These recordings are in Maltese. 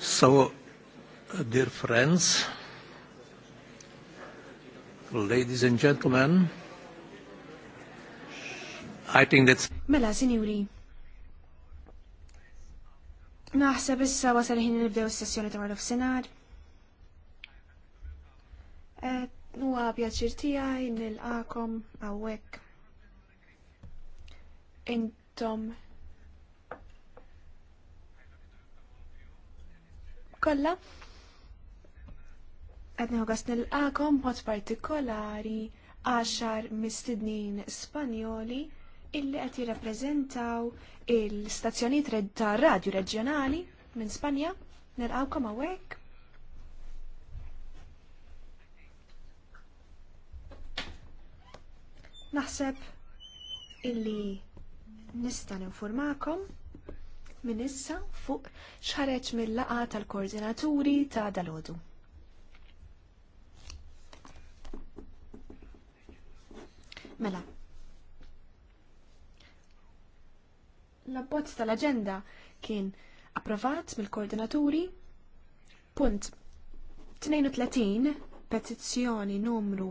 so, uh, dear friends, ladies and gentlemen, I think that's... Mela, signori. Naħseb issa wasal ħin nibdew s-sessjoni ta' marlof senar. Nuwa eh, pjaċir tijaj nil-għakom għawek. Intom kollha. Qed nieħu nilqakom mod partikolari għaxar mistidnin Spanjoli illi qed jirrappreżentaw il-stazzjonijiet ta' radju reġjonali minn Spanja. Nilqawkom hawnhekk. Naħseb illi nista' informakom minn issa fuq xareġ mill-laqa tal-koordinaturi ta' dalodu. Mela. L-abbozz tal-agenda kien approvat mill-koordinaturi punt 32 petizzjoni numru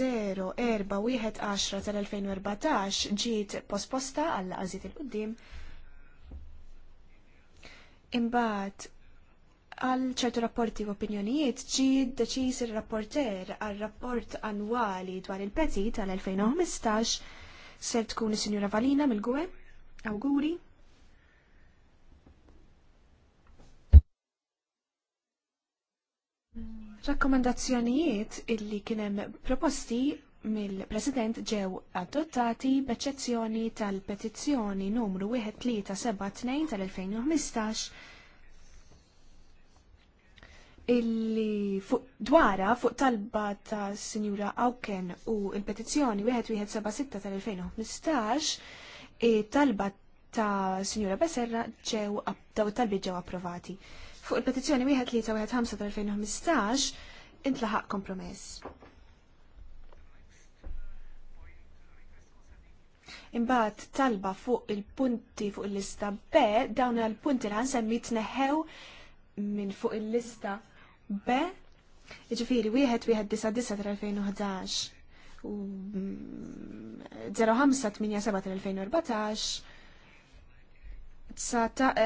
0410 tal-2014 ġiet posposta għall għażiet il-qoddim Imbagħad għal ċertu rapporti u opinjonijiet ġi deċiż ir-rapporter għal rapport annwali dwar il-peti tal-2015 se tkun is-Sinjura Valina mill-Gwe. Awguri. Rakkomandazzjonijiet illi kienem proposti mill-President ġew adottati b'eċċezzjoni tal-petizzjoni numru 1372 tal-2015 illi fuq dwara fuq talba ta' Sinjura Awken u il-petizzjoni 1176 tal-2015 talba ta' Sinjura Beserra ġew daw talbi ġew approvati. Fuq il-petizzjoni 1315 tal-2015 intlaħaq kompromess Imbagħad talba fuq il-punti fuq il-lista B, dawn l punti li ħansemmi tneħħew minn fuq il-lista B, ġifiri wieħed wieħed disa disa tal-2011 u 8 mm, tal-2014 1998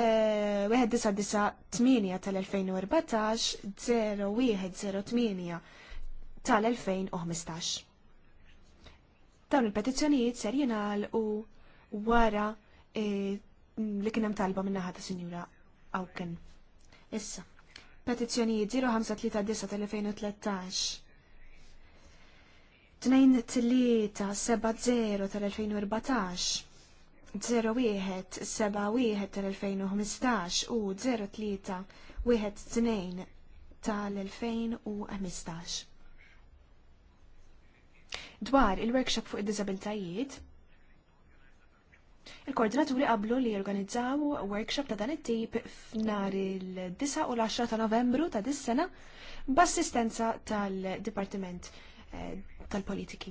eh, tal-2014 0108 tal-2015 dawn il-petizzjonijiet ser jinal u wara e, li kienem talba minna ħata sinjura Awken. Issa, petizzjonijiet 05-3-2013 Tnejn t-lieta 7-0-2014 tal 2015 u 03-12-2015. Dwar il-workshop fuq id-disabiltajiet, il-koordinaturi qablu li jorganizzaw workshop ta' dan it-tip f'nar il-9 u l-10 ta' novembru ta' dis-sena b'assistenza tal-Dipartiment eh, tal-Politiki.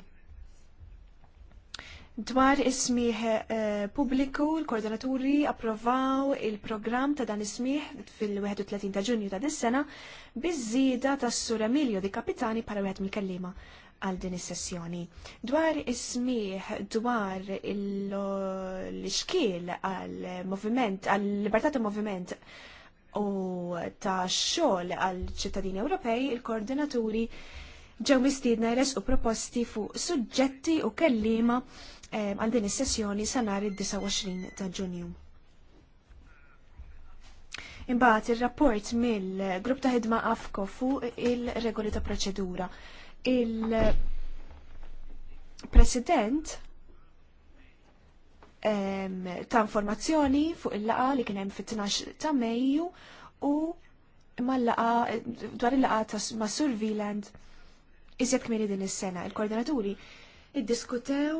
Dwar ismiħ eh, pubbliku, l-koordinaturi approvaw il-programm ta' dan ismiħ fil-31 ta' ġunju ta' dis-sena biż-żieda tas-Sur Emilio di Kapitani para wieħed mill-kellima għal din is-sessjoni. Dwar ismiħ, dwar l-xkiel għal moviment, għal libertà ta' moviment u ta' xogħol għal ċittadini Ewropej, il-koordinaturi ġew mistiedna jresqu u proposti fuq suġġetti u kellima eh, għal din is-sessjoni sa nhar id-29 ta' Ġunju. Imbagħad ir-rapport mill-grupp ta' ħidma AFCO fuq il-regoli ta' proċedura. Il-President ta' informazzjoni fuq il-laqa li kien hemm fit-12 ta' Mejju u mal-laqa dwar il-laqa ta' ma' Surveilland iżjed kmieni din is-sena. Il-koordinaturi iddiskutew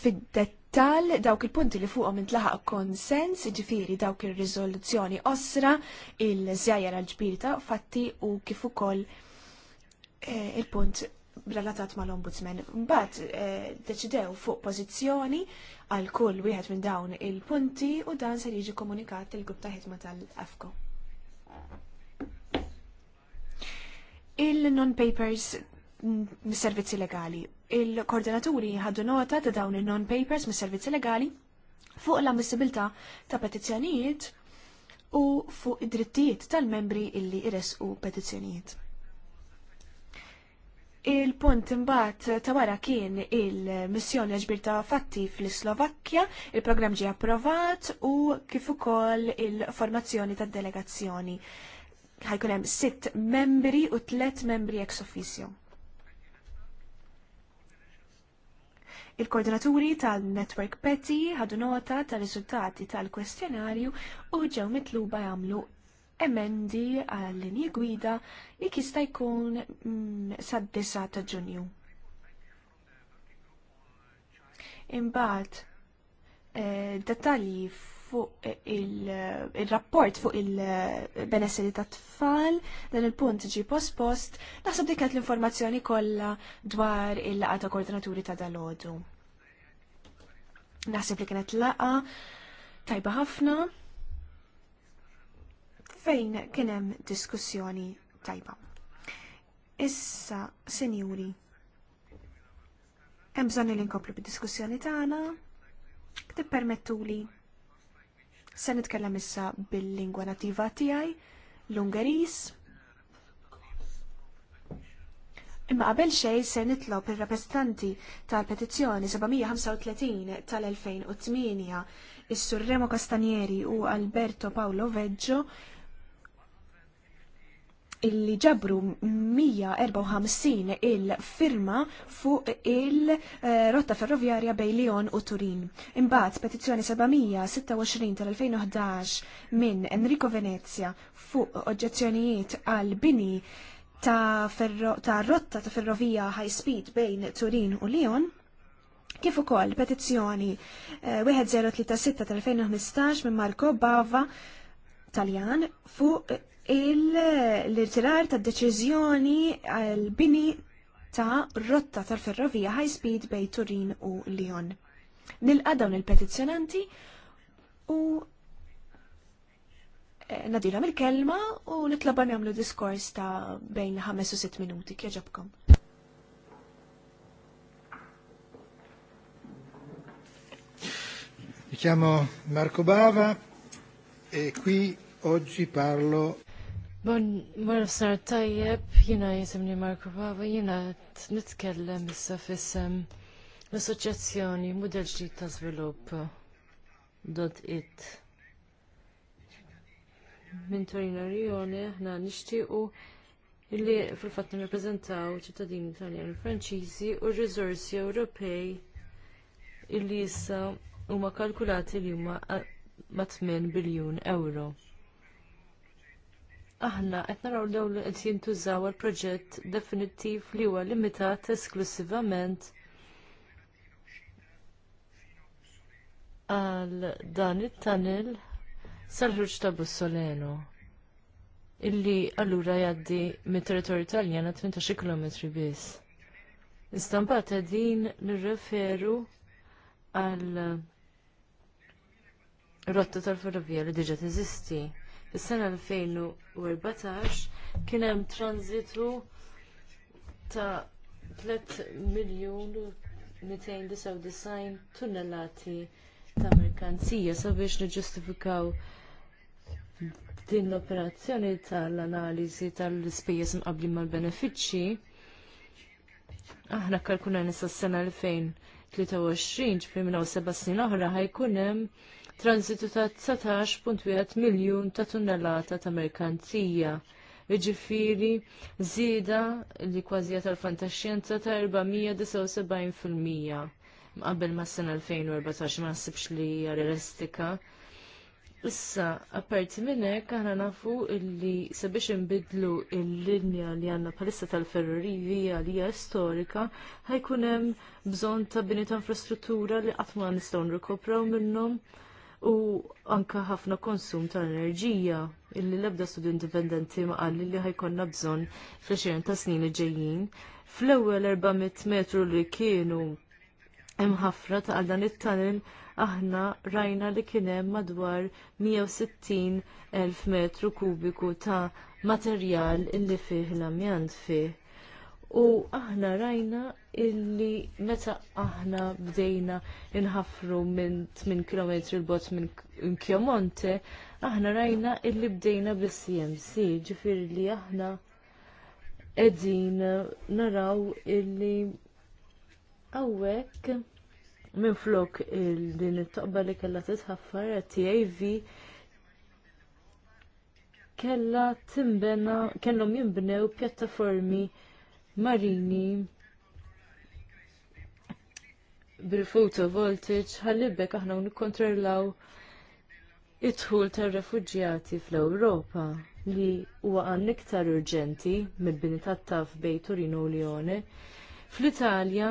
fid-dettal dawk il-punti li fuqhom intlaħaq konsens, jiġifieri dawk ir-riżoluzzjoni osra, il-żjajjar għal ġbir ta' fatti u kif ukoll Eh, il-punt relatat mal-ombudsman. Mbagħad eh, deċidew fuq pożizzjoni għal kull wieħed minn dawn il-punti u dan se jiġi komunikat il-grupp ta' ħidma tal-AFCO. Il-non-papers mm, mis-servizzi legali. Il-koordinaturi ħaddu nota ta' dawn il-non-papers mis-servizzi legali fuq l-ammissibilità ta' petizzjonijiet u fuq id-drittijiet tal-membri illi iresqu petizzjonijiet. Il-punt imbagħad ta' wara kien il-missjoni ġbir ta' fatti fl-Slovakkja, il-programm ġie approvat u kif ukoll il-formazzjoni tad-delegazzjoni. Ħajkun hemm sitt membri u tliet membri ex officio. Il-koordinaturi tal-Network Petty ħadu nota tal-riżultati tal-kwestjonarju u ġew mitluba jagħmlu emendi għall-linji gwida li jista' jkun mm, sad-9 ta' Ġunju. Imbagħad eh, dettalji fuq il-rapport fuq il-benesseri eh, ta' tfal, dan il-punt ġi post-post, naħseb dik l-informazzjoni kollha dwar il-laqa ta' koordinaturi ta' dalodu. Naħseb li kienet laqa tajba ħafna, fejn kien hemm diskussjoni tajba. Issa, senjuri, hemm bżonn li nkomplu bid-diskussjoni tagħna, tippermettuli se nitkellem issa bil-lingwa nativa tiegħi, l-Ungeris. Imma qabel xejn se nitlob ir-rappreżentanti tal-petizzjoni 735 tal-2008 is surremo Remo Castanieri u Alberto Paolo Veggio illi ġabru 154 il-firma fuq il-rotta eh, ferroviarja bej Lyon u Turin. Imbagħad petizzjoni 726 tal-2011 minn Enrico Venezia fuq oġġezzjonijiet għal bini ta', ferro, ta rotta ta' ferrovija high speed bejn Turin u Lyon. Kif ukoll petizzjoni 1036 eh, tal-2015 minn Marco Bava Taljan fuq l-irtirar ta' deċiżjoni għal-bini ta' rotta tal-ferrovija high speed bej Turin u Lyon. Nilqa dawn il-petizzjonanti u eh, nadilhom il-kelma u nitlabhom jagħmlu diskors ta' bejn 5 u 6 minuti Kieġabkom. Mi chiamo Marco Bava e qui oggi parlo Bon, sar tajjeb, jina jisimni Marko Pava, jina nitkellem issa fissem l-Assoċjazzjoni Mudel Ġdid ta' Svilupp dot it. Min Torino Rione, ħna nixtiequ illi fil-fatt nirrappreżentaw ċittadini Italjan Franċiżi u r-riżorsi Ewropej illi issa huma kalkulati li huma ma' 8 biljun euro aħna qed naraw dawn li qed jintużaw għal proġett definittiv li huwa limitat esklusivament għal dan it-tunnel sal-ħruġ ta' Bussoleno illi allura jgħaddi mit-territorju Taljan 18 km biss. Istampat din nirreferu għal rotta tal-ferrovija li diġa teżisti Is-sena 2014 kien hemm tranzitu ta' 3 miljun 299 tunnellati ta' merkanzija sabiex niġġustifikaw din l-operazzjoni tal-analiżi tal-ispejjeż mqabbli mal-benefiċċji. Aħna kalkuna nisa s-sena 2023 ġifri minna seba snin oħra ħajkun hemm transitu ta' 19.1 miljun ta' tunnellata ta' merkanzija. Iġifiri, zida li kważija tal-fantaxxienza ta' 479% qabel ma' s-sena 2014 ma' s-sibx li hija realistika. Issa, apparti minnek, aħna nafu illi sabiex imbidlu il-linja li għanna palissa tal-ferrovija li hija storika, ħajkun hemm bżonn ta' bini ta' infrastruttura li qatt ma nistgħu nirkopraw minnhom u anka ħafna konsum ta' enerġija illi l-ebda indipendenti ma qalli li ħajkonna bżonn fl-20 ta' snin li ġejjin. Fl-ewwel 400 metru li kienu hemm ta' dan it-tunnel aħna rajna li kien hemm madwar 160 elf metru kubiku ta' materjal illi fih l-ambjant fih U aħna rajna illi meta aħna bdejna inħafru minn 8 km il-bot minn Kjomonte, aħna rajna illi bdejna bis-CMC, ġifir li aħna edin naraw illi għawek minn flok il-din it-toqba li kella titħaffar TAV kella timbena, kellhom jimbnew pjattaformi marini bil-photo voltage ħallibek aħna nikkontrollaw id-dħul tar-refuġjati fl-Ewropa li huwa għan iktar urġenti mill-bini tat-taf bej Torino u Lione. Fl-Italja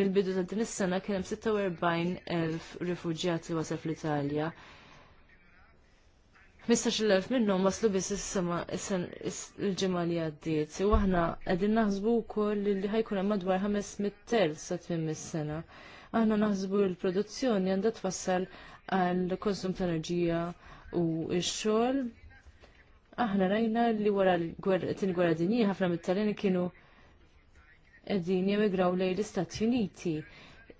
mill-bidu ta' din is-sena kien hemm 46,000 rifuġjati wasal fl-Italja. 15.000 minnhom waslu biss is-sema il-ġimgħa li għaddiet. U aħna qegħdin naħsbu wkoll li ħajkun hemm madwar tel sa tmiem is-sena. Aħna naħsbu l-produzzjoni għandha tfassal għal konsum ta' enerġija u x-xogħol. Aħna rajna li wara l gwerra dinji ħafna mit-taleni kienu qegħdin jemigraw lejn l-Istati Uniti.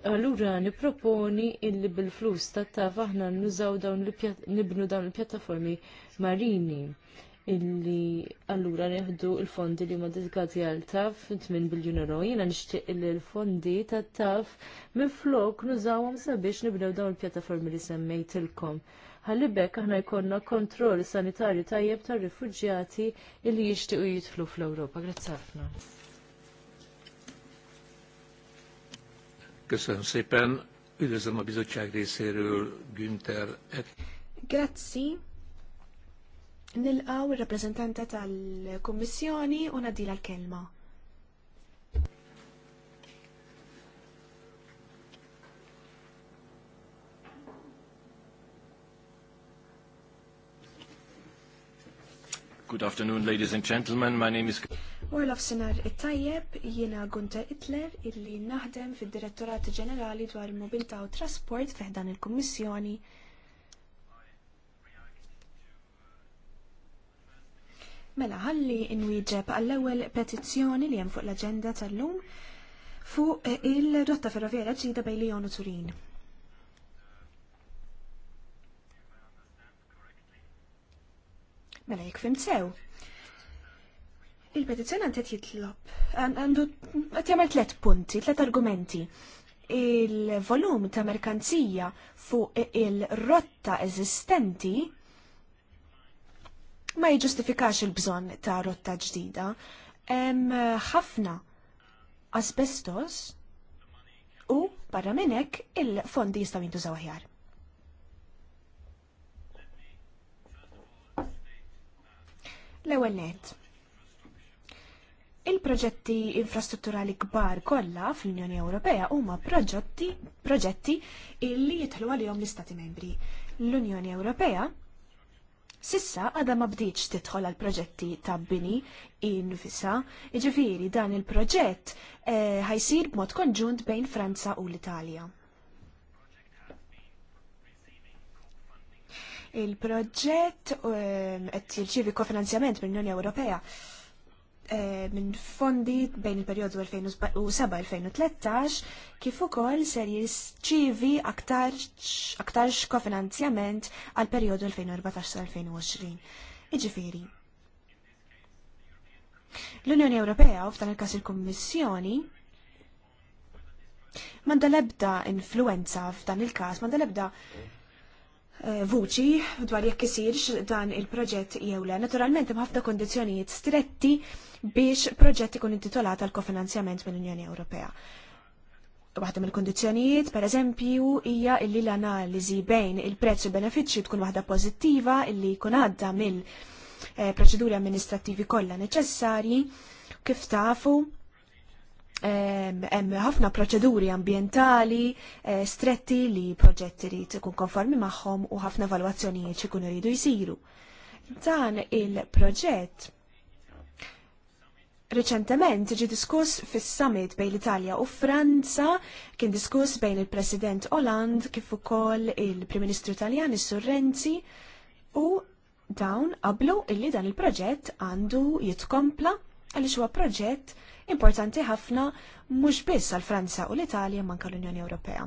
Allura niproponi illi bil-flus ta' taf aħna nużaw dawn nibnu dawn il-pjattaformi marini illi allura neħdu il-fondi li ma dedikati għal taf 8 biljun euro. Jina nixtieq illi l-fondi ta' taf minflok nużawhom sabiex nibnew dawn il-pjattaformi li semmejtilkom. Ħallibek aħna jkollna kontroll sanitarju tajjeb tar-rifuġjati illi jixtiequ jitflu fl-Ewropa. Grazzi ħafna. Köszönöm szépen. Üdvözlöm a bizottság részéről Günther. Grazzi. Nilqaw il reprezentante tal-Kommissjoni u nadila l-kelma. Good afternoon, ladies and gentlemen. My name is... Warlof Sinar it-tajjeb jiena Gunter Itler illi naħdem fid-Direttorat Ġenerali dwar il mobilta u Trasport fiħdan il-Kummissjoni. Mela ħalli inwieġeb għall-ewwel petizzjoni li hemm fuq l-aġenda tal-lum fuq eh, il-rotta ferroviera ġdida bej Lyon u Turin. Mela jek fim sew il għan qed jitlob għandu qed jagħmel tliet punti, tliet argumenti. Il-volum ta' merkanzija fuq il-rotta eżistenti ma jġustifikax il-bżonn ta' rotta ġdida. Hemm ħafna asbestos u barra minn hekk il-fondi jistaw jintużaw aħjar. L-ewwel nett Il-proġetti infrastrutturali kbar kollha fl-Unjoni Ewropea huma proġetti proġetti illi jidħlu għalihom l-Istati Membri. L-Unjoni Ewropea Sissa għada ma bdiċ titħol għal proġetti ta' bini infisa, jiġifieri dan il-proġett eh, ħajsir e, b'mod konġunt bejn Franza u l-Italja. Il-proġett eh, qed jirċievi kofinanzjament mill-Unjoni Ewropea Eh, minn fondi bejn il-perjodu 2007-2013 kif ukoll ser jirċivi aktar kofinanzjament għal perjodu 2014-2020. Iġifiri. L-Unjoni Ewropea u f'dan il-każ il-Kummissjoni m'għandha l-ebda influenza f'dan il-każ, m'għandha lebda Eh, vuċi dwar jekk isirx dan il-proġett jew le. Naturalment hemm ħafna kondizzjonijiet stretti biex proġett ikun intitolat għal kofinanzjament mill-Unjoni Ewropea. Waħda mill-kondizzjonijiet, per eżempju, hija illi l-analiżi bejn il-prezz u benefiċċju tkun waħda pożittiva illi jkun għadda mill eh, proċeduri amministrattivi kollha neċessarji kif tafu hemm ħafna proċeduri ambientali eh, stretti li proġett irid ikun konformi magħhom u ħafna valwazzjonijiet jkunu iridu jsiru. Dan il-proġett Reċentement ġi diskuss fis-summit bejn l-Italja u Franza, kien diskuss bejn il-President Oland kif ukoll il-Prim Ministru Italjan is-Sur Renzi u dawn qablu illi dan il-proġett għandu jitkompla għaliex huwa proġett importanti ħafna mhux biss għal Franza u l-Italja manka l-Unjoni Ewropea.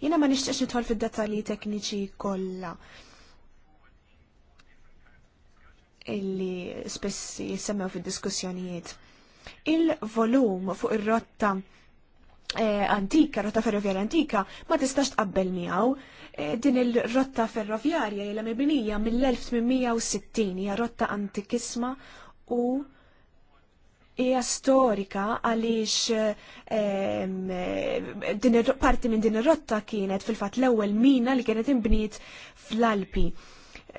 Jiena ma nixtieqx nidħol fid-dettalji tekniċi kollha illi spess jissemmew fid-diskussjonijiet. Il-volum fuq ir-rotta eh, antika, rotta ferrovjarja antika, ma tistax tqabbel miegħu. Eh, din il-rotta ferrovjarja li mibnija mill-1860 hija rotta antikisma u hija storika għaliex ehm, parti minn din ir-rotta kienet fil-fatt l-ewwel mina li kienet inbniet fl-Alpi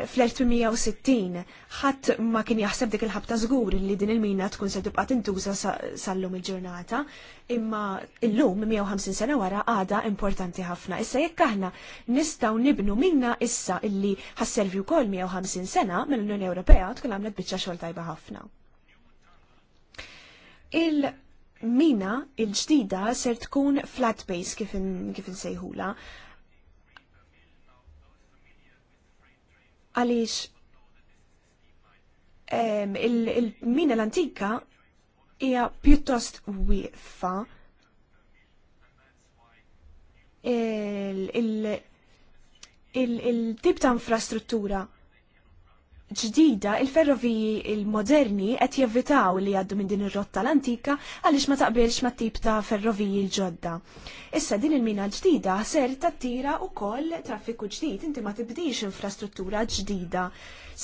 fl-1860 ħadd ma kien jaħseb dik il-ħabta żgur li din il-mina tkun se tibqa' tintuża sal-lum il-ġurnata, imma illum 150 sena wara għada importanti ħafna. Issa jekk aħna nistgħu nibnu minna issa illi ħasservi wkoll 150 sena mill-Unjoni Ewropea tkun għamlet biċċa xogħol tajba ħafna. Il-mina il-ġdida ser tkun flat base kif insejħula. In għaliex il-mina l-antika hija pjuttost wieqfa il-tip ta' infrastruttura ġdida il-ferroviji il-moderni qed jevitaw li jgħaddu minn din ir-rotta l-antika għaliex ma taqbilx ma tip ta' ferroviji l-ġodda. Issa din il-mina ġdida ser tattira wkoll traffiku ġdid inti ma tibdix infrastruttura ġdida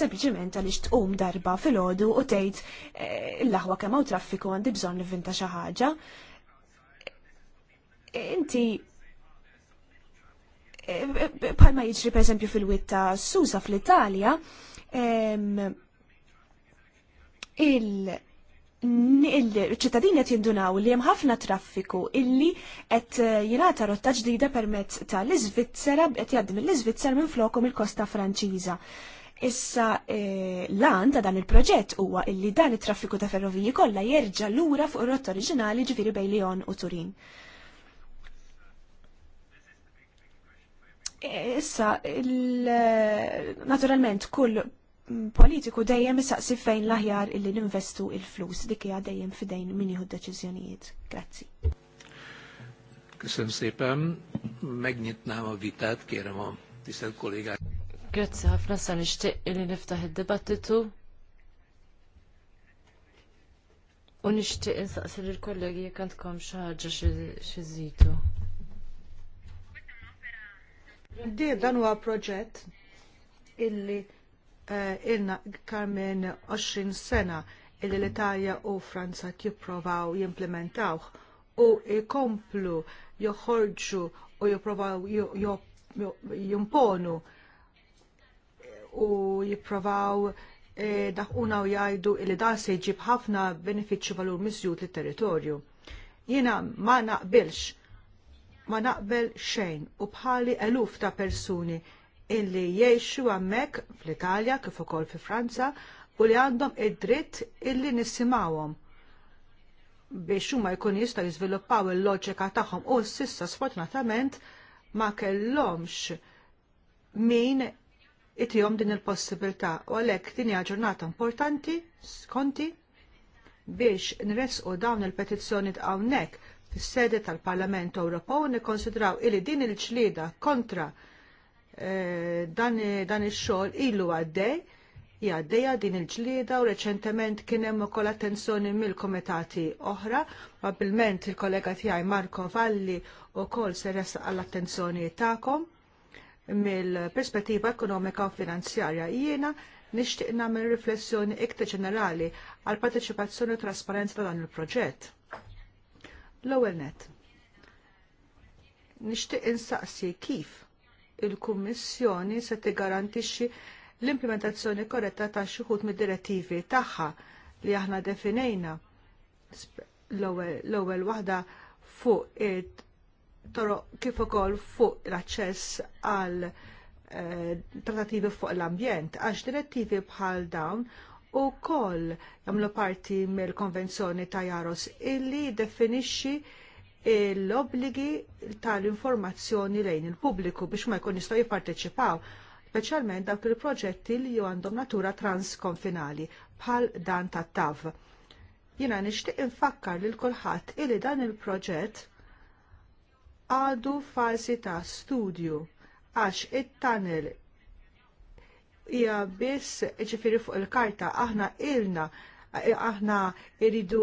sempliċement għaliex tqum darba fil-ħodu u tgħid eh, l-aħwa kemm hawn traffiku għandi bżonn nivvinta xi ħaġa. Inti eh, bħalma jiġri per fil-witta Susa fl-Italja, il- il-ċittadini qed jindunaw li hemm ħafna traffiku illi qed eh, jingħata rotta ġdida permezz tal-Iżvizzera qed jgħaddi mill-Iżvizzera minn flokom il-Kosta Franċiża. Issa eh, l-għan ta' dan il-proġett huwa illi dan it-traffiku ta' ferroviji kollha jerġa' lura fuq ir-rotta oriġinali ġifieri bejn Lyon u Turin. Issa, naturalment, kull politiku dejjem isaqsi fejn laħjar illi ninvestu il-flus dik hija dejjem fidejn min jieħu deċiżjonijiet. Grazzi. Köszönöm szépen, megnyitnám a vitat kjera ma tisztelt kollega. Grazzi ħafna sa nixtieq li niftaħ id-dibattitu. U nixtieq insaqsi il kollegi jekk għandkom xi ħaġa xi żitu. Di dan huwa proġett illi uh, ilna minn 20 sena illi l-Italja u Franza jipprovaw jimplementaw u jkomplu joħorġu u jipprovaw jimponu u jipprovaw eh, daħuna u jgħidu li da se jġib ħafna benefiċċju valur miżjud l territorju Jiena ma naqbilx ma naqbel xejn u bħali eluf ta' persuni illi jgħixu hemmhekk fl-Italja kif ukoll fi Franza u li għandhom id-dritt illi nisimgħuhom biex huma jkun jistgħu jiżviluppaw il-loġika tagħhom u s'issa sfortunatament ma kellhomx min itihom din il-possibilità u għalhekk din hija ġurnata importanti skonti biex nresqu dawn il-petizzjoni hawnhekk fis-sede tal-Parlament Ewropew nikkonsidraw illi din il-ġlieda kontra eh, dan, dan ix-xogħol ilu għaddej għaddejja din il-ġlieda u reċentement kien hemm ukoll attenzjoni mill kumitati oħra, probabbilment il-kollega tiegħi Marko Valli wkoll se resta għall-attenzjoni tagħkom mill-perspettiva ekonomika u finanzjarja jiena nixtieq nagħmel riflessjoni iktar ġenerali għal parteċipazzjoni u trasparenza ta' dan il-proġett. L-ewwel net. Nixtieq insaqsi kif il-Kummissjoni se tigarantixxi l-implementazzjoni korretta ta' xi mid-direttivi tagħha li aħna definejna l-ewwel waħda fuq toroq kif ukoll fuq l-aċċess għal eh, trattativi fuq l-ambjent għax direttivi bħal dawn u koll jamlu parti mill-konvenzjoni ta' Jaros illi definixxi l-obligi tal-informazzjoni lejn il-pubbliku biex ma jkun jistgħu jipparteċipaw, speċjalment dawk il-proġetti li għandhom natura transkonfinali bħal dan tat tav. Jiena nixtieq infakkar lil kulħadd illi dan il-proġett għadu fażi ta' studju għax it-tunnel hija biss ġifiri fuq il-karta aħna ilna aħna iridu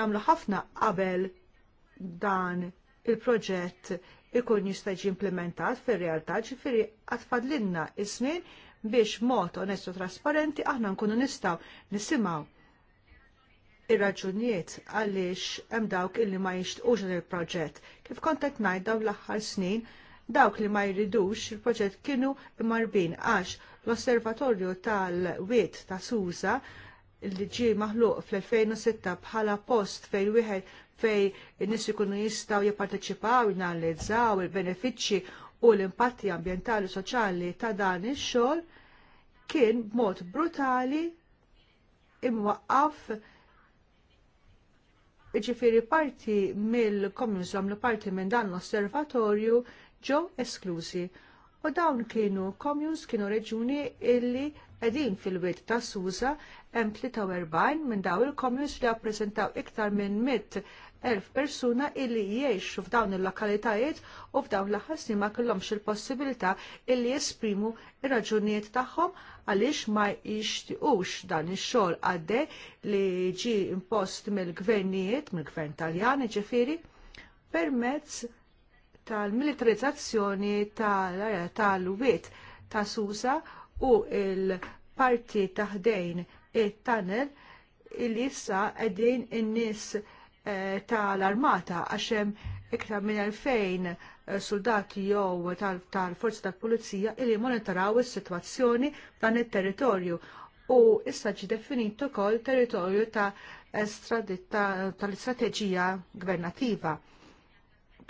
nagħmlu ħafna qabel dan il-proġett ikun jista' jiġi implementat fir-realtà ġifieri għatfadlinna is-snin biex mod onestu trasparenti aħna nkunu nistgħu nisimgħu ir-raġunijiet għaliex hemm dawk illi ma jixtqux il-proġett. Kif kont qed ngħid dawn l-aħħar snin dawk li ma jridux il-proġett kienu marbin għax L-Osservatorju tal-Wiet ta' Susa li ġi maħluq fl-2006 bħala post fejn wieħed fej nis ikunu jistaw jipparteċipaw, jnalizzaw il-benefiċċji u l-impatti ambjentali soċjali ta' dan ix-xogħol kien b'mod brutali imwaqqaf ġifiri parti mill-Communism li parti minn dan l-osservatorju ġew esklusi U dawn kienu komjuns kienu reġuni illi edin fil-wit ta' Susa hemm 43 minn daw il-komjuns li rappresentaw iktar minn 100 elf persuna illi jiexu f'dawn il-lokalitajiet u f'dawn l-ħasni ma kellhomx il-possibilità illi jesprimu ir-raġunijiet tagħhom għaliex ma jixtiqux dan ix-xogħol għaddej li ġi impost mill-gvernijiet, mill-gvern Taljan ġifieri, permezz tal-militarizzazzjoni tal-wiet ta' Susa u il-parti taħdejn il tunnel il issa qegħdin in-nies eh, tal-armata għax hemm iktar minn elfejn eh, soldati jew tal-forzi tal-pulizija illi monitoraw is-sitwazzjoni dan it-territorju u issa ġi definit ukoll territorju ta' tal-istrateġija gvernativa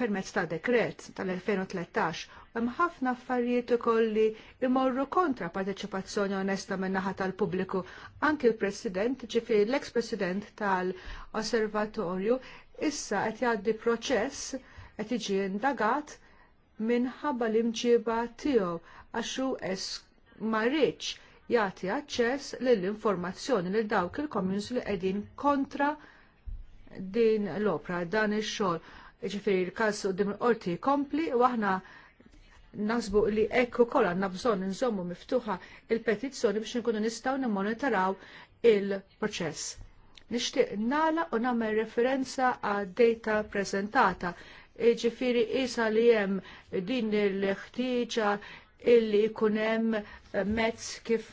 permezz ta' dekret tal-2013 hemm ħafna affarijiet ukoll li imorru kontra parteċipazzjoni onesta min-naħa tal-pubbliku. Anki l-President, ġifieri l-ex-President tal-Osservatorju, issa qed jgħaddi proċess qed jiġi indagat minħabba l-imġiba tiegħu għax hu ma rridx jagħti aċċess lill-informazzjoni lil dawk il-communes li qegħdin kontra din l-opra, dan ix-xogħol ġifiri l-kas u dim orti kompli u aħna nasbu li ekku kol għanna bżon nżommu miftuħa il-petizzjoni biex nkunu nistaw nimmonitaraw il-proċess. Nishtiq nala u namel referenza għad data prezentata. Ġifiri isa li jem din il-ħtiġa illi kunem mezz kif,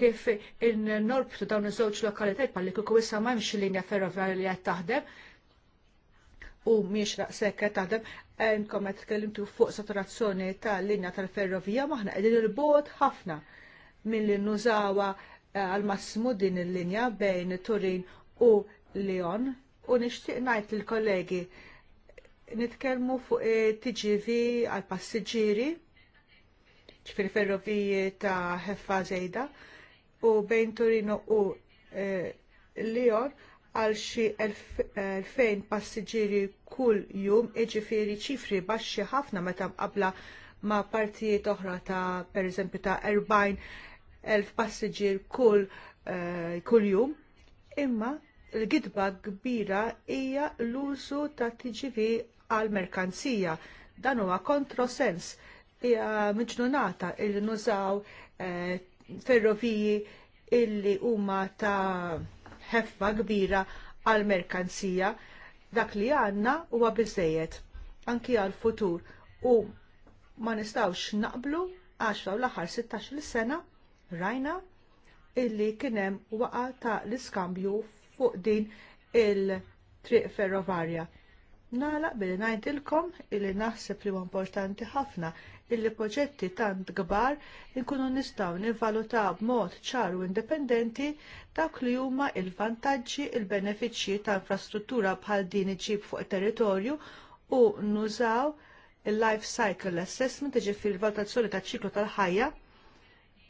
kif in-norbtu dawn iż-żewġ lokalitajt palli kieku issa ma jimx linja ferroviarja taħdem, u miex raqsekka taħdem għenkom għed tkellimtu fuq saturazzjoni tal-linja tal-ferrovija maħna għedin il-bot ħafna mill-li nużawa eh, għal-massimu din il-linja bejn Turin u Lyon u nishtiq najt l-kollegi nitkelmu fuq eh, TGV għal-passiġiri ċifir ferroviji ta' ħeffa zejda u bejn Torino u eh, Lyon għal xi 2000 eh, passiġġieri kull jum, jiġifieri ċifri baxxi ħafna meta mqabbla ma' partijiet oħra ta' pereżempju ta' 40,000 passiġġier kull uh, kull jum. Imma l-gidba kbira hija l-użu ta' TGV għal merkanzija. Dan huwa kontrosens hija miġnunata il nużaw eh, ferroviji illi huma ta' ħeffa kbira għall merkanzija dak li għandna huwa biżżejjed anki għall futur u ma nistgħux naqblu għax l aħħar 16 sena rajna illi kien hemm waqa ta' l-iskambju fuq din il-triq ferrovarja. Nagħlaq billi ngħidilkom illi naħseb li huwa importanti ħafna illi proġetti tant kbar inkunu nistgħu nivvalutaw b'mod ċar u indipendenti dawk li huma l vantaġġi il-benefiċċji ta' infrastruttura bħal din iġib fuq territorju u nużaw il-life cycle assessment ġifir valutazzjoni ta' ċiklu tal-ħajja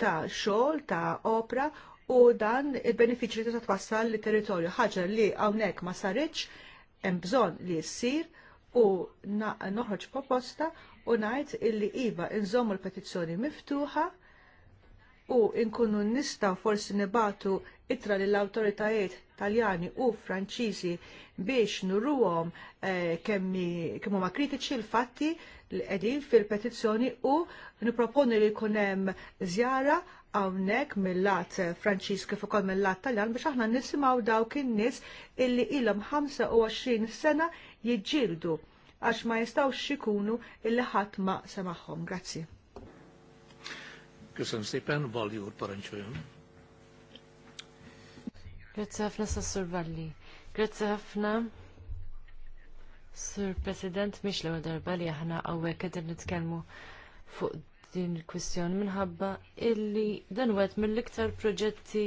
ta' xogħol, ta' opra u dan il benefiċċji li ta' twassal li territorju ħaġa li hawnhekk ma saritx hemm bżonn li ssir u noħroġ proposta u ngħid illi iva nżommu l-petizzjoni miftuħa u nkunu nistaw forsi nibatu itra lill awtoritajiet Taljani u Franċiżi biex nurruhom eh, kemm huma kritiċi l-fatti li qegħdin fil-petizzjoni u nipproponi li jkun hemm żjara hawnhekk mill-lat Franċiż kif ukoll mill-lat Taljan biex aħna nisimgħu dawk in-nies illi ilhom 25 sena jiġġieldu għax ma jistawx ikunu illi ħadd ma semaħħom. Grazzi. Kisem Sipen, Valli u Paranċojan. Grazzi ħafna Sassur Valli. Grazzi ħafna. Sur President, miex l għu darba li aħna għawek qegħdin nitkellmu fuq din il-kwistjoni minħabba illi dan wet mill-iktar proġetti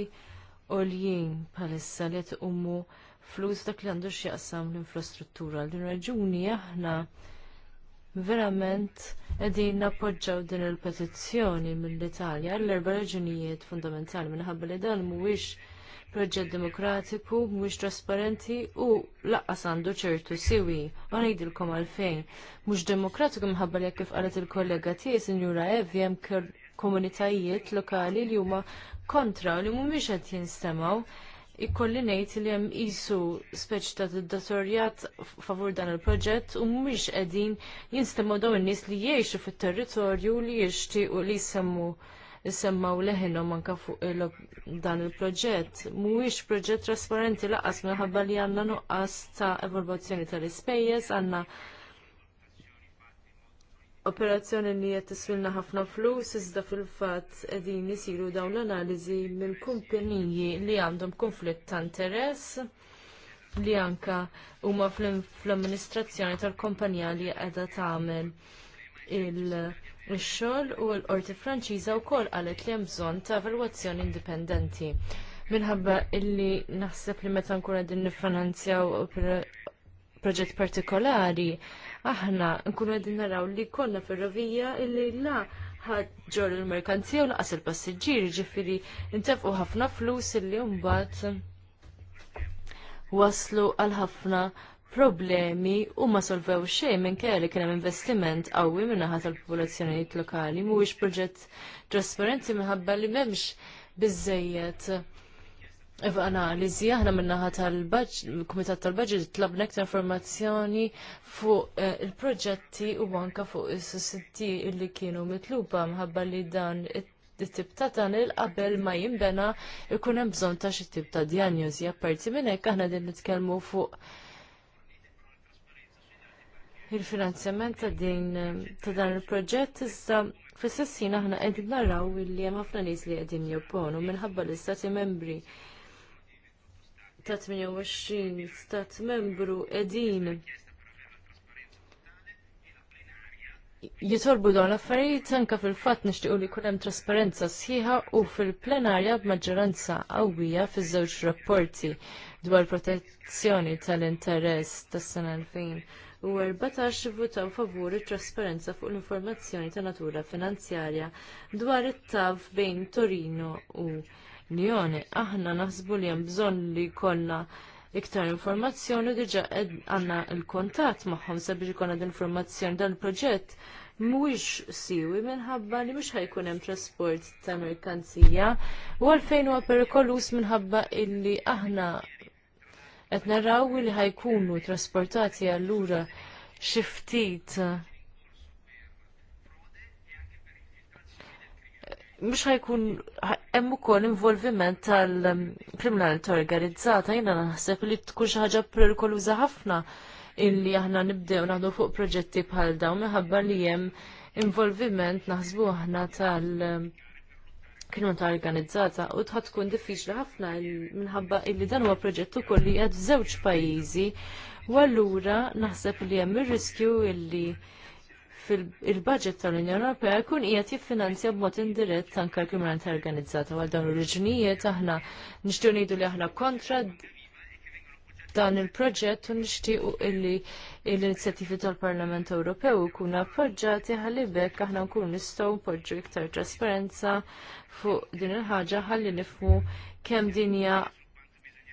għoljien bħalissa li tqumu ummu flus dak li għandu x'jaqsam l-infrastruttura l-din raġuni aħna verament edin nappoġġaw din il-petizzjoni mill-Italja l-erba raġunijiet fundamentali minħabba li dan mhuwiex proġett demokratiku, mhuwiex trasparenti u lanqas għandu ċertu siwi. Ma ngħidilkom għalfejn. Mhux demokratiku minħabba li kif qalet il-kollega tiegħi Sinjura Evi hemm komunitajiet lokali li huma kontra li mhumiex qed jinstemaw ikkolli ngħid li hemm jisu speċi ta' datorjat favur dan il-proġett u mhumiex qegħdin jinstemmu dawn in-nies li jgħixu fit-territorju li jixtiequ li jsemmu jsemmaw leħinhom manka fuq dan il-proġett. Mhuwiex proġett trasparenti laqas minħabba li għandna nuqqas ta' evolvazzjoni tal-ispejjeż, għandna operazzjoni li qed tiswilna ħafna flus iżda fil-fatt qegħdin isiru dawn l-analiżi minn kumpaniji li għandhom konflitt ta' interess li anka huma fl-amministrazzjoni tal-kompanija li qiegħda tagħmel il-xogħol u l-qorti Franċiża wkoll qalet li hemm bżonn ta' evalwazzjoni indipendenti. Minħabba illi naħseb li meta nkun qegħdin niffinanzjaw proġett partikolari, aħna nkunu għedin naraw li konna ferrovija illi la ħadġor il-merkanzija u laqas il-passiġġieri, ġifieri intefqu ħafna flus illi mbagħad waslu għal ħafna problemi u ma solvew xejn minn kelli kien hemm investiment qawwi minna naħa tal-popolazzjonijiet lokali mhuwiex proġett trasparenti minħabba li m'hemmx bizzejiet. Analiżi aħna minnaħa tal-Kumitat tal-Budget tlabna aktar informazzjoni fuq eh, il-proġetti u anka fuq is-sussidji li kienu mitluba mħabba li dan it-tip ta' il qabel ma jinbena ikun hemm bżonn ta' xi tip ta' diagnosi apparti minn hekk aħna din nitkellmu fuq il-finanzjament ta' din ta' dan il-proġett issa fis-sessin aħna qegħdin naraw li hemm ħafna nies li qegħdin jopponu minħabba l-istati membri ta' 28 stat membru qegħdin jitolbu dawn l-affarijiet anke fil-fatt nixtiequ li jkun hemm trasparenza sħiħa u fil-plenarja b'maġġoranza qawwija fiż-żewġ rapporti dwar protezzjoni tal-interess tas-sena 2014 votaw favur it-trasparenza fuq l-informazzjoni ta' natura finanzjarja dwar it-tav bejn Torino u l-Unjoni. Aħna naħsbu li hemm bżonn li jkollna iktar informazzjoni u diġa għanna l-kuntatt magħhom sabiex ikon għad informazzjoni dan proġett mhuwiex siwi minħabba li mhux ħajkun hemm trasport ta' merkanzija u għalfejn huwa perikolus minħabba illi aħna qed naraw li ħajkunu trasportati allura xi ftit mux ħajkun hemm ukoll involviment tal-kriminalità organizzata jiena naħseb li tkun xi ħaġa perikoluża ħafna illi aħna nibdew naħdu fuq proġetti bħal dawn minħabba li hemm involviment naħsbu aħna tal- kriminalità organizzata u tħad tkun diffiċli ħafna minħabba illi dan huwa proġett ukoll li qed żewġ pajjiżi u allura naħseb li hemm ir-riskju illi fil budget tal-Unjoni Ewropea jkun qiegħed jiffinanzja b'mod indirett anke l-kriminalità organizzata għal dawn ir-riġunijiet aħna nixtieq ngħidu li aħna kontra dan il-proġett u nixtiequ illi l-inizjattivi tal-Parlament Ewropew ikunu appoġġjati ħalli bekk aħna nkunu nistgħu npoġġu iktar trasparenza fuq din il-ħaġa ħalli nifhmu kemm dinja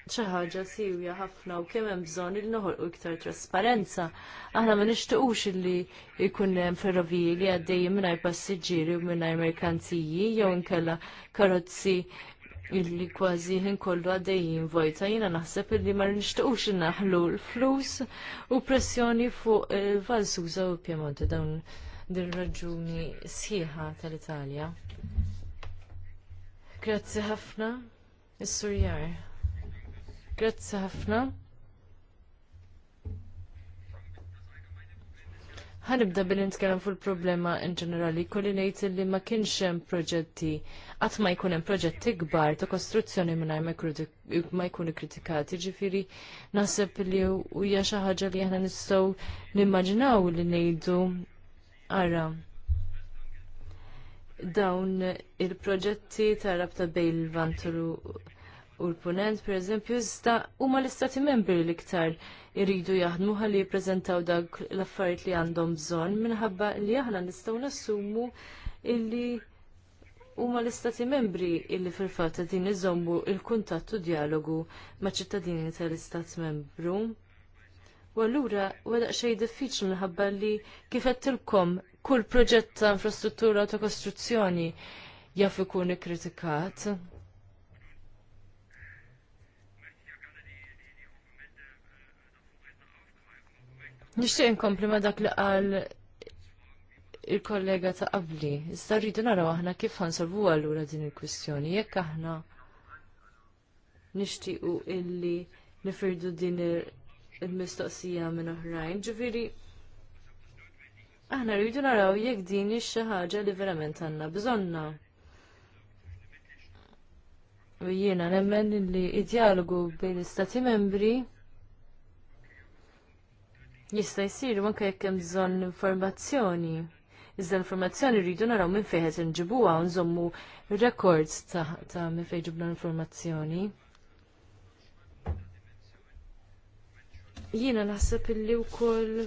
xi ħaġa sewja ħafna u kemm hemm bżonn li noħolqu iktar trasparenza. Aħna ma nixtiequx illi jkun hemm ferroviji li għaddej mingħajr passiġġieri u mingħajr merkanziji jew inkella karozzi illi kważi ħin kollu għaddejjin vojta jiena naħseb illi ma nixtiequx innaħlu l-flus u pressjoni fuq il-Valsuża u Piemonte dawn din raġuni sħiħa tal-Italja. Grazzi ħafna, is-Surjar. Grazzi ħafna. ħanibda billi nitkellem fuq il-problema in ġenerali, kolli ngħid li ma kienx hemm proġetti qatt ma jkun hemm proġetti kbar ta' kostruzzjoni mingħajr ma jkunu kritikati, ġifieri naħseb li hija xi ħaġa li aħna nistgħu nimmaġinaw li ngħidu ara dawn il-proġetti ta' rabta bejn il-vanturu u l-punent, per eżempju, iżda huma l-istati membri li ktar irridu jaħdmu ħalli jippreżentaw dak l-affarijiet li għandhom bżonn minħabba li aħna nistgħu nassumu illi huma l-istati membri illi fil-fatt din iżommu il-kuntattu dialogu ma' ċittadini tal-istat membru. U allura wadaq xejn diffiċli minħabba li kif tilkom kull proġett ta' infrastruttura ta' kostruzzjoni jaf ikun ikkritikat. Nixtieq inkompli ma dak li qal il-kollega ta' qabli. Iżda rridu naraw aħna kif ħansolvu allura din il-kwistjoni. Jekk aħna nixtiequ illi nifirdu din il-mistoqsija minn oħrajn, ġifieri aħna rridu naraw jekk din xi ħaġa li verament għandna bżonna. U jiena nemmen illi id-dialogu bejn istati membri Jista' jsir anke jekk hemm bżonn informazzjoni. Iżda l-informazzjoni rridu naraw minn fejn qed inġibuha u nżommu records ta', minn fejn ġibna l-informazzjoni. Jiena naħseb illi wkoll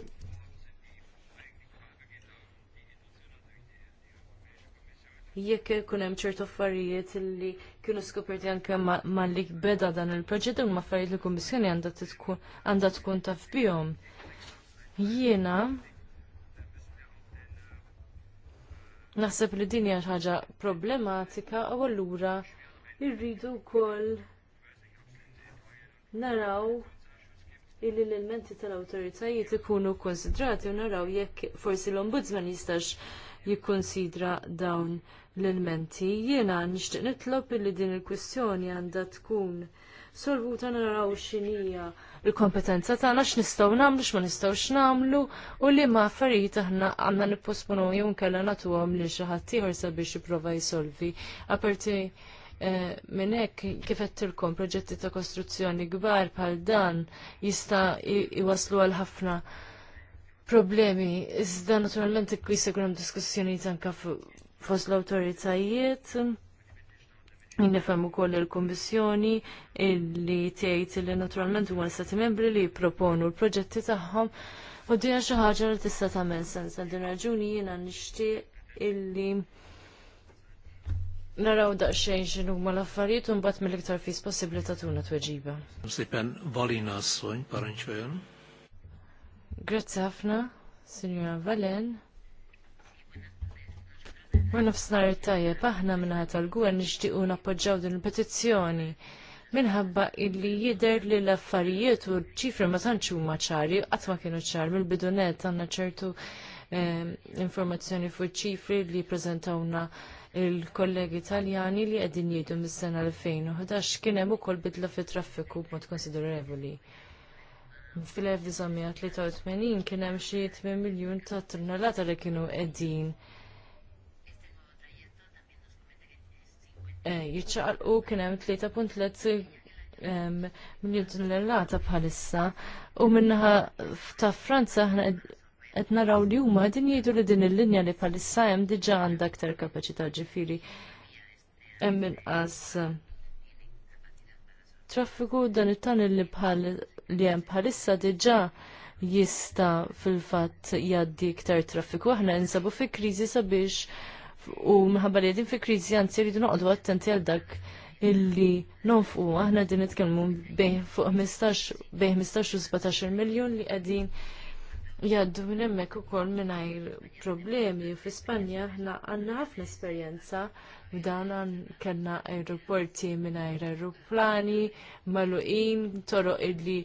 jekk ikun hemm ċertu affarijiet illi kienu skoperti anke mal-lik beda dan il-proġett u l-affarijiet li kummissjoni għandha tkun taf bihom. Jiena naħseb li din hija ħaġa problematika u allura irridu wkoll naraw illi l-elementi tal-awtoritajiet ikunu konsidrati u naraw jekk forsi l-ombudsman jistax jikkonsidra dawn l-elementi. Jiena nixtieq nitlob illi din il-kwistjoni għandha tkun solvuta naraw x'inhija il-kompetenza tagħna x'nistgħu nagħmlu x'ma nistgħux nagħmlu u li ma affarijiet aħna għandna nipposponu jew nkella nagħtuhom lil xi ħadd ieħor sabiex jipprova jsolvi. Aperti eh, minn hekk kif qedtilkom proġetti ta' kostruzzjoni kbar bħal dan jista' iwaslu għal ħafna problemi. Iżda naturalment ikkwi se diskussjoni anke fost l-awtoritajiet u ukoll il-Kummissjoni li tgħid li naturalment huma l sati Membri li jipproponu l-proġetti tagħhom u dinha xi ħaġa li tista' tagħmel sens għal din raġuni jiena nixtieq illi naraw daqsxejn x'inhu huma l-affarijiet u mbagħad mill-iktar fis possibbli tagħtuna tweġiba. Sipen Valina s Grazzi ħafna, signora Valen. Ma nofsnar tajjeb, aħna minna tal-gwen nixtiequ nappoġġaw din il-petizzjoni. Minħabba illi jider li l-affarijiet u ċifri ma tantx huma ċari, qatt ma kienu ċar mill-bidunet għandna ċertu ehm, informazzjoni fuq ċifri li preżentawna il-kollegi Taljani li qegħdin jgħidu mis-sena 2011 kien hemm ukoll bidla fit-traffiku b'mod konsiderevoli. Fil-1983 kien hemm xi 8 miljun ta' turnalata li kienu qegħdin Eh, jiċċaqalqu kien hemm 3.3 miljon l-lata bħalissa u minnaħa ta' Franza aħna qed naraw li huma din jgħidu li din il-linja li bħalissa hemm diġà għandha aktar kapaċità ġifieri hemm inqas eh, traffiku dan it tan li bħal li hemm bħalissa diġà jista fil-fatt jgħaddi iktar traffiku aħna insabu fi kriżi sabiex u minħabba li din fi kriżi anzi rridu noqogħdu attenti għal dak illi nonfqu aħna din nitkellmu bejn fuq 15 bejn 15 u 17 miljun li qegħdin jgħaddu minn hemmhekk ukoll mingħajr problemi. Fi Spanja aħna għandna ħafna esperjenza b'dan kellna aeroporti mingħajr aeroplani, maluqin, toroq illi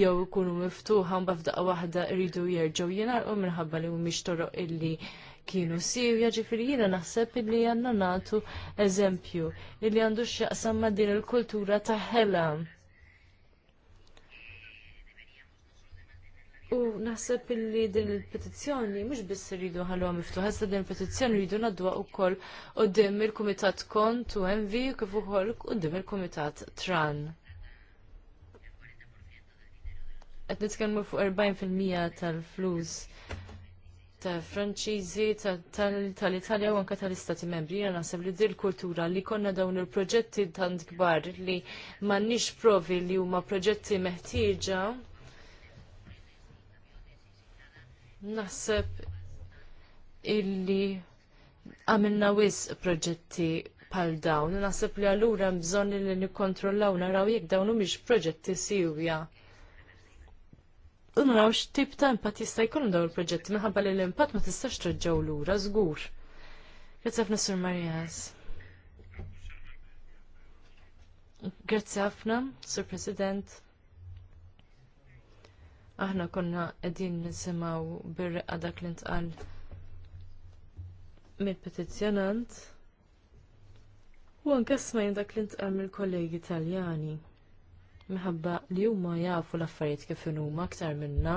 jew ikunu miftuħa mbafdaqa waħda rridu jerġgħu jingħalqu minħabba li mhumiex toroq illi kienu Sirja ġifiri jiena naħseb illi għandna nagħtu eżempju illi għandu x'jaqsam ma' din il-kultura ta' ħela. U naħseb illi din il-petizzjoni mhux biss rridu ħalluha miftuħa, issa din il-petizzjoni rridu kol wkoll dim il-Kumitat Kont u Envi u kif ukoll dim il-Kumitat Tran. Qed nitkellmu fuq 40% tal-flus Ta' franċiżi tal-Italja u anke tal-Istati Membri. Jena naħseb li dir kultura li konna dawn il-proġetti tant kbar li m'għandniex provi li huma proġetti meħtieġa. Naħseb illi għamilna wis proġetti pal dawn. Naħseb li allura bżonn li nikkontrollaw naraw jekk dawn mhumiex proġetti siwja unraw x'tip ta' impatt jista' jkun dawn il-proġetti minħabba li l-impatt ma tistax terġgħu lura żgur. Grazie ħafna Sur Marijas. Grazie ħafna, Sur President. Aħna konna qegħdin nisimgħu bir-reqqa dak li ntqal mill-petizzjonant. U anke smajn dak li ntqal mill-kollegi Taljani minħabba li huma jafu l-affarijiet kif huma aktar minna.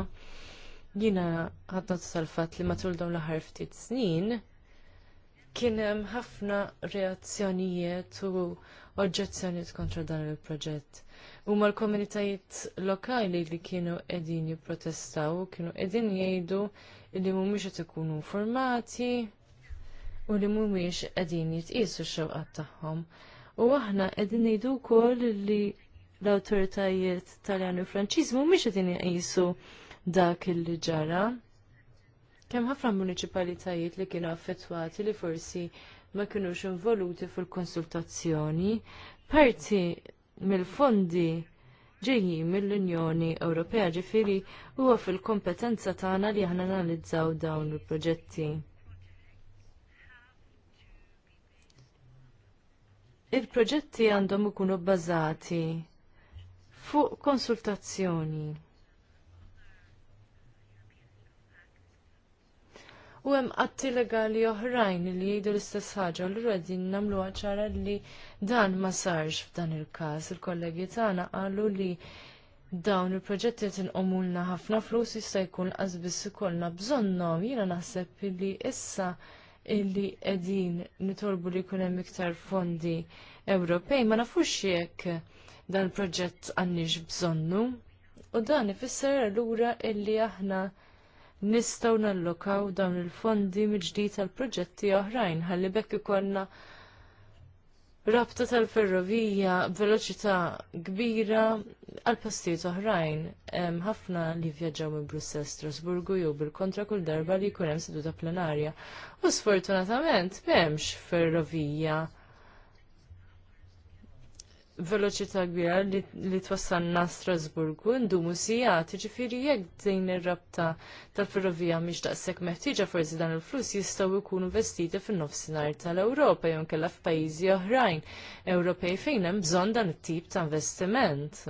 Jiena ħadna fatt li matul dawn l-aħħar ftit snin kien hemm ħafna reazzjonijiet u oġġezzjonijiet kontra dan il-proġett. Huma l-komunitajiet lokali li kienu qegħdin jipprotestaw, kienu qegħdin jgħidu li mhumiex qed ikunu infurmati u li mhumiex qegħdin jitqisu x-xewqat tagħhom. U aħna qegħdin ngħidu wkoll li l-autoritajiet taljani u franċiż mhumiex qed jisu dak il ġara. Kemm ħafna municipalitajiet li kienu affettwati li forsi ma kinux involuti fil-konsultazzjoni, parti mill-fondi ġejji mill-Unjoni Ewropea ġifiri huwa fil-kompetenza tagħna li aħna analizzaw dawn il-proġetti. Il-proġetti għandhom ikunu bbażati fuq konsultazzjoni. U hemm qatti legali oħrajn li jgħidu l-istess ħaġa l qegħdin nagħmlu ċara li dan ma sarx f'dan il-każ. Il-kollegi tagħna qalu li dawn il-proġetti qed inqomulna ħafna flus jista' jkun biss ikollna bżonnhom. Jiena naħseb li issa illi qegħdin nitolbu li jkun hemm iktar fondi Ewropej ma nafux jekk dan proġett għanniġ bżonnu. U dan ifisser allura illi aħna nistgħu nallokaw dawn il-fondi mill-ġdid tal-proġetti oħrajn ħalli bekk ikonna rabta tal-ferrovija b'veloċità kbira għal postijiet oħrajn. Hemm ħafna li vjaġġaw minn Brussell Strasburgu jew bil-kontra kull darba li jkun hemm seduta plenarja. U sfortunatament m'hemmx ferrovija veloċità kbira li, twassalna Strasburgu ndumu sijat, ġifiri jekk din ir-rabta tal-ferrovija mhix daqshekk meħtieġa forsi dan il-flus jistgħu jkunu investiti fin-nofsinhar tal-Ewropa jew kellha f'pajjiżi oħrajn Ewropej fejn hemm bżonn dan it-tip ta' investiment.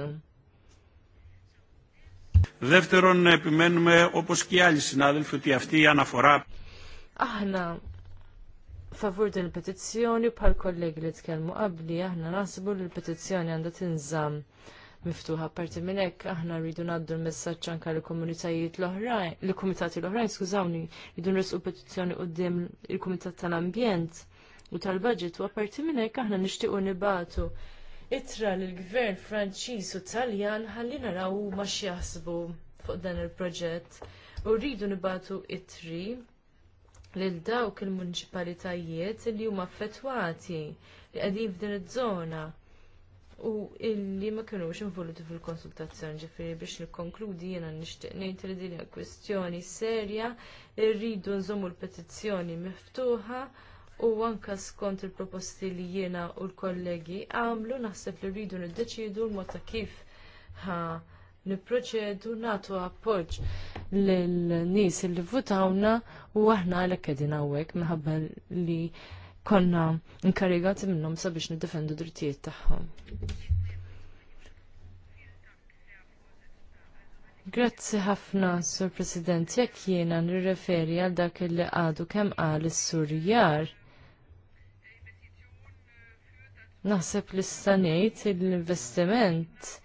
Δεύτερον, επιμένουμε όπως και άλλοι συνάδελφοι ότι αυτή η αναφορά Aħna favur din il-petizzjoni bħal kollegi li tkellmu qabli aħna naħsibu li l-petizzjoni għandha tinżamm miftuħa parti minn hekk aħna rridu ngħaddu l-messaġġ anke lill komunitajiet l-oħrajn, li kumitati l-oħrajn, skużawni, rridu nresqu petizzjoni qudiem il-Kumitat tal-Ambjent u tal baġit u apparti minn hekk aħna nixtiequ nibatu itra lill gvern Franċiż u Taljan ħalli naraw huma x'jaħsbu fuq dan il-proġett u rridu nibatu itri lil dawk il-munċipalitajiet li huma affettwati li qegħdin f'din iż-żona u illi ma kinux involuti fil-konsultazzjoni ġifieri biex nikkonkludi jiena nixtieq ngħid li din hija kwistjoni serja li rridu nżommu l-petizzjoni miftuħa u anke skont il-proposti li jiena u l-kollegi għamlu naħseb li rridu niddeċiedu l-mod ta' kif ha' niproċedu natu appoġġ l-nis li votawna u aħna għalhekk qegħdin hawnhekk minħabba li konna inkarigati minnhom sabiex niddefendu drittijiet tagħhom. Grazzi ħafna, Sur President, jekk jiena nirreferi għal dak li għadu kemm qal is-Surjar. Naħseb li stanejt l-investiment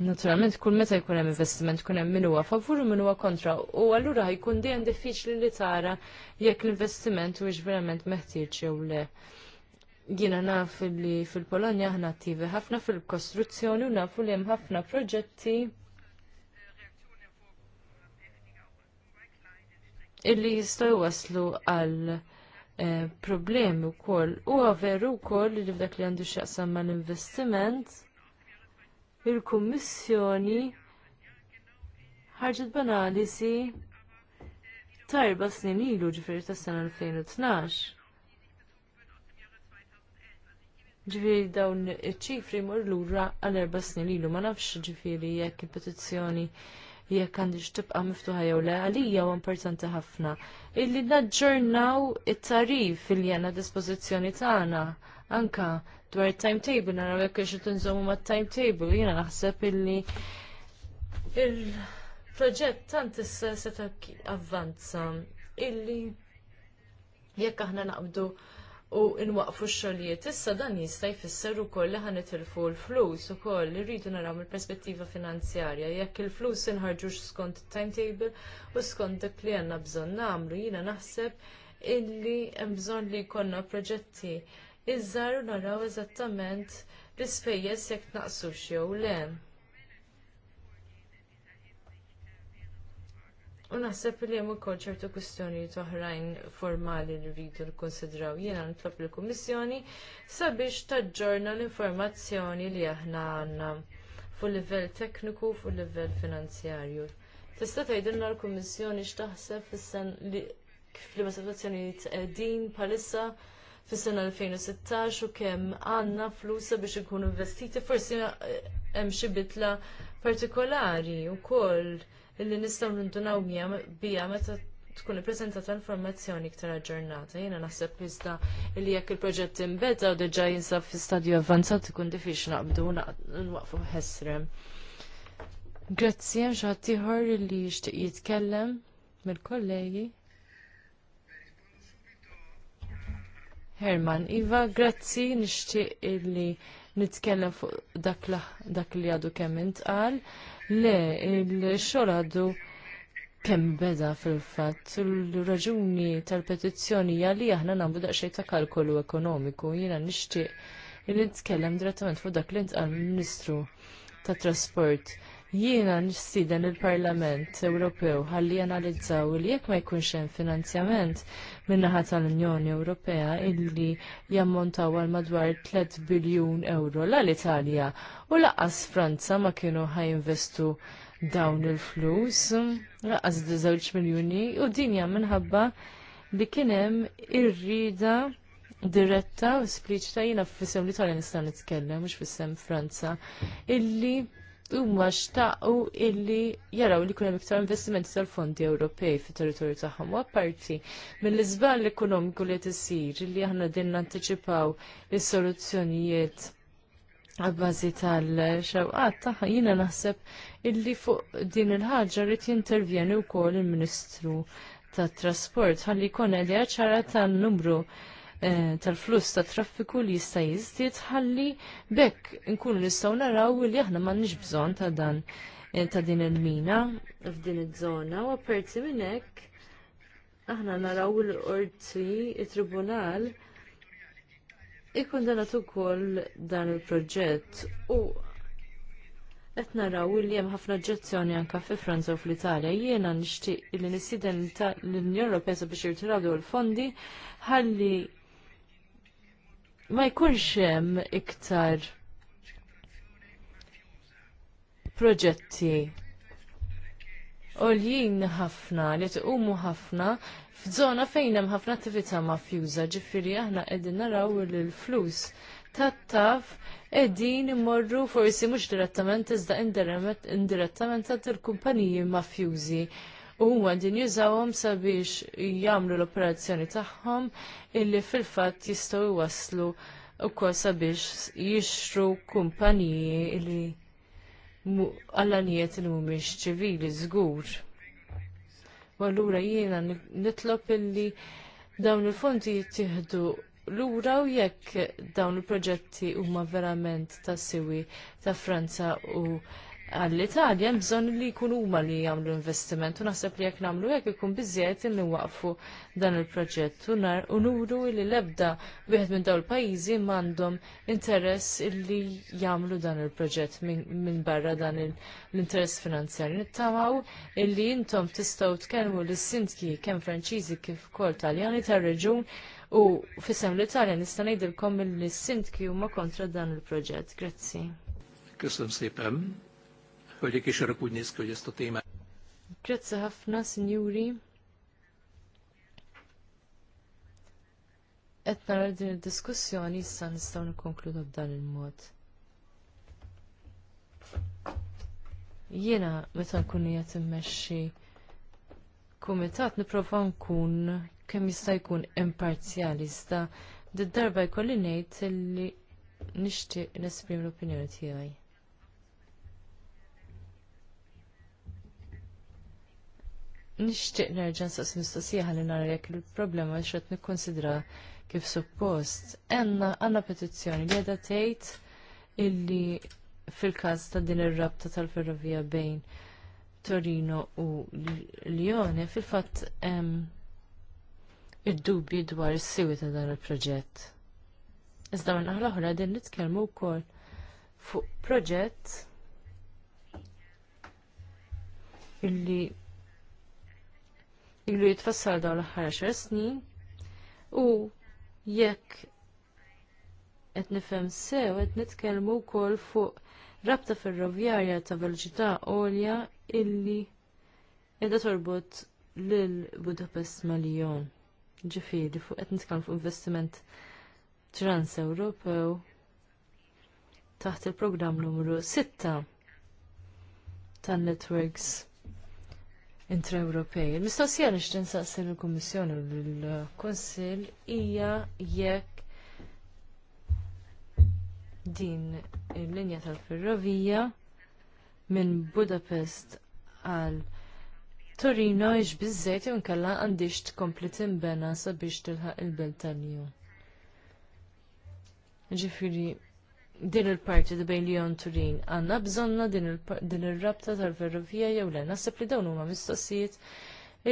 Naturalment, kull meta jkun hemm investiment, kun hemm min huwa favur u min huwa kontra. U allura ħajkun dejjem diffiċli li tara jekk l-investiment huwiex verament meħtieġ jew le. Jiena naf li fil-Polonja aħna attivi ħafna fil-kostruzzjoni u nafu li hemm ħafna proġetti illi jistgħu waslu għal eh, problemi wkoll. Huwa veru wkoll li f'dak li għandu x'jaqsam mal-investiment il-Kummissjoni ħarġet banalisi tarba snin ilu ġifiri tas sena 2012. Ġifiri dawn iċ-ċifri mor lura għal erba snin ilu ma nafx ġifiri jekk il-petizzjoni jekk għandix tibqa' miftuħa jew le għalija u importanti ħafna. Illi naġġornaw it-tarif il li għandna dispożizzjoni tagħna anka dwar timetable naraw jekk irxu tinżommu ma' timetable jiena naħseb illi il-proġett tant issa se avvanza illi jekk aħna naqbdu u nwaqfu x-xogħlijiet issa dan jista' jfisser ukoll li ħanitilfu l-flus ukoll irridu naraw mill-perspettiva finanzjarja jekk il-flus inħarġux skont timetable u skont dak li għandna bżonn nagħmlu jiena naħseb illi hemm bżonn li jkollna proġetti iżżar naraw eżattament l-ispejjeż jekk naqsux jew le. U naħseb li hemm ukoll ċertu kwistjonijiet oħrajn formali li rridu nkonsidraw jiena nitlob lill-Kummissjoni sabiex taġġorna l-informazzjoni li aħna għandna fuq livell tekniku fuq livell finanzjarju. Tista' tgħidilna l-Kummissjoni x'taħseb fis-sen li ma' qegħdin bħalissa fis-sena 2016 u kemm għandna flusa biex inkunu investiti forsi eh, hemm xi bitla partikolari wkoll illi nistgħu nindunaw biha meta tkun ippreżentata informazzjoni iktar aġġornata. Jiena naħseb iżda li jekk il-proġett imbeda u diġà jinsab fi stadju avvanzat ikun diffiċli naqbdu nwaqfu ħessrem. Grazzi hemm xi ħadd ieħor li jixtieq jitkellem mill-kollegi Herman, Iva, grazzi, nishti illi nitkellem fuq dak, dak li għadu kemm intqal. Le, il-xogħol għadu kemm beda fil-fatt. l raġuni tal-petizzjoni hija li aħna nagħmlu daqsxejn ta' kalkolu ekonomiku. Jiena nixtieq illi nitkellem direttament fuq dak li intqal ministru tat Trasport Jiena nissiden il-Parlament Ewropew ħalli analizzaw li jekk ma jkunx hemm finanzjament min-naħa tal-Unjoni Ewropea illi jammontaw għal madwar 3 biljun euro l-Italja u laqas Franza ma kienu ħajinvestu dawn il-flus, laqas 2 miljuni u dinja minħabba li kienem irrida diretta u spliċta jina fissem li tal-Nistan nitkellem, mux fissem Franza, illi huma xtaqu illi jaraw li kunem iktar investimenti tal-fondi Ewropej fit-territorju tagħhom u apparti mill-iżball ekonomiku li qed isir li aħna din nanticipaw is-soluzzjonijiet għabbażi tal-xewqat taħħa jina naħseb illi fuq din il-ħagġa rrit jintervjeni u kol il-Ministru tat trasport ħalli jkun għalja ċara tan numru Eh, tal-fluss ta' traffiku li jista' jiżdied ħalli bekk nkunu nistgħu naraw li aħna m'għandniex bżonn ta' dan eh, ta' din il-mina f'din iż-żona u apparti minn hekk aħna naraw il-qorti it-tribunal ikun ukoll dan il-proġett u qed naraw li hemm ħafna oġġezzjoni anke fi Franza u fl-Italja. Jiena nixtieq li nisiden l-Unjoni Ewropea biex jirtiraw l-fondi ħalli ma jkunx hemm iktar proġetti oljin ħafna li tqumu ħafna f'żona fejn hemm ħafna attività mafjuża, ġifieri aħna qegħdin naraw li l-flus tat-taf qegħdin imorru forsi mhux direttament iżda indirettament għand il-kumpaniji mafjużi u din jużawhom sabiex jagħmlu l-operazzjoni tagħhom illi fil-fatt jistgħu jwasslu wkoll sabiex jixtru kumpaniji li għallanijiet li mhumiex ċivili żgur. U allura jiena nitlob illi dawn il-fondi jittieħdu Lura u jekk dawn il-proġetti huma verament tas siwi ta' Franza u għall-Italja hemm bżonn li jkun huma li jagħmlu investiment u naħseb li jekk nagħmlu hekk ikun biżjed li waqfu dan il-proġett u nuru li l-ebda wieħed minn dawn il-pajjiżi m'għandhom interess li jagħmlu dan il-proġett minn barra dan l-interess finanzjarju. Nittamaw illi intom tistgħu tkellmu l sintki kemm Franċiżi kif ukoll Taljani tar-reġun u fisem l-Italja nista' ngħidilkom li s-sintki huma kontra dan il-proġett. Grazzi. Kisem sipem kollegi Xerakudniski u jesta tema. Grazzi ħafna, Sinjuri. Qed nara din id-diskussjoni issa nistgħu nikkonkludu b'dan il-mod. Jiena meta nkun qed immexxi kumitat nipprova nkun kemm jista' jkun imparzjali iżda darba jkolli ngħid li nixtieq nesprim l-opinjoni tiegħi. Nixtieq nerġa' saqs mistoqsija li nara jekk il-problema x'qed nikkonsidra kif suppost. Enna, għanna petizzjoni li qiegħda tejt illi fil-każ ta' din ir-rabta tal-ferrovija bejn Torino u Lione fil-fatt id-dubji dwar is-siwi ta' dan il-proġett. Iżda minn aħla oħra din nitkellmu wkoll fuq proġett illi ilu jitfassal dawn l-aħħar xar snin u jekk qed nifhem sew qed nitkellmu wkoll fuq rabta ferroviarja ta' veloċità għolja illi qiegħda torbot lil Budapest ma' Lyon. Ġifieri fuq qed nitkellmu fuq investiment trans-Ewropew taħt il-programm numru 6 tan-networks intra-Ewropej. Il-mistoqsija li saqsir il kummissjoni u l-Konsil hija jekk din il-linja tal-ferrovija minn Budapest għal Torino ix bizzejt jew nkella għandix tkompli timbena sabiex tilħaq il-belt tal-ju. Ġifiri, din il-parti di bejn Lyon Turin għanna bżonna din il-rabta tal-ferrovija jew le naħseb li dawn huma mistoqsijiet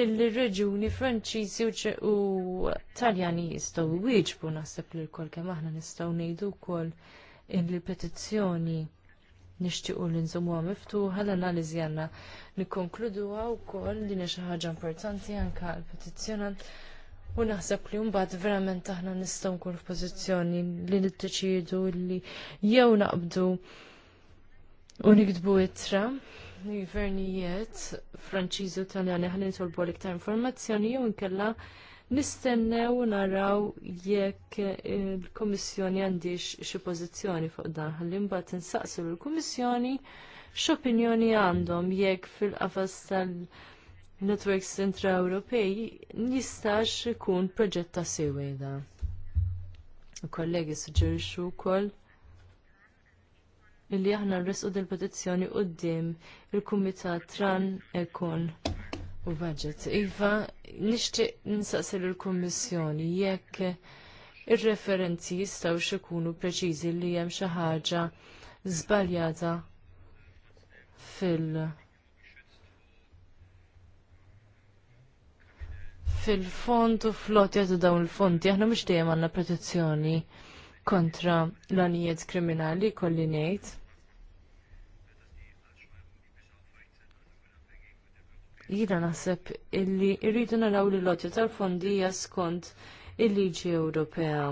il-reġuni franċiżi u taljani jistgħu wieġbu naħseb li l kemm aħna nistgħu ngħidu wkoll il-petizzjoni nixtiequ li nżommuha miftuħa l-analiżi għandna nikkonkluduha wkoll din xi ħaġa importanti anke għall petizzjonant U naħseb li mbagħad verament aħna nistgħu nkunu f'pożizzjoni li niddeċiedu li jew naqbdu u nikdbu ittra l-gvernijiet Franċiżi u Taljani ħalli nitolbu l-iktar informazzjoni jew inkella nistennew naraw jekk il-Kummissjoni għandix xi pożizzjoni fuq dan ħalli mbagħad insaqsu lill-Kummissjoni x'opinjoni għandhom jekk fil-qafas tal- networks Centra Ewropej jistax ikun proġett ta' seweda. Kollegi suġġerixxu wkoll illi aħna rresqu del petizzjoni quddiem il-Kumitat Tran Ekon u Budget. Iva, nixtieq nsaqsi lill-Kummissjoni jekk ir-referenzi jistgħu ikunu preċiżi li hemm xi ħaġa żbaljata fil- fil-fond u flot ta' dawn il-fondi, aħna mux dejjem għanna protezzjoni kontra l-anijiet kriminali kolli nejt. Jina naħseb illi irridu naraw li lotja tal-fondi hija skont il-liġi Ewropea.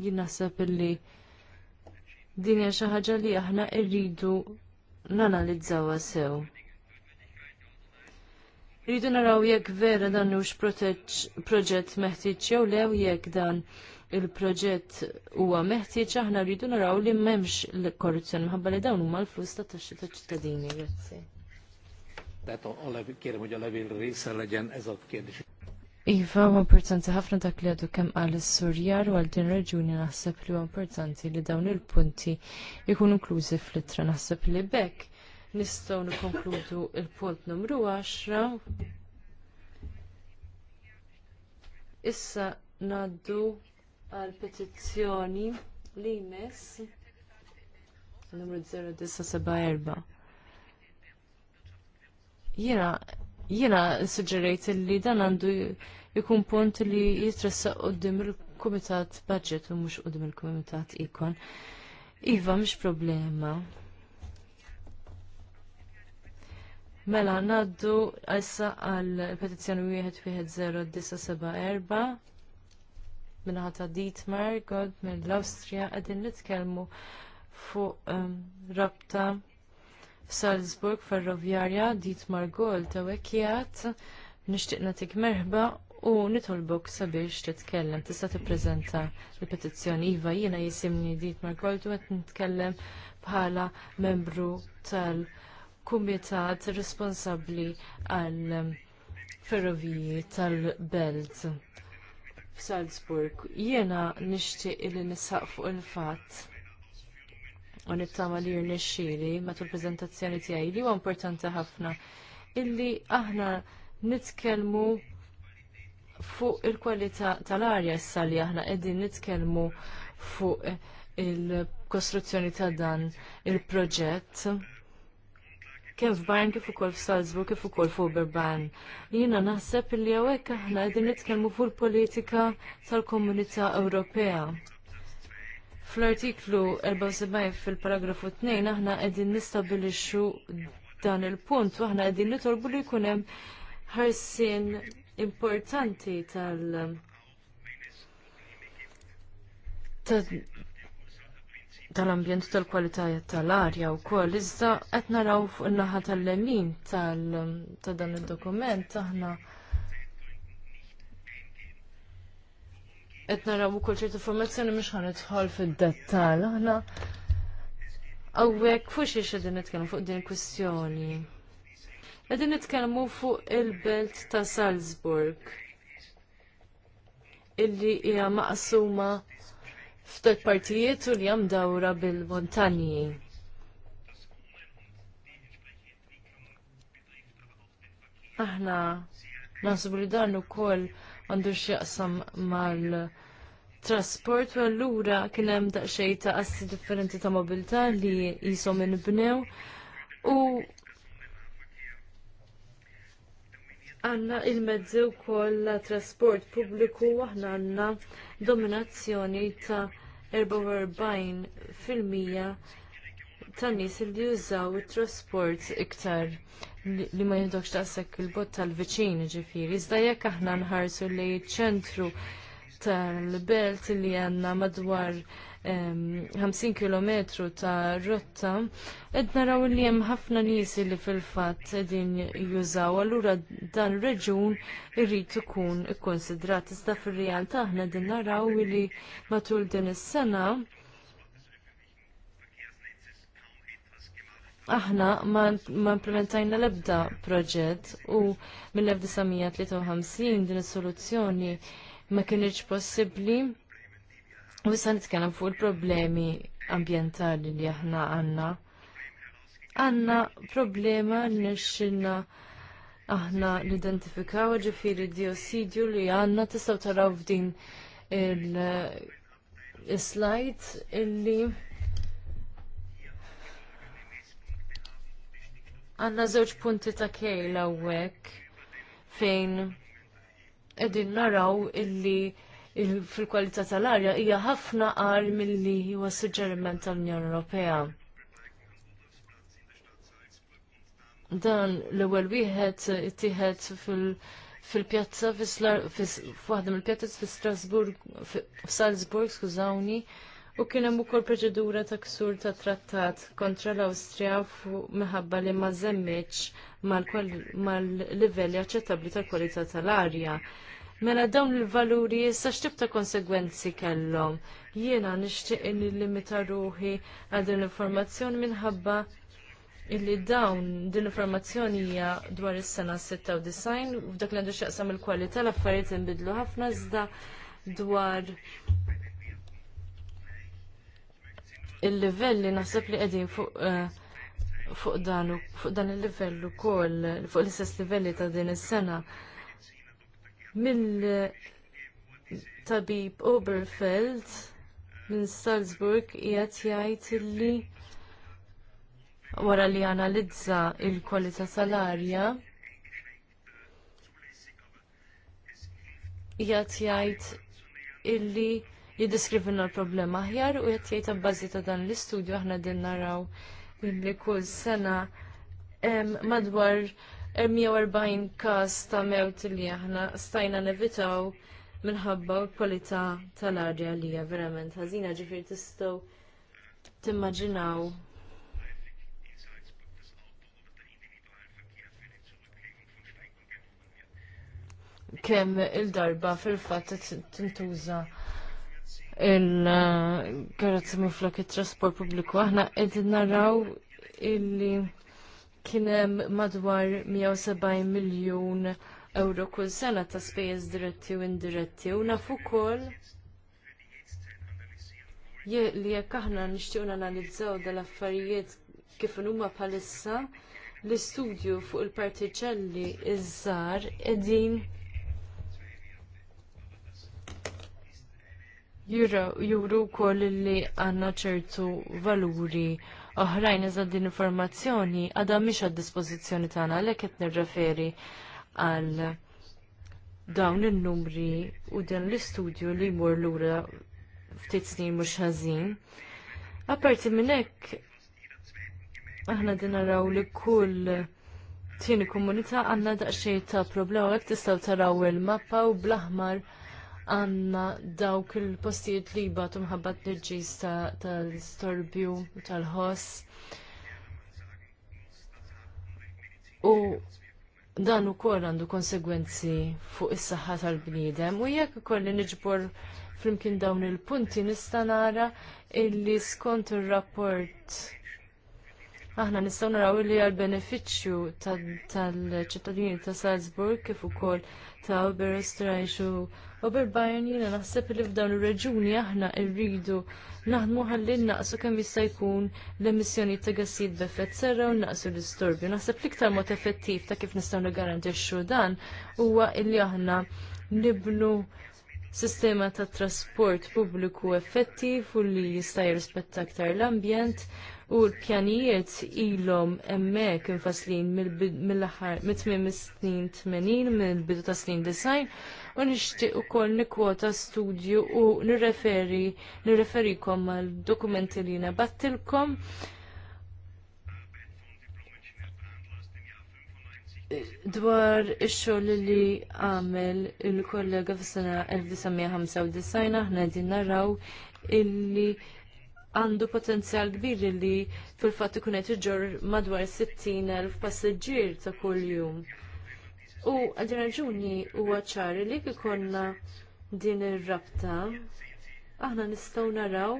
Jina naħseb illi din hija xi ħaġa li aħna rridu nanalizzawa sew. Rridu naraw jekk vera dan hux proġett meħtieġ jew lew jekk dan il-proġett huwa meħtieġ aħna rridu naraw li m'hemmx l-korruzzjoni minħabba li dawn huma l-flus ta' taxxi ta' ċittadini Grazzi. Tehát kérem, hogy a Iva, u importanti ħafna dak li għadu kem għal surjar u għal din raġuni naħseb li u importanti li dawn il-punti jikunu inklużi fl-ittra naħseb li bekk nistgħu nikkonkludu l punt numru 10. Issa ngħaddu għal petizzjoni li jmiss numru 0974. Jiena jiena suġġerejt li dan għandu jkun punt li jitressaq qoddim il-Kumitat Budget u mhux qoddim il-Kumitat Ikon. Iva, mhix problema. Mela, naddu issa għal petizzjoni wieħed minna ħata disa seba erba Dietmar God mill-Austria qegħdin nitkellmu fuq um, rabta Salzburg ferroviarja Dietmar Gold ta' jgħid nixtieq tik merħba u nitolbok sabiex titkellem tista' tippreżenta l-petizzjoni iva jiena jisimni Dietmar Gold u qed nitkellem bħala membru tal- kumitat responsabbli għal um, ferroviji tal-Belt f'Salzburg. Jiena nixtieq li nisaq fuq il-fatt u nittama li rnexxieli matul preżentazzjoni tiegħi li huwa importanti ħafna illi aħna nitkellmu fuq il-kwalità tal-arja issa li aħna qegħdin nitkellmu fuq il-kostruzzjoni ta' dan il-proġett. il proġett kemm f'Barn kif ukoll f'Salzburg kif ukoll f'Oberban. Jiena naħseb li hawnhekk aħna qegħdin nitkellmu fuq il-politika tal-Komunità Ewropea. Fl-artiklu 74 fil-paragrafu 2 aħna qegħdin nistabilixxu dan il-punt u aħna qegħdin nitolbu li jkun hemm ħarsien importanti tal- tal-ambjent tal-kwalità tal-arja wkoll iżda qed naraw fuq in-naħa tal-lemin ta' dan id-dokument aħna qed naraw ukoll ċerta informazzjoni mhux ħanidħol fid-dettall. Aħna hawnhekk fuq xiex qegħdin nitkellmu fuq din il-kwistjoni. Qegħdin nitkellmu fuq il-belt ta' Salzburg illi hija maqsuma f'tot partijiet u li hemm dawra bil-montanji. Aħna nasbu li dan ukoll għandu x'jaqsam mal- trasport u allura kien hemm daqsxejn ta' assi differenti ta' mobilità li jisom inbnew u għanna il-mezzi wkoll la trasport pubbliku għanna aħna għandna dominazzjoni ta' 44% tan nies li jużaw it trasport iktar li ma jindokx taqsek il-bot tal-veċin ġifiri. Iżda jekk aħna nħarsu li ċentru tal-belt li għandna madwar 50 km ta' rotta, qed naraw li hemm ħafna nies li fil-fatt din jużaw, allura dan reġun irrid ikun ikkonsidrat. Iżda fir-realtà aħna din naraw li matul din is-sena aħna ma, ma implementajna l-ebda proġett u mill-1953 din is-soluzzjoni ma kienx possibbli U issa nitkellem fuq il-problemi ambjentali li aħna għandna. Għandna problema li nixxilna aħna l-identifikaw ġifiri diossidju li għandna tistaw taraw f'din il-slide illi għanna zewġ punti ta' u għawek fejn edin naraw illi fil-kwalità tal-arja hija ħafna qal milli huwa suġġeriment tal-Unjoni Ewropea. Dan l-ewwel wieħed ittieħed fil- pjazza f'waħda mill-pjazza fi Strasburg f'Salzburg, skużawni, u kien hemm ukoll proċedura ta' ksur ta' trattat kontra l-Awstrija minħabba li ma żemmitx mal-livelli aċċettabbli tal-kwalità tal-arja. Mela dawn il-valuri issa xtibta ta' konsegwenzi kellhom. Jiena nixtieq nillimita ruħi għal din l-informazzjoni minħabba illi dawn din l-informazzjoni hija dwar is-sena 96 u f'dak li għandu x'jaqsam il-kwalità l-affarijiet inbidlu ħafna iżda dwar il-livell li naħseb li qegħdin fuq eh, fuq dan fuq dan il-livell ukoll fuq l-istess livelli ta' din is-sena mill-tabib Oberfeld minn Salzburg qiegħed jgħid illi, wara li analizza l kwalità arja jgħat jgħid illi jiddiskrivinna l-problema aħjar u jgħat jgħid abbażi ta' dan l-istudju aħna din naraw illi kull sena madwar 140 e każ ta' mewt li aħna stajna nevitaw minħabba l-kwalità tal-arja li hija verament ħażina ġifier tistgħu timmaġinaw kemm il-darba fil-fatt tintuża il-karozzi minn it-trasport pubbliku aħna qed naraw illi kien hemm madwar 170 miljun euro kull sena ta' spejjeż diretti u indiretti u naf ukoll li jekk aħna nixtiequ nanalizzaw dal-affarijiet kif huma bħalissa l-istudju fuq il-partiċelli iż-żar qegħdin juru wkoll li għandna ċertu valuri oħrajn iżda din informazzjoni għadha mhix għad-dispożizzjoni tagħna għalhekk qed nirreferi għal dawn in-numri u dan l-istudju li jmur lura ftit snin mhux ħażin. Apparti minn hekk aħna din naraw li kull tieni komunità għandna daqsxejn ta' problema hekk tistgħu taraw il-mappa u bl-aħmar għandna dawk il-postijiet li jibgħatu mħabba t ġis tal-storbju tal-ħoss. U dan ukoll għandu konsegwenzi fuq is-saħħa tal-bniedem u jekk ikolli niġbor flimkien dawn il-punti nista' nara illi skont ir-rapport Aħna nistgħu naraw li għall benefiċċju tal-ċittadini ta' Salzburg kif ukoll ta' ber-restorajxu u bil jina naħseb li f'dawn ir-reġuni aħna rridu naħdmu ħalli naqsu kemm jista' jkun l-emissjoni ta' gassijiet b'effett serra u naqsu l-istorbju. Naħseb l-iktar mod effettiv ta' kif nistgħu nigarantixxu dan huwa illi aħna nibnu sistema ta' trasport pubbliku effettiv u li jista' jirrispetta aktar l-ambjent u l-pjanijiet ilhom hemmhekk infaslin mill-aħħar mit snin 80 mill-bidu ta' snin design u nixtieq ukoll nikkwota studju u nirreferi nirreferikom għal dokumenti li nabattilkom dwar ix-xogħol li għamel il-kollega fis-sena 1995 aħna din naraw illi għandu potenzjal kbir li fil-fatt ikun qed iġġor madwar 60,000 passiġġier ta' kuljum. U għal raġuni huwa ċar li kikonna din ir-rabta aħna nistgħu naraw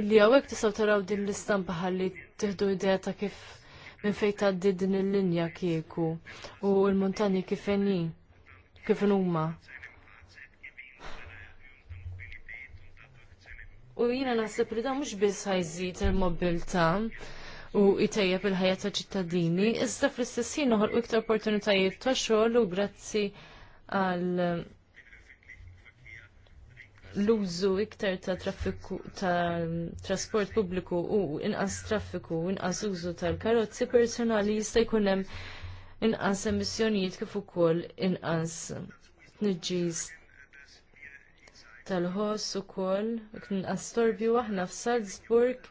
illi hawnhekk tistgħu taraw din l-istampa ħalli teħdu idea ta' kif minn fejn tgħaddi din il-linja kieku u l-montani kif kif huma. U jiena naħseb li dan mhux biss ħajżid il-mobilità u jtejjeb il-ħajja ta' ċittadini, iżda fl-istess ħin noħolqu iktar opportunitajiet ta' xogħol u grazzi għal l-użu iktar ta' traffiku ta' trasport pubbliku u inqas traffiku u inqas użu tal-karozzi personali jista' jkun hemm inqas emissjonijiet kif ukoll inqas tniġġis tal-ħoss ukoll inqas torbju aħna f'Salzburg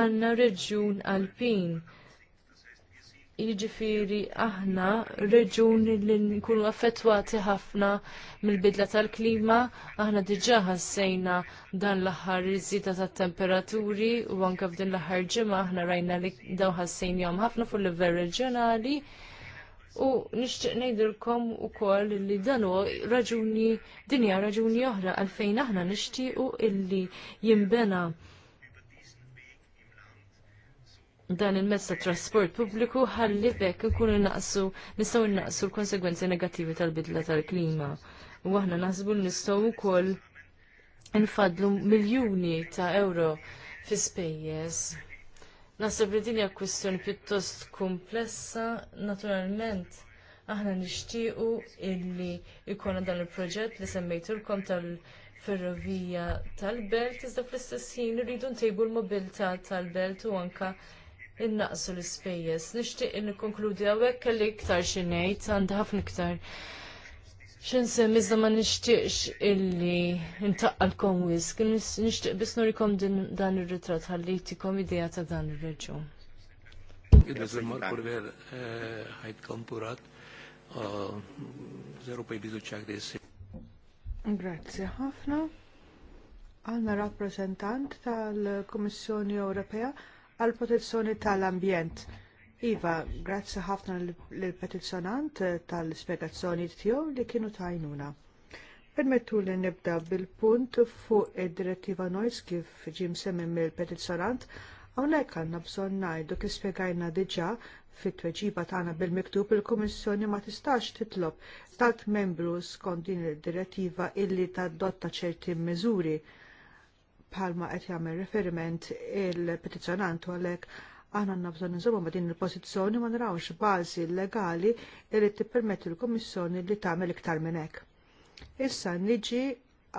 għandna reġjun Alpin Jiġifieri aħna reġuni li nkunu affettwati ħafna mill-bidla tal-klima, aħna diġà ħassejna dan l-aħħar iżida tat-temperaturi u anke f'din l-aħħar ġimgħa aħna rajna li daw ħassejn jom ħafna fuq livell reġjonali. U nixtieq ngħidilkom ukoll li dan hu raġuni din hija raġuni oħra għalfejn aħna nixtiequ illi jinbena dan il-mezz ta' trasport pubbliku ħalli bekk nkunu naqsu nistgħu naqsu l-konsegwenzi negattivi tal-bidla tal-klima. U aħna naħsbu li nistgħu wkoll nfadlu miljuni ta' euro fi spejjeż. Naħseb li din hija kwistjoni pjuttost komplessa, naturalment aħna nixtiequ illi jkollna dan il-proġett li semmejtulkom tal- ferrovija tal-belt, iżda fl-istess ħin irridu ntejbu l-mobilità tal-belt u anke innaqsu l-ispejjeż. Nixtieq nikkonkludi hawnhekk kelli iktar xi ngħid, għandi ħafna iktar. X'insem iżda ma nixtieqx illi ntaqalkom wisq, nixtieq biss nurikom dan ir-ritratt ħallitikom idea ta' dan ir-reġun. Grazie ħafna eh, oh, għalna rappresentant tal-Komissjoni Ewropea għal protezzjoni tal-ambjent. Iva, grazzi ħafna l-petizzjonant tal-spiegazzjoni tiegħu li kienu tajnuna. Permettu li nibda bil-punt fuq id-direttiva Noise kif ġim semmim il-petizzjonant Hawnhekk għandna bżonn najdu kif spjegajna diġà fit-tweġiba tagħna bil-miktub il-Kummissjoni ma tistax titlob stat membru skont din id-direttiva illi tadotta ċerti miżuri palma qed jagħmel referiment il-petizzjonant għalhekk aħna għandna bżonn inżommu ma' din il-pożizzjoni ma narawx bażi legali li tippermetti l-Kummissjoni li tagħmel iktar minn hekk. Issa niġi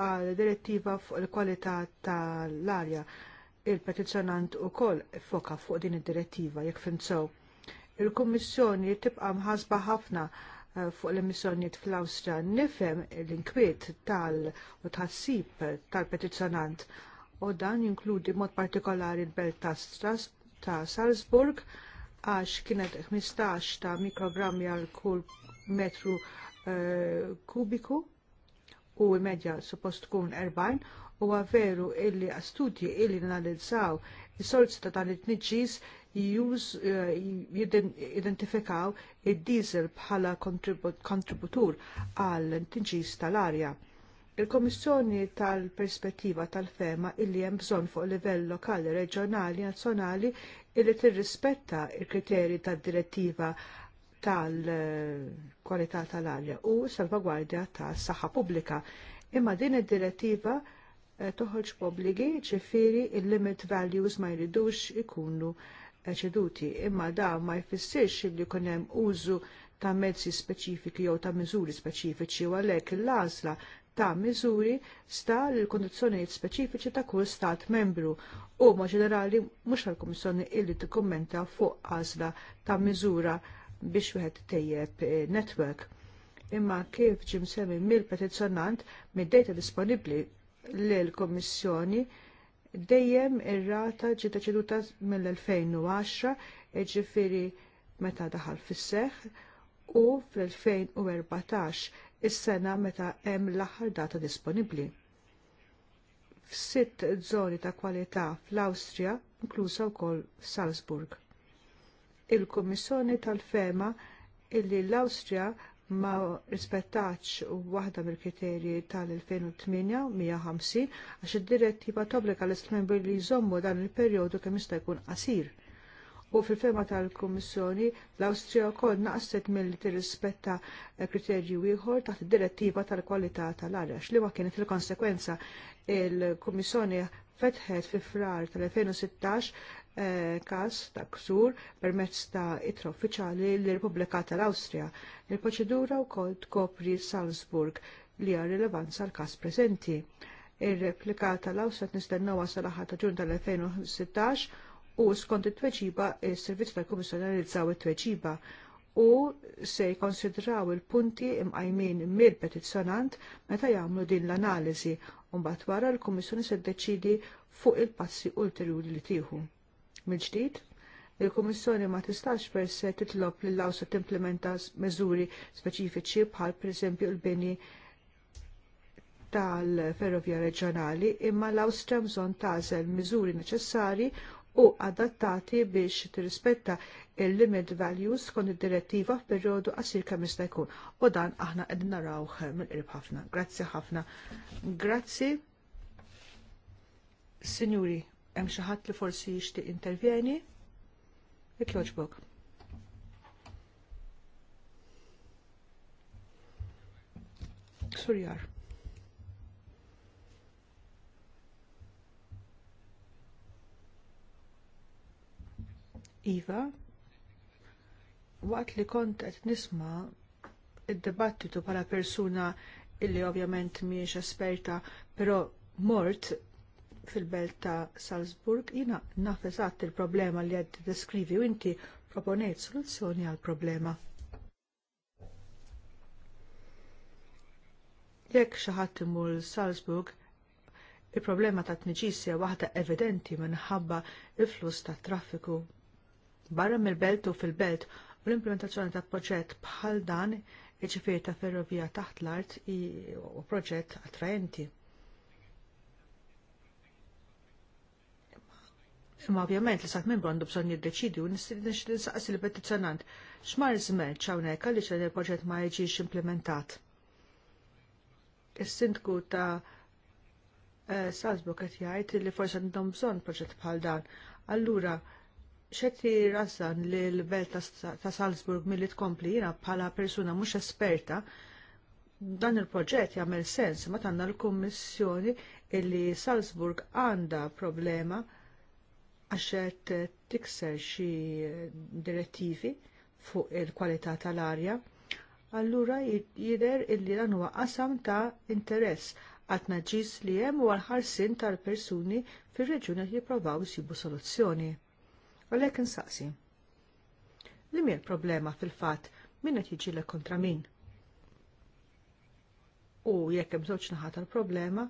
għal direttiva fuq il-kwalità tal-arja il-petizzjonant ukoll foka fuq din id-direttiva jekk finsew. Il-Kummissjoni tibqa' mħasba ħafna eh, fuq l-emissjonijiet fl-Awstra nifhem l-inkwiet tal- u tħassib tal-petizzjonant u dan jinkludi mod partikolari l-belt ta' ta' Salzburg għax kienet 15 ta' mikrogrammi għal kull metru eh, kubiku u medja suppost tkun 40 u għaveru illi studji illi analizzaw il solz ta' dan it-tniġis jidentifikaw eh, id-diesel bħala kontributur għal tniġis tal-arja. Il-Komissjoni tal-Perspettiva tal-Fema illi hemm bżonn fuq livell lokali, reġjonali, nazzjonali illi tirrispetta il-kriterji tad-direttiva tal-kwalità tal-arja u salvagwardja tas saħħa pubblika. Imma din id-direttiva eh, toħolġ pubbligi ċifiri il-limit values ma jridux ikunu ċeduti. Imma da ma jfissirx li jkun hemm użu ta' mezzi speċifiki jew ta' miżuri speċifiċi u għalhekk il-għażla ta' miżuri sta l-kondizzjonijiet speċifiċi ta' kull stat membru u ma' ġenerali mhux għall-Kummissjoni illi tikkummenta fuq għażla ta' miżura biex wieħed tejjeb eh, netwerk. Imma kif ġim semmi mill-petizzjonant mid-data disponibbli l kummissjoni dejjem ir-rata ġiet ċeduta mill-2010, eh, ġifiri meta daħal fis-seħħ u fl-2014 is-sena meta hemm l-aħħar data disponibbli. F'sitt żoni ta' kwalità fl-Awstrija, inklusa wkoll Salzburg. Il-Kummissjoni tal-Fema illi l-Awstrija ma rispettax waħda mill-kriterji tal-2008 għax id-direttiva tobbliga l-istmembri li jżommu dan il-perjodu kemm jista' jkun qasir u fil firma tal-Kummissjoni l-Awstrija wkoll naqset milli tirrispetta eh, kriterji ieħor taħt direttiva tal-kwalità tal-arjax li ma kienet il-konsekwenza il-Kummissjoni fetħet fi frar tal-2016 eh, każ ta' ksur permezz ta' itra uffiċali l-Repubblika tal-Awstrija. Il-proċedura wkoll tkopri Salzburg li għar rilevanza l każ preżenti. Ir-replika tal-Awstrija nistennew sal-aħħar ta' ġun tal-2016 u skont it-tweġiba il servizz tal-Kummissjoni analizzaw it-tweġiba u se jkonsidraw il-punti imqajmin mill-petizzjonant meta jagħmlu din l-analiżi u mbagħad wara l-Kummissjoni se ddeċidi fuq il-passi ulterjuri li tieħu. Mill-ġdid, il-Kummissjoni ma tistax per se titlob li l timplementa meżuri speċifiċi bħal pereżempju l-bini tal-ferrovja reġjonali imma l-Awstra bżonn tażel miżuri neċessari u adattati biex tirrispetta il-limit values kon id-direttiva f'perjodu qasir kemm jista' jkun. U dan aħna qed narawh mill-qrib ħafna. Grazzi ħafna. Grazzi. Sinjuri, hemm xi ħadd li forsi jixtieq intervjeni? Ikloġbok. Surjar. Iva, waqt li kont qed nisma id-dibattitu bħala persuna illi ovvjament miex esperta, però mort fil-belt ta' Salzburg, jina nafesat il-problema li għed deskrivi u inti proponejt soluzzjoni għal-problema. Jekk xaħat imur Salzburg, il-problema ta' tniġisja waħda evidenti minħabba il-flus ta' traffiku barra mill-belt u fil-belt u l-implementazzjoni ta' proġett bħal dan iġifieri ta' ferrovija taħt l-art u proġett attraenti. Imma ovvjament li sat minn għandu bżonn jiddeċidi u nistaqsi l petizjonant x'mar żmel hawnhekk għaliex dan il-proġett ma jiġix implementat. Is-sindku ta' eh, Salzburg qed jgħid li forsi għandhom bżonn proġett bħal dan. Allura, xekti rassan li l-belt ta' Salzburg mill-li tkompli jina bħala persuna mux esperta dan il-proġett jagħmel sens ma tanna l-Kummissjoni illi Salzburg għandha problema għax qed tikser xi direttivi fuq il-kwalità tal-arja. Allura jidher illi dan huwa qasam ta' interess għat naġis li hemm u għal ħarsien tal-persuni fir-reġjuni li jipprovaw isibu soluzzjoni. U lek insaqsi. Li mi l-problema fil-fat min qed jiġi kontra min? U jekk hemm żewġ naħat l-problema,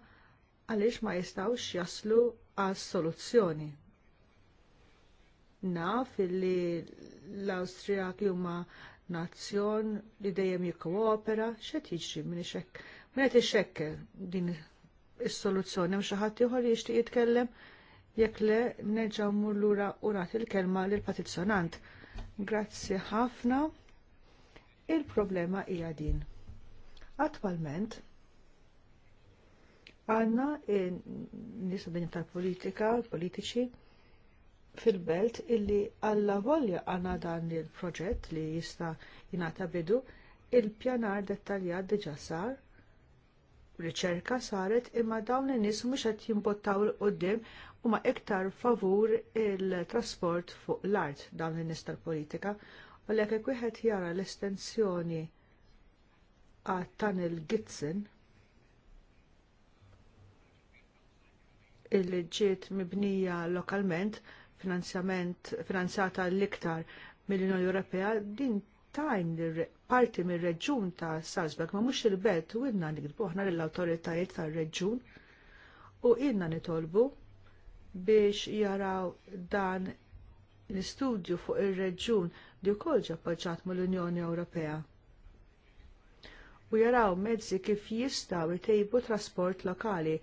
għaliex ma jistgħux jaslu għal soluzzjoni. Naf li l awstrija huma nazzjon li dejjem jikkoopera, xed jiġri minn ixek. Minn qed din is-soluzzjoni hemm xi ħadd ieħor jixtieq jitkellem jekk le nerġa' mmur lura u nagħti l-kelma lil petizzjonant. Grazzi ħafna. Il-problema hija din. Attwalment għandna din tal-politika, politiċi fil-belt illi għalla volja għandna dan il-proġett li jista' jingħata bidu, il-pjanar dettaljat diġà sar riċerka saret imma dawn in-nies mhux qed jimbottaw l qudiem huma iktar favur il-trasport fuq l-art dan l-nis tal-politika, u l wieħed jara l-estensjoni għat tunnel Gitzen illi ġiet mibnija lokalment finanzjata l-iktar mill-Unjoni Ewropea din tajn parti mir reġjun ta' Salzburg ma mhux il-belt u inna nikdbu aħna lill awtoritajiet tar reġjun u inna nitolbu biex jaraw dan l-istudju fuq ir-reġjun li wkoll ġie appoġġjat mill-Unjoni Ewropea. U jaraw mezzi kif jistgħu jtejbu trasport lokali.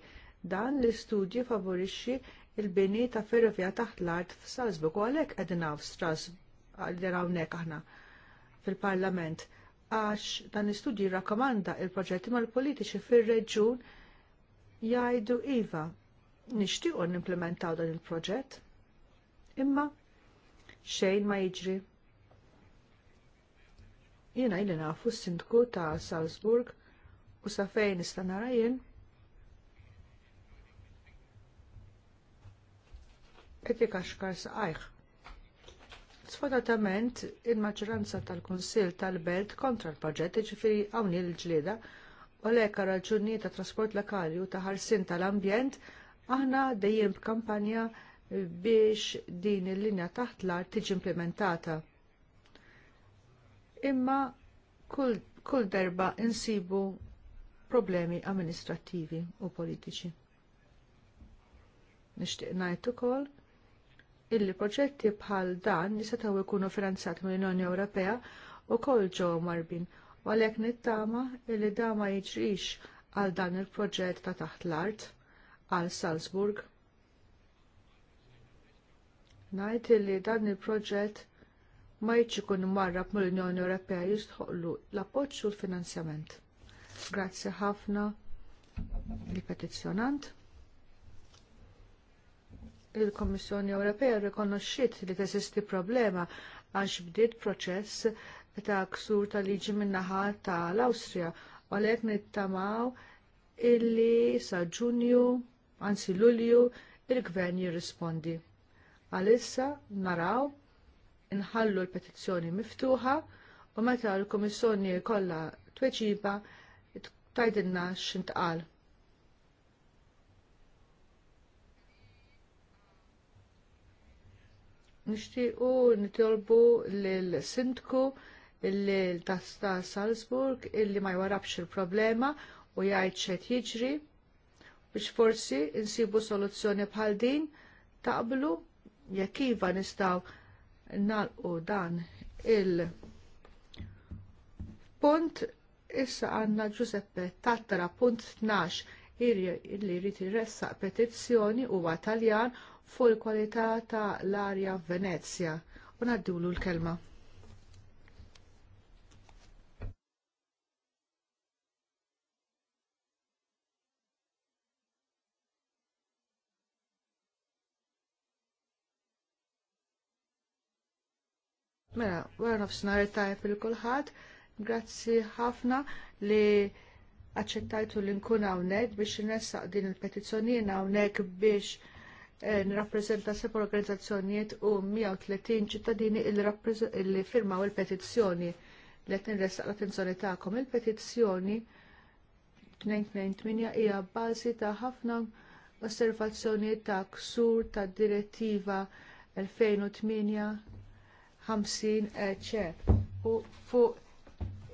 Dan l-istudju favorixxi l bini ta' ferrovija taħt l-art f'Salzburg u għalhekk qegħdin hawnhekk aħna fil-Parlament għax dan l-istudju jirrakkomanda l proġetti mal-politiċi fir-reġjun jgħidu iva nixtiequ nimplementaw dan il-proġett imma xejn ma jiġri. Jena ili nafu s-sindku ta' Salzburg u sa' fejn nista' nara jien. Qed sa' ajħ. Sfortunatament il-maġġoranza tal-Kunsill tal-Belt kontra l-proġett ġifieri hawn il-ġlieda u lek raġuni ta' trasport lokali u ta' ħarsin tal-ambjent Aħna dejjem b'kampanja biex din il-linja taħt l-art tiġi implementata. Imma kull, kull darba insibu problemi amministrattivi u politiċi. Nixtieq ngħid ukoll illi proġetti bħal dan jistgħu jkunu finanzjati mill-Unjoni Ewropea u kol ġew marbin u għalhekk nittama illi da ma jiġrix għal dan il-proġett ta' taħt l-art għal Salzburg. Najt li dan il-proġett ma jċi ikun marrab mill-Unjoni Ewropea jistħollu l-appoġġ u l-finanzjament. Grazzi ħafna li petizzjonant. Il-Kommissjoni Ewropea rikonoxxiet li teżisti problema għax bdiet proċess ta' ksur ta' liġi min-naħa tal-Awstrija għalek nittamaw illi sa' Ġunju anzi Lulju, il-gvern jirrispondi. Għalissa naraw inħallu l-petizzjoni miftuħa u meta l-Komissjoni kollha tweġiba tajdinna x'intqal. Nixtiequ nitolbu l sindku l-tasta Salzburg illi ma jwarabx il-problema u jgħid xed jiġri biex forsi insibu soluzzjoni bħal din taqblu jekk iva nistgħu nagħlqu dan il punt issa għandna Giuseppe Tattara punt 12 illi jrid irressaq petizzjoni huwa Taljan fuq il-kwalità ta' l-arja Venezja u l-kelma. Mela, wara nofsinhar tajb il kulħadd, grazzi ħafna li aċċettajtu li nkun hawnhekk biex nessaq din il-petizzjonijin hawnhekk biex eh, nirrappreżenta sepp organizzazzjonijiet u 130 ċittadini li firmaw il-petizzjoni li qed nirressaq l-attenzjoni tagħkom. Il-petizzjoni 298 hija bażi ta' ħafna osservazzjoni ta' ksur tad direttiva 2008 50 eh, ċep u fuq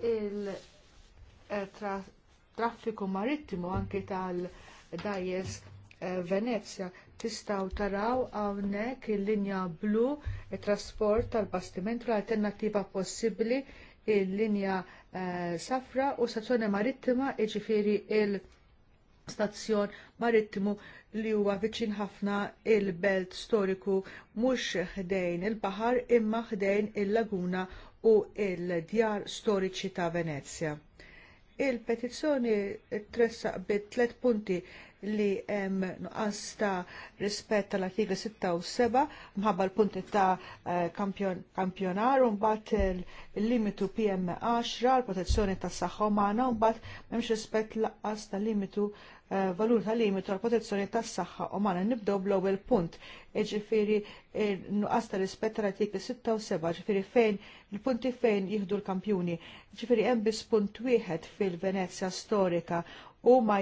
il-traffiku eh, marittimu anki tal-dajes eh, Venezia tistgħu taraw hawnhekk il-linja blu it-trasport tal-bastiment u l-alternattiva possibbli il-linja safra u stazzjoni marittima jiġifieri il-, -linja, stazzjon marittimu li huwa viċin ħafna il-belt storiku mhux ħdejn il-baħar imma ħdejn il-laguna u l il djar storiċi ta' Venezja. Il-petizzjoni tressaq bit tliet punti li hemm nuqqas ta' rispett tal-artiklu 6 u 7 mħabba l-punti ta' eh, kampjonar u mbagħad il-limitu PM10 l-protezzjoni tas-saħħa umana u mbagħad m'hemmx rispett laqqas tal-limitu Eh, valur ta' limitu għal protezzjoni tas-saħħa umana. Nibdew bl-ewwel punt, jiġifieri nuqqas ta' rispet ta' artikli 6 u 7, ġifieri fejn il-punti fejn jieħdu l-kampjuni. ġifiri hemm biss punt wieħed fil-Venezja storika u ma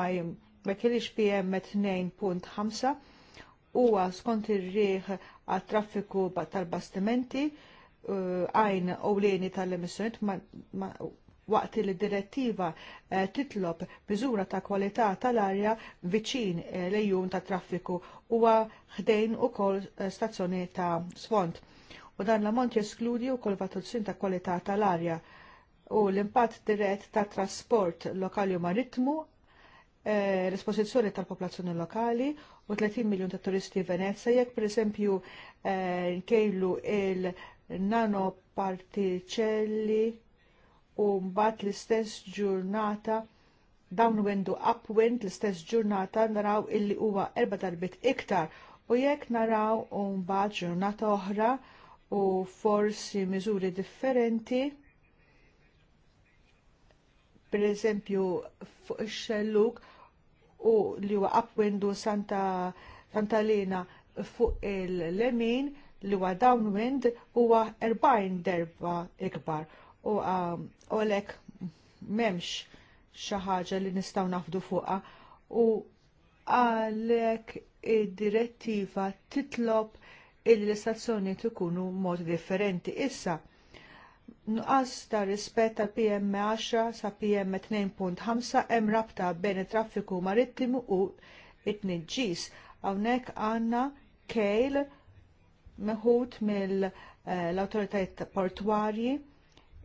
ma kienx PM 2.5 huwa skont ir riħ għat traffiku tal-bastimenti eh, għajn uh, ewleni tal-emissjoniet waqt li direttiva eh, titlob miżura ta' kwalità tal-arja viċin eh, lejjun ta' traffiku huwa ħdejn ukoll eh, stazzjoni ta' sfond. U dan l-ammont jeskludi wkoll vatulsin ta' kwalità tal-arja u l-impatt dirett ta' trasport lokali u maritmu l-esposizjoni tal-popolazzjoni lokali u 30 miljon ta' turisti Venezia jekk per esempio nkejlu il-nanoparticelli u mbagħad l-istess ġurnata dawn wendu upwind l-istess ġurnata naraw illi huwa erba darbit iktar u jekk naraw u mbagħad ġurnata oħra u forsi miżuri differenti per eżempju fuq ix-xelluk u li huwa upwind u Santa Lena fuq il-lemin li huwa downwind huwa 40 derba ikbar u għolek um, memx xaħġa li nistaw nafdu fuqa u għalek id-direttiva titlob il-istazzjoni ikunu mod differenti. Issa, nuqqas ta' rispett ta' PM10 sa' PM2.5 hemm rabta bejn it-traffiku marittimu u it-nġis. Hawnhekk għandna kejl meħud mill eh, autoritajt portwarji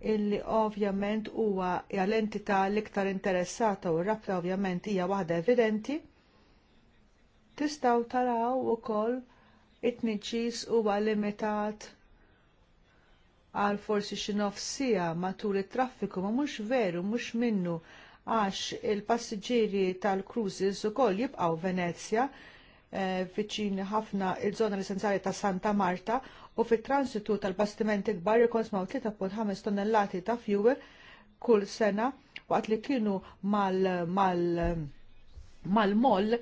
illi ovvjament huwa l entità l-iktar interessata u r-rabta ovvjament hija waħda evidenti, tistgħu taraw ukoll it-tniġġis huwa limitat għal forsi xi nofsija matul it-traffiku ma mhux veru mhux minnu għax il-passiġġieri tal-cruises ukoll jibqgħu Venezia, eh, viċin ħafna il-żona l-essenzjali ta' Santa Marta u fit-transitu tal-bastimenti kbar jikonsmaw 3.5 tonnellati ta' fjuwer kull sena waqt li kienu mal-moll mal, mal,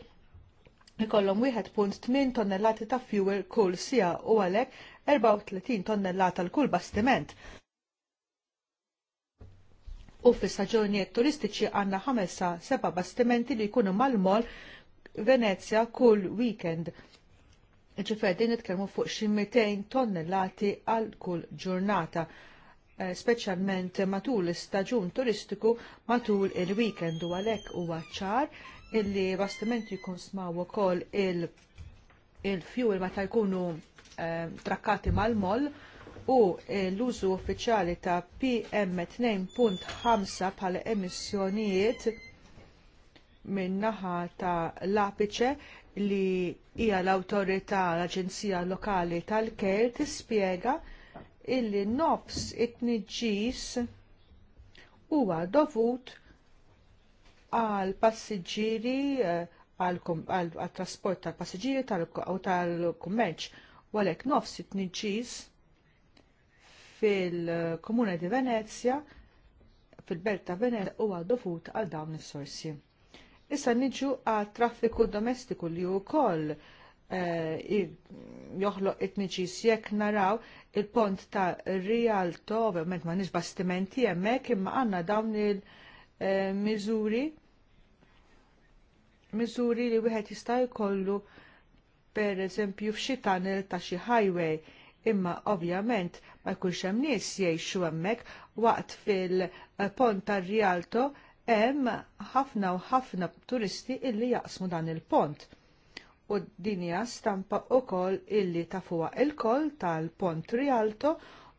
mal 1.8 tonnellati ta' fuel kull sija u għalhekk 34 tonnellata l kull bastiment. U fis-saġunijiet turistiċi għandna 5 seba' bastimenti li jkunu mal-mol Venezja kull weekend Ġifer, din nitkellmu fuq xi 200 tonnellati għal kull ġurnata, eh, speċjalment matul l-istaġun turistiku matul il-weekend u għalhekk huwa ċar illi bastiment jkun smaw ukoll il-fuel ma meta jkunu eh, trakkati mal-moll u l-użu uffiċjali ta' PM2.5 bħala emissjonijiet min-naħa ta' Lapice li hija l-awtorità l-Aġenzija Lokali tal-Ker tispjega illi nofs it-tniġġis huwa dovut għal passiġġieri eh, għal trasport tal passiġġieri u tal-kummerċ u għalhekk nofs it-tniġġis fil-Komune di Venezia, fil-Belt ta' Venezia huwa dovut għal dawn is-sorsi. Issa niġu għat traffiku domestiku li wkoll eh, joħloq it-nġis jekk naraw il-pont ta' Rialto, ovvjament ma' nix bastimenti hemmhekk imma għandna dawn il-miżuri eh, miżuri li wieħed jista' jkollu pereżempju f'xi tunnel ta' xi highway imma ovvjament ma jkunx hemm nies jgħixu hemmhekk waqt fil-pont eh, tar Rialto hemm ħafna u ħafna turisti illi jaqsmu dan il-pont. U dinja stampa wkoll illi tafuwa il kol tal-pont Rialto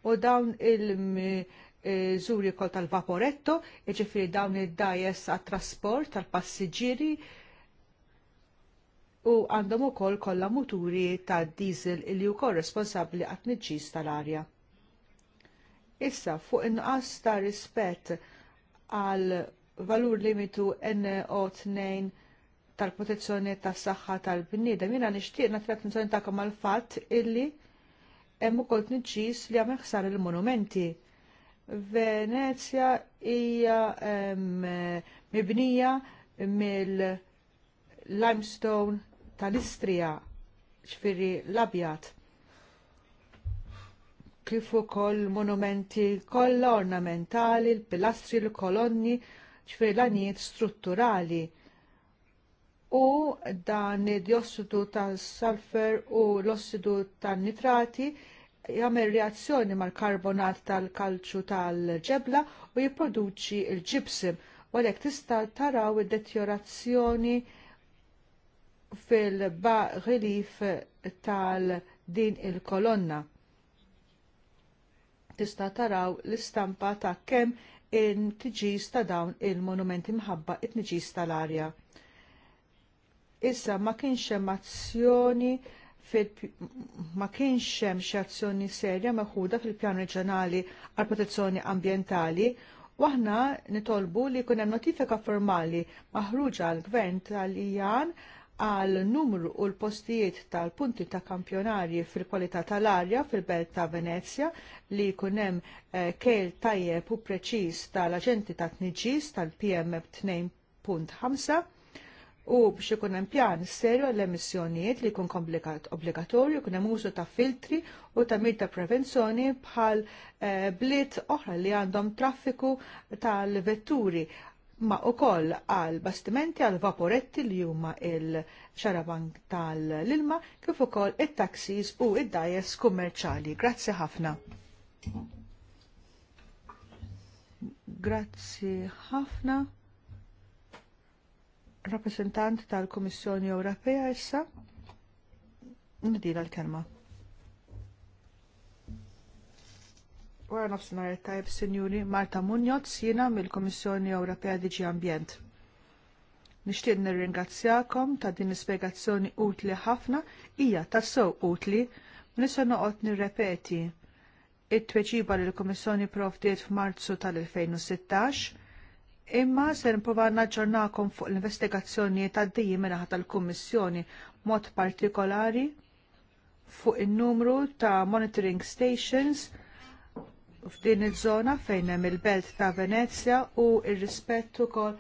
u dawn il-żuri kol tal-Vaporetto, jiġifieri dawn id-dajes għat-trasport tal-passiġġieri u għandhom ukoll kollha muturi tad-diesel illi wkoll responsabbli għat-tniġġis tal-arja. Issa fuq inqas ta' rispett għal valur limitu NO2 tal-protezzjoni tas-saħħa tal-bniedem. nishtiq na nagħti attenzjoni ta' kamal fatt illi hemm ukoll nċis li għam ħsar il-monumenti. Venezja hija mibnija mill-limestone tal istria ċfiri l-abjat. Kif ukoll monumenti kollha ornamentali, l-pilastri, l-kolonni, l kolonni ċfir strutturali u dan id-diossidu tal-sulfur u l-ossidu tal-nitrati jagħmel reazzjoni mal-karbonat tal-kalċu tal-ġebla u jipproduċi l-ġibsim u għalhekk tista' taraw id-detjorazzjoni fil-relief tal-din il-kolonna. Tista' taraw l-istampa ta' kemm il tġis ta' dawn il-monumenti mħabba it-tġis tal-arja. Issa ma kienx hemm azzjoni ma kienx hemm xi azzjoni serja meħuda fil-pjan reġjonali għal protezzjoni ambjentali u aħna nitolbu li jkun hemm notifika formali maħruġa għall gvern tal-Ijan għal numru u l-postijiet tal-punti ta' kampjonarji fil-kwalità tal-arja fil-belt ta' Venezia, li kunem eh, kejl tajjeb u preċiż tal-aġenti ta' tniġis tal-PM 2.5 u biex ikun hemm pjan serju l-emissjonijiet li jkun komplikat obbligatorju jkun hemm użu ta' filtri u tamir ta' prevenzjoni bħal eh, bliet oħra li għandhom traffiku tal-vetturi ma koll għal bastimenti għal vaporetti li huma il-xarabank tal-ilma kif ukoll it-taxis u id-dajes kummerċali. Grazzi ħafna. Grazzi ħafna. Rappresentant tal-Komissjoni Ewropea issa. Ndila l-kelma. Wara nofsinhar tajb Sinjuri Marta Munjot jiena mill-Komissjoni Ewropea Diġi Ambjent. Nixtieq nirringrazzjakom ta' din l-ispjegazzjoni utli ħafna hija tassew utli nisa noqgħod nirrepeti it-tweġiba li l-Komissjoni provdiet f'Marzu tal-2016, imma se nipprova naġġornakom fuq l-investigazzjonijiet għaddijji minaħat tal-Kummissjoni mod partikolari fuq in-numru ta' monitoring stations f'din iż-żona fejn hemm il-belt ta' Venezia u r-rispett ukoll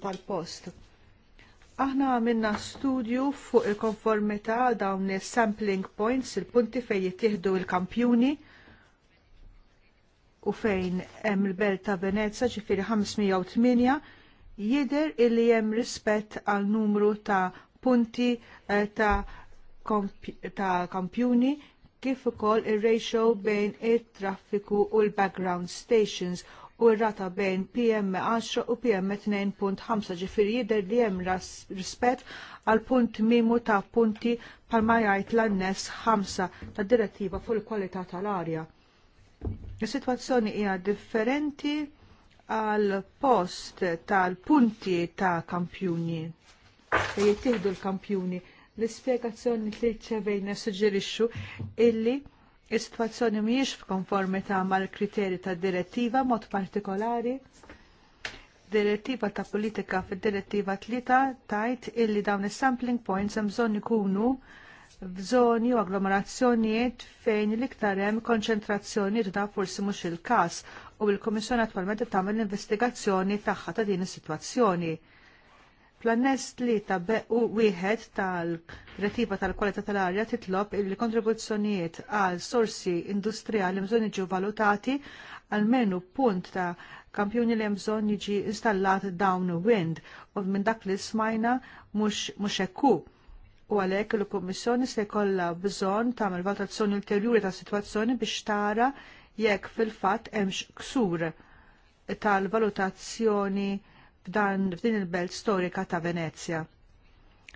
tal-post. Aħna għamilna studju fuq il-konformità dawn is-sampling points, il-punti fejn jittieħdu l kampjuni u fejn hemm il-belt ta' Venezia, ġifieri 508 jidher illi hemm rispett għal numru ta' punti eh, ta' ta' kampjuni kif ukoll ir-ratio bejn it-traffiku u l-background stations u r-rata bejn PM10 u PM2.5 ġifiri jidher li hemm rispett għal punt mimu ta' punti palma jgħid l-annes 5 tad direttiva fuq il-kwalità tal-arja. Is-sitwazzjoni hija differenti għal post tal-punti ta' kampjuni. Fejn jittieħdu l-kampjuni l-ispjegazzjoni li ċevejna suġġerixxu illi is-sitwazzjoni mhijiex f'konformità mal-kriterji tad-direttiva mod partikolari direttiva ta' politika fid-direttiva tlieta tajt illi dawn is-sampling points hemm bżonn ikunu f'żoni u agglomerazzjonijiet fejn l-iktar hemm konċentrazzjoni ta' forsi mhux il-każ u l-Kummissjoni attwalment tagħmel investigazzjoni tagħha ta' din is-sitwazzjoni. Fl-annest li ta' u wieħed tal-retiva tal-kwalità tal-arja titlob il-kontribuzzjonijiet għal sorsi industrijali mżon jiġu valutati għalmenu punt ta' kampjoni li mżon jiġi installat downwind u minn dak li smajna mhux ekku. U għalhekk il-Kummissjoni se jkollha bżonn tagħmel valutazzjoni ulterjuri ta' sitwazzjoni biex tara jekk fil-fatt hemmx ksur tal-valutazzjoni f'dan f'din il-belt storika ta' Venezja.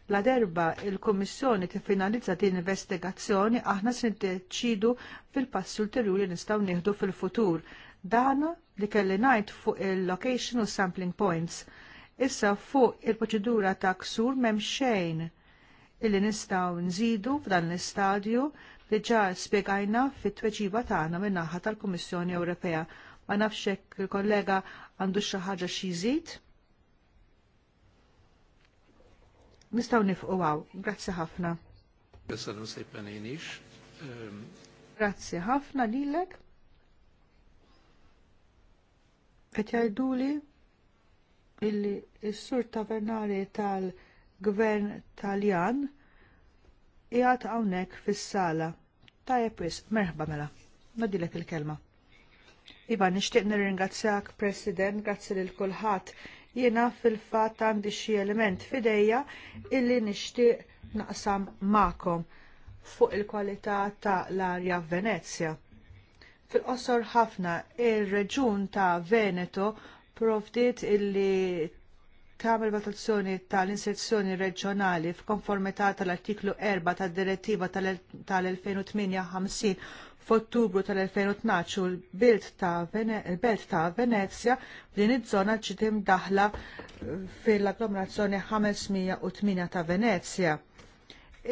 La derba il-Kommissjoni tiffinalizza din investigazzjoni aħna se ndeċiedu fil-passi ulterjuri nistgħu nieħdu fil-futur. Dan li kelli ngħid fuq il-location u sampling points. Issa fuq il-proċedura ta' ksur m'hemm xejn illi nistgħu nżidu f'dan l-istadju li ġa spiegajna fit-tweġiba tagħna min-naħa tal-Kummissjoni Ewropea. Ma nafx hekk il-kollega għandu xi ħaġa xi jżid nistaw nifqu għaw. Grazzi ħafna. Grazzi ħafna lilek. Għet li illi s-sur tavernari tal-gvern taljan jgħat għawnek fis-sala. Ta' wis, merħba mela. Nadilek il-kelma. Iva, nishtiq nirringrazzjak, President, grazzi lil kulħadd jiena fil-fatt għandi xi element fidejja illi nixtieq naqsam magħkom fuq il-kwalità ta' l-arja f'Venezja. Fil-qosor ħafna ir-reġun ta' Veneto provdiet illi tagħmel votazzjoni tal inserzzjoni reġjonali f'konformità tal-artiklu 4 tad-direttiva tal-2058 F'Ottubru tal-2012 il-Belt ta', Vene ta Venezia f'din iż-żona ġiet imdaħla eh, fil-agglomerazzjoni 508 ta' Venezia.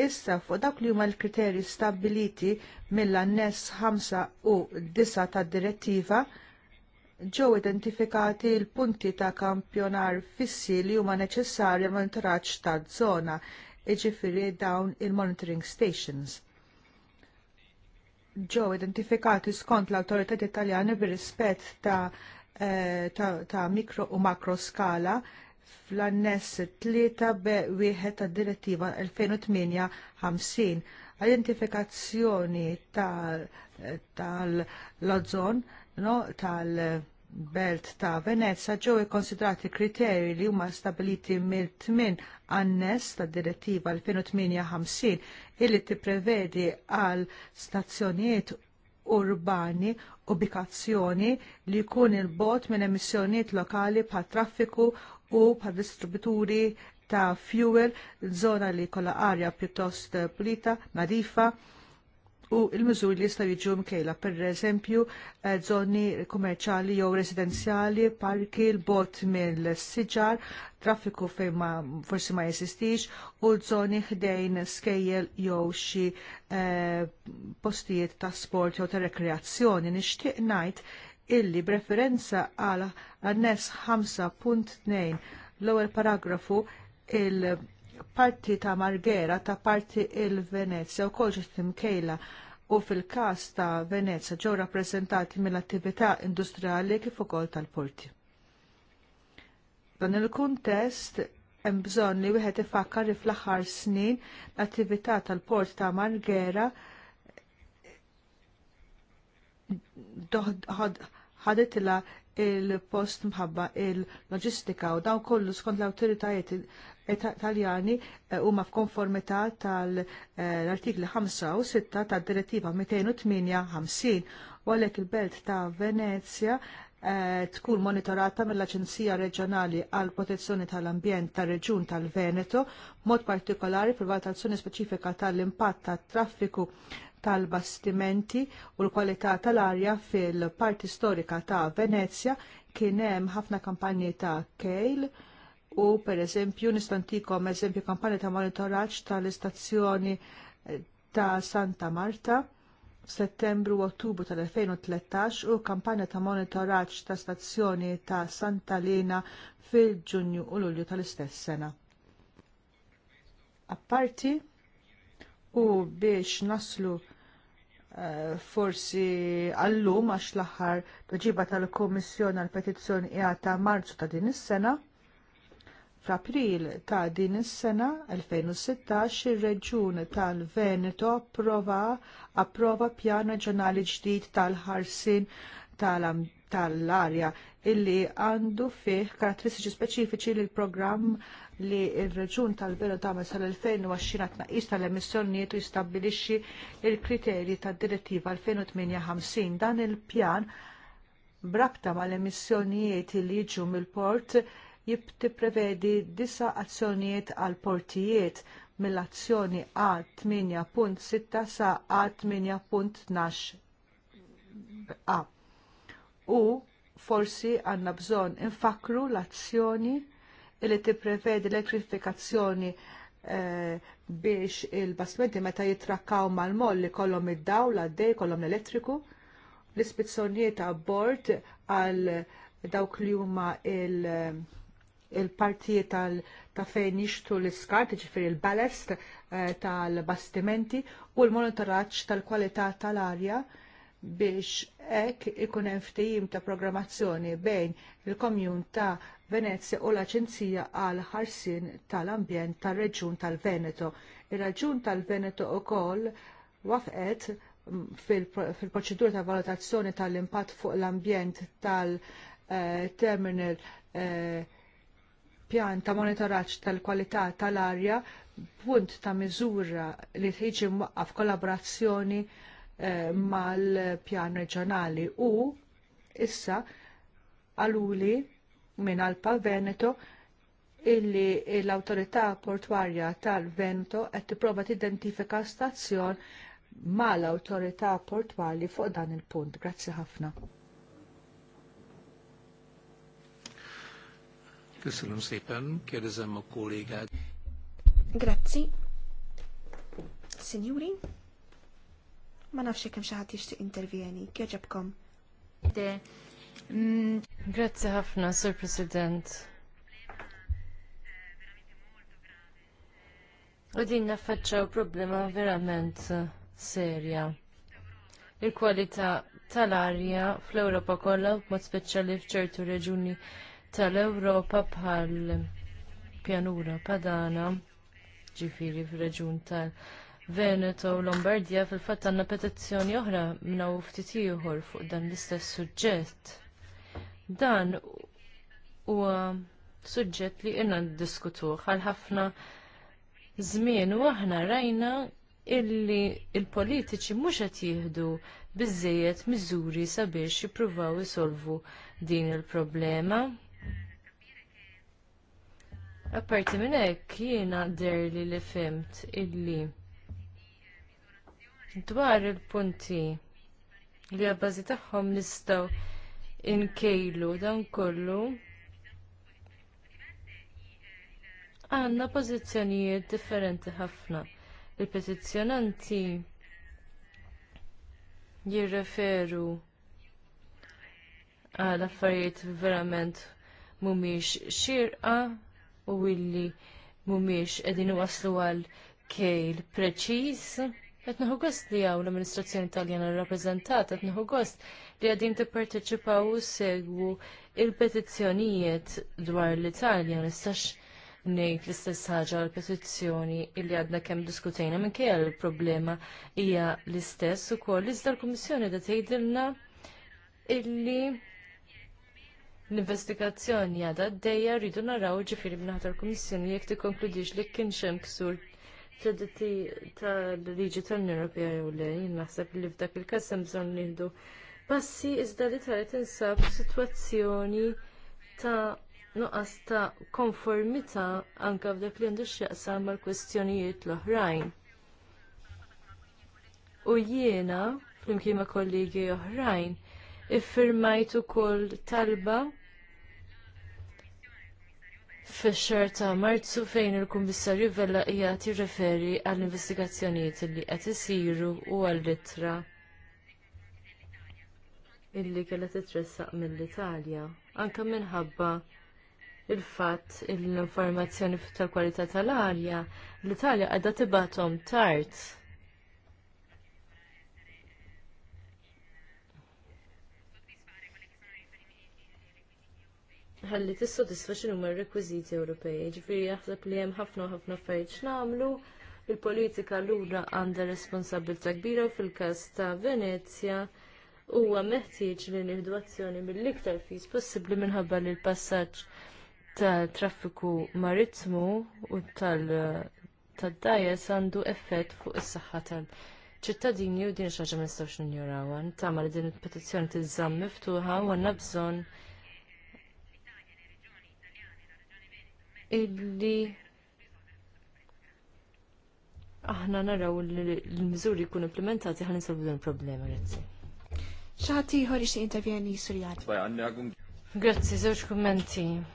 Issa fuq dawk li huma l-kriterji stabbiliti mill-anness 5 u 9 tad direttiva ġew identifikati l-punti ta' kampjonar fissi li huma neċessarji monitoraġġ taż-żona, jiġifieri dawn il-monitoring stations ġew identifikati skont l-autorità italjani bir-rispett ta', eh, ta, ta mikro u makro skala fl-annes 3 b wieħed tad direttiva 2008-50 identifikazzjoni tal-ozon no, tal-belt ta' Venezia ġew ikkonsidrati kriterji li huma stabiliti mill-tmien annes tad direttiva 2058 illi tipprevedi għal stazzjoniet urbani ubikazzjoni li jkun il-bot minn emissjonijiet lokali pa traffiku u pa' distributuri ta' fuel, zona li kolla arja pjuttost pulita, nadifa, u il-miżuri li jistaw jiġu mkejla, pereżempju eh, żoni kummerċali jew residenzjali, parki, l-bot mill-siġar, traffiku fejn ma forsi ma jeżistix u żoni ħdejn skejjel jew xi eh, postijiet ta' sport jew ta' rekreazzjoni. Nixtieq ngħid illi b'referenza għal annes 5.2 l-ewwel paragrafu il- parti ta' Marghera ta' parti il-Venezia u kolġet imkejla u fil-każ ta' Venezia ġew rappreżentati mill-attività industrijali kif ukoll tal-porti. Dan il-kuntest hemm bżonn li wieħed ifakkar li fl-aħħar snin l-attività tal-port ta' Marghera ħadet il-post mħabba il-loġistika u dawn kollu skont l-awtoritajiet Taljani eh, huma f'konformità tal-artikli eh, 5 u 6 tad-Direttiva 258 u għalhekk il-Belt ta' Venezia eh, tkun monitorata mill-Aġenzija Reġjonali għal Protezzjoni tal-Ambjent tar-Reġjun tal-Veneto, mod partikolari fil-valutazzjoni speċifika tal-impatt tat-traffiku tal-bastimenti u l-kwalità tal-arja fil-parti storika ta' Venezja kien hemm ħafna kampanji ta' Kale u pereżempju nistantikom eżempju kampanja ta' monitoraġġ tal-istazzjoni eh, ta' Santa Marta f'Settembru u Ottubru tal-2013 u kampanja ta' monitoraġġ ta' stazzjoni ta' Santa Lena fil-Ġunju u Lulju tal-istess sena. Apparti u biex naslu Uh, forsi għallum għax l-aħħar tweġiba tal-Komissjoni għal petizzjoni għata ta' Marzu ta' din is-sena F'April ta' din is-sena 2016 ir-Reġjun tal-Veneto approva approva pjan reġjonali ġdid tal-ħarsin tal-arja illi għandu fih karatteristiċi speċifiċi li l-programm li il-reġun tal-Veneto ta' sal-2020 tnaqqis tal-emissjonijiet u jistabbilixxi il-kriterji tad-direttiva 2058. Dan il-pjan brabta mal-emissjonijiet li jiġu mill-port tipprevedi disa azzjonijiet għal portijiet mill-azzjoni A8.6 sa A8.12 A. U forsi għandna bżonn infakru l-azzjoni li tipprevedi l-elektrifikazzjoni eh, biex il-basmenti meta jitrakkaw mal-moll li kollom id dawl għaddej kollom l-elettriku, l-ispizzonijiet abbord għal dawk li huma il- il-partijiet tal ta' fejn jixtu l-iskart, ġifir il balest eh, tal-bastimenti u l-monitoraġġ tal-kwalità tal-arja biex ek ikun hemm ta' programmazzjoni bejn il-Komjun ta' Venezia u l-Aġenzija għal ħarsien tal-ambjent tar-Reġjun tal-Veneto. ir reġun tal-Veneto kol wafqet fil-proċedura ta' valutazzjoni tal-impatt fuq l-ambjent tal-terminal eh, eh, pjan ta' monitoraġġ tal-kwalità tal-arja punt ta' miżura li tħiġi mwaqqaf kollaborazzjoni eh, mal-pjan reġjonali u issa għaluli minn Alpa Veneto illi l-autorità portwarja tal-Veneto qed tipprova tidentifika stazzjon mal-autorità portwali fuq dan il-punt. Grazzi ħafna. Köszönöm szépen, kérdezem a kollégát. Grazzi. Signori, ma nafx kemm xi ħadd jixtieq intervjeni, De. Mm. Grazzi ħafna, Sur President. U din naffaċċaw problema verament serja. Il-kwalità tal-arja fl europa kollha b'mod speċjali f'ċertu reġuni tal-Ewropa bħal pjanura padana ġifiri fir-reġjun tal-Veneto u Lombardija fil-fatt għandna petizzjoni oħra minna u ftit ieħor fuq dan l-istess suġġett. Dan huwa suġġett li inna ndiskutuh għal ħafna żmien u aħna rajna illi il-politiċi mhux qed jieħdu biżżejjed miżuri sabiex jippruvaw isolvu din il-problema. Apparti minn hekk jiena der li li fimt illi dwar il-punti li għabbażi tagħhom nistgħu inkejlu dan kollu għandna pożizzjonijiet differenti ħafna. Il-petizzjonanti jirreferu għal affarijiet verament mhumiex xirqa u illi mhumiex qegħdin għaslu għal kejl preċiż. Qed nieħu gost li hawn l-amministrazzjoni Taljana rrappreżentata, qed nieħu gost li għadin tipparteċipaw u segwu il-petizzjonijiet dwar l-Italja nistax ngħid l-istess ħaġa għall petizzjoni illi għadna kemm diskutejna minkejja l-problema hija l-istess ukoll iżda l-Kummissjoni da tgħidilna illi L-investigazzjoni għadha d-dejja rridu naraw ġifiri minnaħta l-Komissjoni jekk tikkonkludix li kien xem ksur ċediti tal-liġi tal-Unjoni Ewropea jew le, jien naħseb li f'dak il-każ hemm bżonn nieħdu passi iżda li tara tinsab f'sitwazzjoni ta' nuqqas ta' konformità anke f'dak li għandu x'jaqsam mal-kwestjonijiet l-oħrajn. U jiena, flimkien ma' kollegi oħrajn, iffirmajt ukoll talba fix-xar ta' Marzu fejn il-Kummissarju Vella hija tirreferi għall investigazzjonijiet li qed isiru u għall-ittra illi kellha titressaq mill-Italja anke minħabba il-fatt l-informazzjoni tal-kwalità tal-arja l-Italja qiegħda tibatom tard ħalli tissodisfa x'inhu r-rekwiżiti Ewropej. ġifiri jaħseb li hemm ħafna ħafna affarijiet x'nagħmlu. Il-politika lura għandha responsabilità kbira fil-każ ta' Venezja huwa meħtieġ li nieħdu azzjoni mill-iktar fis possibbli minħabba li l-passaġġ ta' traffiku maritmu u tal-dajes għandu effett fuq is-saħħa tal- ċittadini u din xaġa ma nistgħux ninjurawha. Tama li din il-petizzjoni tiżżamm miftuħa u għandna bżonn illi aħna naraw li l-mizuri jkunu implementati ħan insolvu din il-problema, grazzi. ċaħti ħor ixti intervjeni surjat. Grazzi, zewġ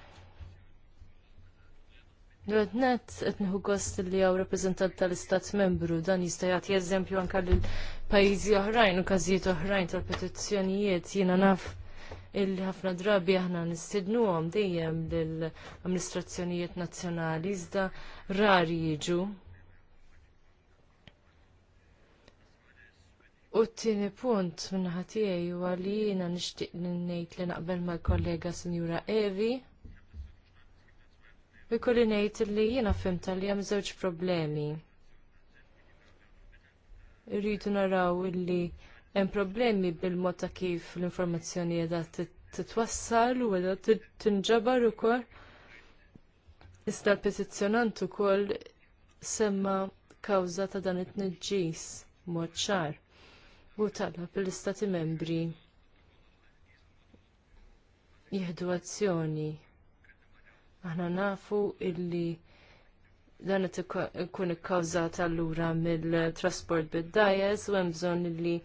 Għad net, etniħu gost li għaw reprezentant tal-istat membru, dan jistajat jeżempju anka l-pajizi oħrajn u kazijiet oħrajn tal-petizzjonijiet, jina naf illi ħafna drabi aħna nistidnuhom dejjem lill-amministrazzjonijiet nazzjonali iżda rari jiġu. U t-tieni punt minnħatijaj tiegħi huwa li jiena nixtieq ngħid li naqbel mal-kollega Sinjura Evi. Ikolli ngħid li jiena fimta li hemm żewġ problemi. Irridu naraw illi hemm problemi bil-mod ta' kif l-informazzjoni qiegħda titwassal u qiegħda tinġabar ukoll. Iżda l-petizzjonant ukoll semma kawża ta' dan it tneġġis mod ċar u talab l-istati membri jieħdu azzjoni. Aħna nafu illi dan qed ikun ikkawżat allura mill-trasport bid-dajes u hemm bżonn li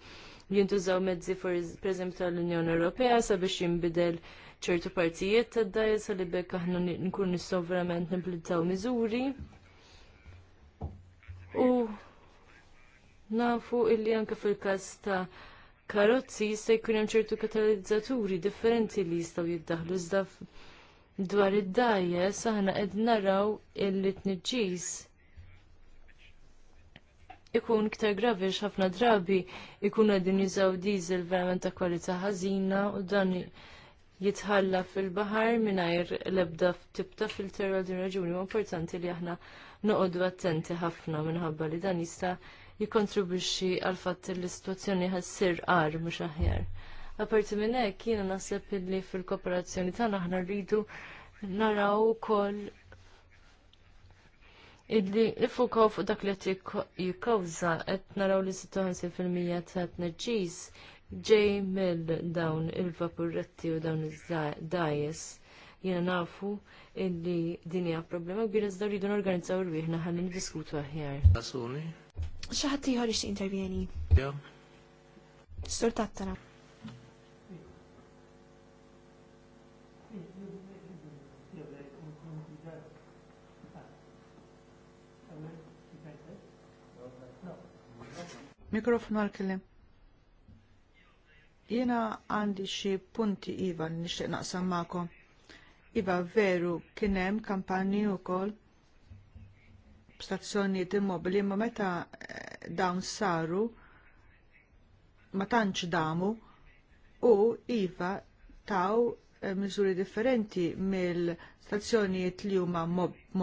jintużaw mezzi pereżempju tal-Unjoni Ewropea sabiex jinbidel ċertu partijiet tad-dajja li bekk aħna nkun nistgħu verament nimplitaw miżuri. U nafu illi anke fil-każ ta' karozzi jista' jkun hemm ċertu katalizzaturi differenti li jistgħu jiddaħlu iżda dwar id dajes aħna qed naraw illi tniġġis ikun iktar gravi ħafna drabi ikun għadin jizaw diesel verament ta' kwalità ħażina u dan jitħalla fil-bahar mingħajr l-ebda tip ta' filter għal din raġuni u importanti li aħna noqogħdu attenti ħafna minħabba li dan jista' jikkontribwixxi għal fatt li l-istwazzjoni ħassir qar mhux aħjar. Aparti minn hekk jiena naħseb li fil-kooperazzjoni tagħna aħna rridu naraw ukoll illi ifukaw fuq dak li jikkawża qed naraw li 56% ta' tneġġis ġej mill dawn il-vapuretti u dawn iż-dajes jena nafu illi din hija problema kbira organizzaw rridu norganizzaw irwieħna ħalli niddiskutu aħjar. Xi ħadd ieħor ixtieq intervjeni. Sur tattara. Mikrofon għal-kellim. Jena għandi xi punti Iva nishtiq nixtieq naqsam magħkom. Iva veru kien hemm u wkoll stazzjoni immobili ma meta eh, dawn saru ma tantx damu u Iva taw eh, miżuri differenti mill-stazzjonijiet li huma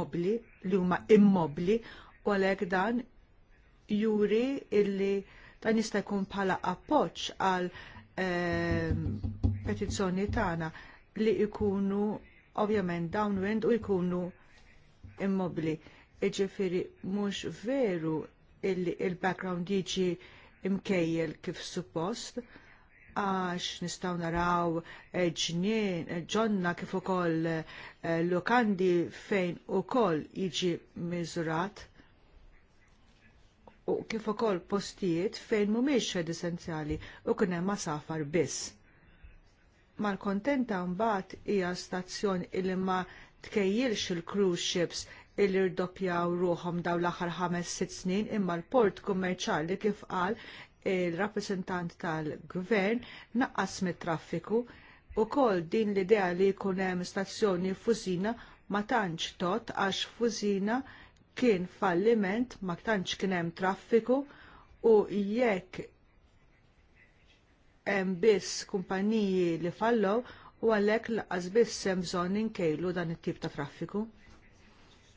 mobili, li huma immobili, u għalhekk dan juri illi dan jista' jkun bħala appoġġ għal ehm, petizzjoni tagħna li jkunu ovvjament downwind u jkunu immobli. Iġifieri mhux veru illi il-background jiġi imkejjel kif suppost għax nistgħu naraw eh, ġnien, eh, ġonna kif ukoll eh, lokandi fejn ukoll jiġi miżurat u kif ukoll postijiet fejn mhumiex essenzjali u kien hemm safar biss. Mal-kontenta mbagħad hija stazzjon illi ma tkejjilx il-cruise ships illi rdoppjaw ruhom daw l-aħħar ħames sitt snin imma l-port kummerċjali kif qal il-rappresentant tal-gvern naqqas mit-traffiku u kol din l-idea li jkun hemm stazzjoni fużina ma tantx tot għax fużina kien falliment ma tantx kien hemm traffiku u jekk hemm biss kumpaniji li fallow u għalhekk laqas biss hemm bżonn inkejlu dan it-tip ta' traffiku.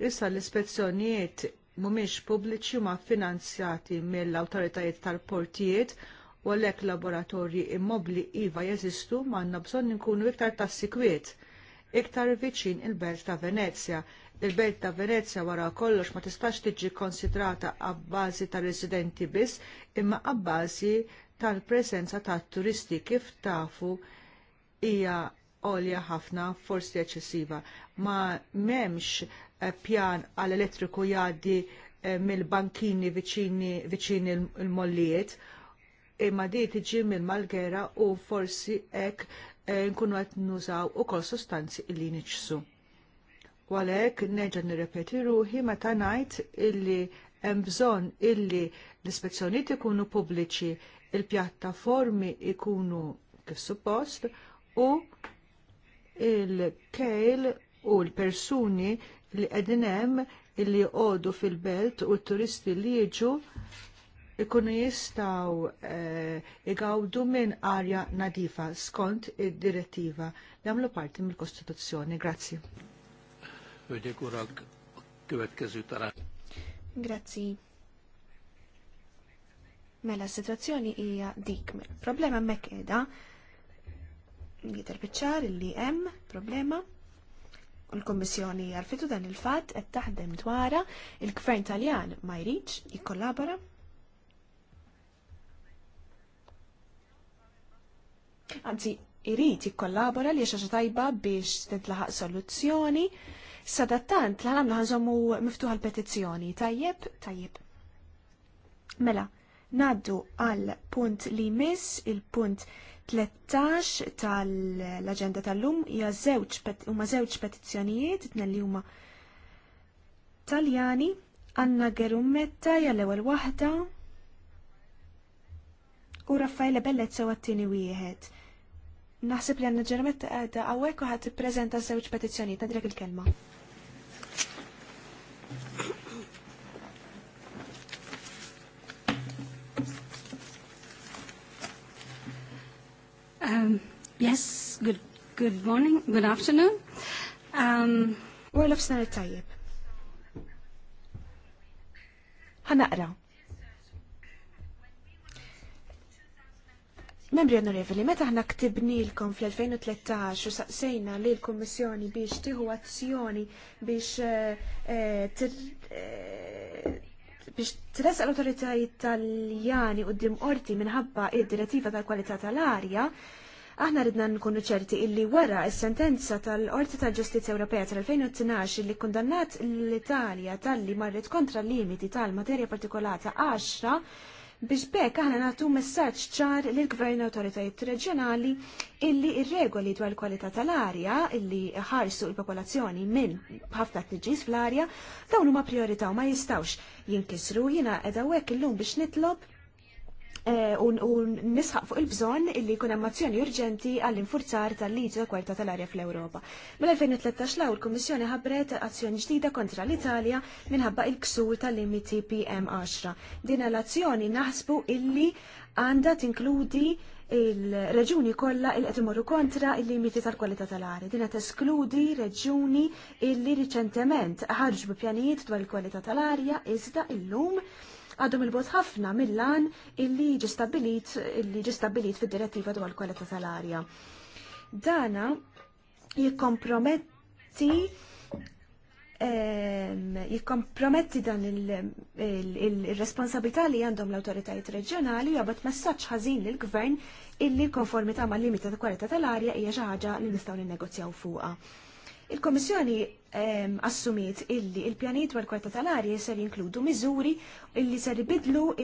Issa l-ispezzjonijiet mhumiex pubbliċi ma finanzjati mill-awtoritajiet tal-portijiet u għalhekk laboratorji immobli iva jeżistu ma għandna bżonn inkunu iktar sikwiet iktar viċin il-Belt ta' Venezja il-Belt ta' Venezia wara kollox ma tistax tiġi konsidrata għabbażi ta' residenti biss imma għabbażi tal-presenza ta' turisti kif tafu hija għolja ħafna forsi eċċessiva. Ma m'hemmx eh, pjan għal elettriku jgħaddi eh, mill-bankini viċini l-mollijiet, imma di tiġi mill-malgera u forsi hekk eh, nkunu qed nużaw ukoll sostanzi li niċsu. U għalhekk neġa' nirrepeti ruħi meta ngħid illi hemm bżonn illi l-ispezzjonijiet ikunu pubbliċi, il-pjattaformi ikunu kif suppost u il-kejl u l-persuni li qegħdin hemm illi jqogħdu fil-belt u t-turisti li jiġu ikunu jistgħu eh, igawdu minn arja nadifa skont id-direttiva li għamlu parti mill-Kostituzzjoni. Grazzi. Hölgyek, urak, következő Grazzi. Mela, situazzjoni hija dik. Problema mek edha. Jiter biċċar li hemm problema. U l-Kommissjoni jarfitu dan il-fatt qed taħdem dwara il-Gvern Taljan ma jridx jikkollabora. Anzi, irid jikkollabora li xaxa tajba biex tintlaħaq soluzzjoni Sadattant, l-għamlu għanżommu miftuħa l-petizzjoni. Tajjeb, tajjeb. Mela, naddu għal punt li mis, il-punt 13 tal-agenda tal-lum, hija huma żewġ petizzjonijiet, itna li huma Taljani, Anna Gerummetta hija l-ewwel waħda u Raffaele Bellezza sew t-tieni wieħed. Naħseb li għanna Gerummetta għadda hawnhekk u ħadd prezenta żewġ petizzjonijiet, nadrek il-kelma. Um, yes, good, good morning, good afternoon. Um, Well, of sanar tajjeb. Ħanaqra. Membri onorevoli, meta ħna ktibnilkom fl-2013 u saqsejna li l-Kommissjoni biex tiħu azzjoni biex eh, eh, eh, biex tres l-autoritajiet taljani u qorti minħabba id-direttiva tal-kwalità tal-arja, aħna ridna nkunu ċerti illi wara is-sentenza tal-Qorti tal-Ġustizja Ewropea tal-2012 li kundannat l-Italja tal-li marret kontra l-limiti tal-materja partikolata 10 biex bekk aħna nagħtu messaġġ ċar lil gvern autoritajiet reġjonali illi ir-regoli dwar l kwalità tal-arja illi ħarsu l-popolazzjoni minn ħafna tniġis fl-arja dawn huma priorità u ma jistgħux jinkisru jiena qed hawnhekk illum biex nitlob Eh, u nisħaq fuq il-bżon illi jkun hemm urġenti għall-infurzar tal-liġi kwarta tal-arja fl-Ewropa. Mill-2013 law l kummissjoni ħabbret azzjoni ġdida kontra l-Italja minħabba il-ksur tal-limiti PM10. Din l-azzjoni naħsbu illi għandha tinkludi il-reġuni kollha il qed imorru kontra il-limiti tal-kwalità tal-arja. Dina teskludi reġuni illi riċentement ħarġu bi pjanijiet dwar il-kwalità tal-arja iżda illum lum għadhom il-bot ħafna mill-lan illi ġistabilit illi ġistabilit fid-direttiva dwar kwalità tal-arja. Dana jikkomprometti jikkomprometti dan il-responsabilità li għandhom l-autoritajiet reġjonali u għabat messaċ ħażin lil gvern illi konformità ma' limita ta' kwalità tal-arja hija xi ħaġa li nistgħu ninnegozjaw fuqha. Il-Komissjoni assumiet illi il u l kwarta tal-arja ser jinkludu miżuri illi ser jibidlu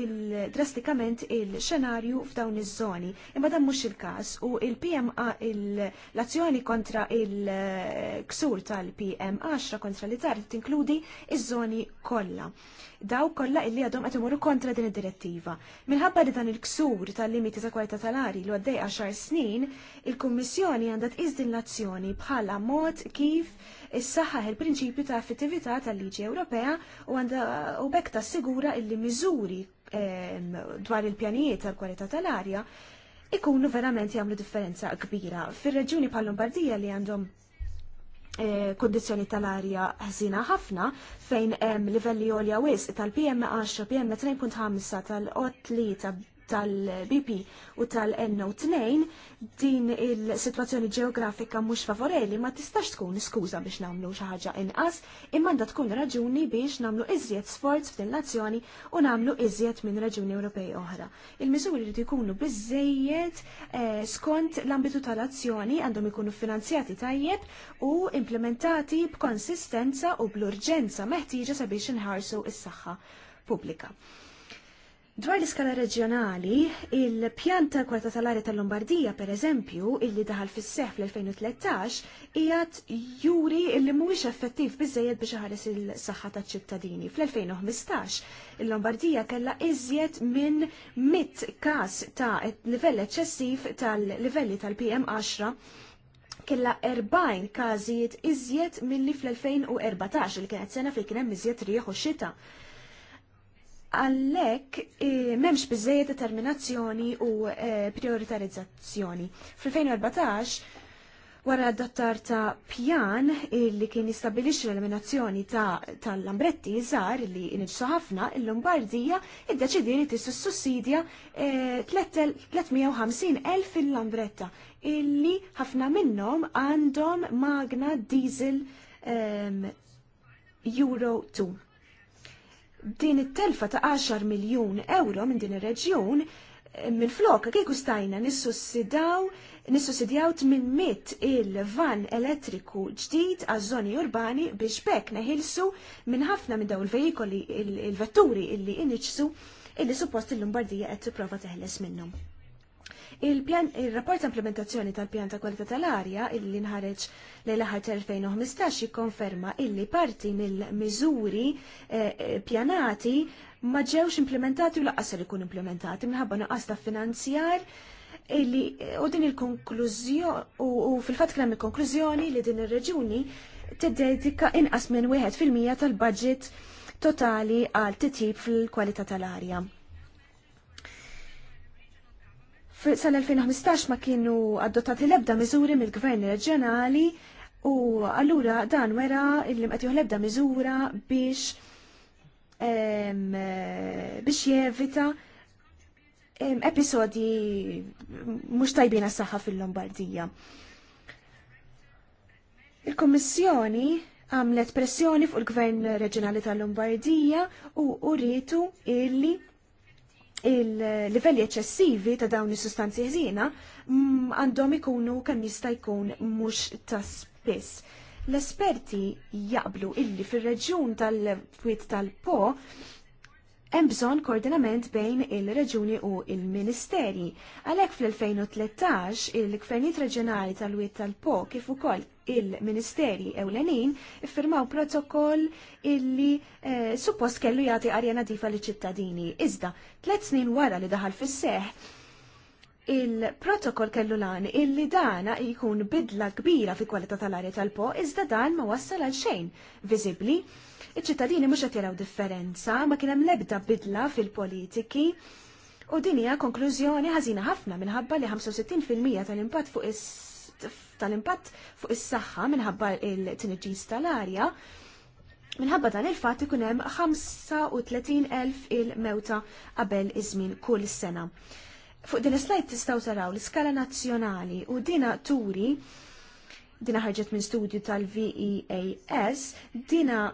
drastikament il-xenarju f'dawn iż-żoni. Imma dan mhux il-każ u il-PMA l-azzjoni kontra il-ksur tal-PM10 kontra l-itar tinkludi iż-żoni kollha. Daw kollha illi għadhom qed imorru kontra din id-direttiva. Minħabba li dan il-ksur tal-limiti ta' kwarta tal-arja li għaddej 10 snin, il-Kummissjoni għandha tqis din l-azzjoni bħala mod kif issaħħaħ il-prinċipju ta' effettività tal-liġi Ewropea u għandha u bekk tassigura illi miżuri dwar il-pjanijiet tal-kwalità tal-arja ikunu verament jagħmlu differenza kbira. Fir-reġjuni bħal Lombardija li għandhom kondizjoni tal-arja ħżina ħafna fejn hemm livelli għolja wisq tal-PM10, PM2.5 tal-O3 tal-BP u tal-NO2 din il-situazzjoni ġeografika mhux favoreli ma tistax tkun skuża biex nagħmlu xi ħaġa inqas imma għandha tkun raġuni biex nagħmlu iżjed sforz f'din l u nagħmlu iżjed minn raġuni Ewropej oħra. Il-miżuri li jkunu biżejjed eh, skont l-ambitu tal-azzjoni għandhom ikunu finanzjati tajjeb u implementati b'konsistenza u bl-urġenza meħtieġa sabiex inħarsu s-saħħa pubblika. Dwar l-iskala reġjonali, il pjanta kwarta tal arja tal-Lombardija, per eżempju, illi daħal fis seħ fl-2013, ijat juri illi mhuwiex effettiv biżejjed biex ħares il-saħħa taċ-ċittadini. Fl-2015, il-Lombardija kellha iżjed minn mit każ ta' livell eċċessiv tal-livelli tal-PM10 kella 40 każijiet iżjed milli fl-2014 li kienet sena fejn kien hemm iżjed rieħu xita għallek eh, memx bizzejiet determinazzjoni u eh, prioritarizzazzjoni. Fil-2014, wara d ta' pjan li kien jistabilix l-eliminazzjoni tal-lambretti żgħar li inġsu ħafna, il-Lombardija id-deċidi li tissu sussidja 350.000 eh, fil-lambretta, illi ħafna minnhom għandhom magna diesel ehm, Euro 2 din it-telfa ta' 10 miljun euro minn din ir-reġjun eh, minn flok kieku stajna nissussidaw nissussidjaw 800 il-van elettriku ġdid għaż-żoni urbani biex bekk neħilsu minn ħafna minn dawn il vejikoli, il-vetturi illi iniċsu illi suppost il-Lombardija qed tipprova teħles minnhom. Il-rapport implementazzjoni tal-pjan ta' kwalità tal-arja illi nħareġ l aħħar 2015 jikkonferma illi parti mill-miżuri eh, eh, pjanati ma ġewx implementati u laqqas li kun implementati minħabba naqqas ta' finanzjar illi eh, u din il-konklużjoni u fil-fatt kien il-konklużjoni li din ir-reġuni tiddedika inqas minn wieħed fil-mija tal-budget totali għal titjib fil-kwalità tal-arja. Sal-2015 ma kienu adottati lebda miżuri mill-gvern reġjonali u allura dan wera illi mqed lebda miżura biex eh, biex jevita episodi mhux tajbina saħħa fil-Lombardija. Il-Kommissjoni għamlet pressjoni fuq il-Gvern Reġjonali tal-Lombardija u uritu illi il-livelli eċessivi ta' dawn is-sustanzi ħżiena mm, għandhom ikunu kemm jista' jkun mhux ta' spiss. L-esperti jaqblu illi fir-reġjun tal-fwiet tal-Po hemm bżonn koordinament bejn il-reġuni u il-ministeri. Għalhekk fl-2013 il-gvernijiet reġjonali tal-wiet tal-Po kif ukoll il-Ministeri ewlenin iffirmaw protokoll illi eh, suppost kellu jagħti arja nadifa li ċittadini. Iżda, tliet snin wara li daħal fis il-protokoll kellu lan illi dana jkun bidla kbira fi kwalità tal-arja tal-po, iżda dan ma wassal għal xejn viżibbli. Iċ-ċittadini mhux qed jaraw differenza, ma kien hemm l-ebda bidla fil-politiki. U din hija konklużjoni ħażina ħafna minħabba li 65% tal-impatt fuq is tal-impatt fuq is-saħħa minħabba il-tniġġis tal-arja, minħabba dan il-fatt ikun hemm 35,000 il-mewta qabel iż-żmien kull sena. Fuq din is-slajd tistgħu taraw l-iskala nazzjonali u dina turi dina ħarġet minn studju tal-VEAS, dina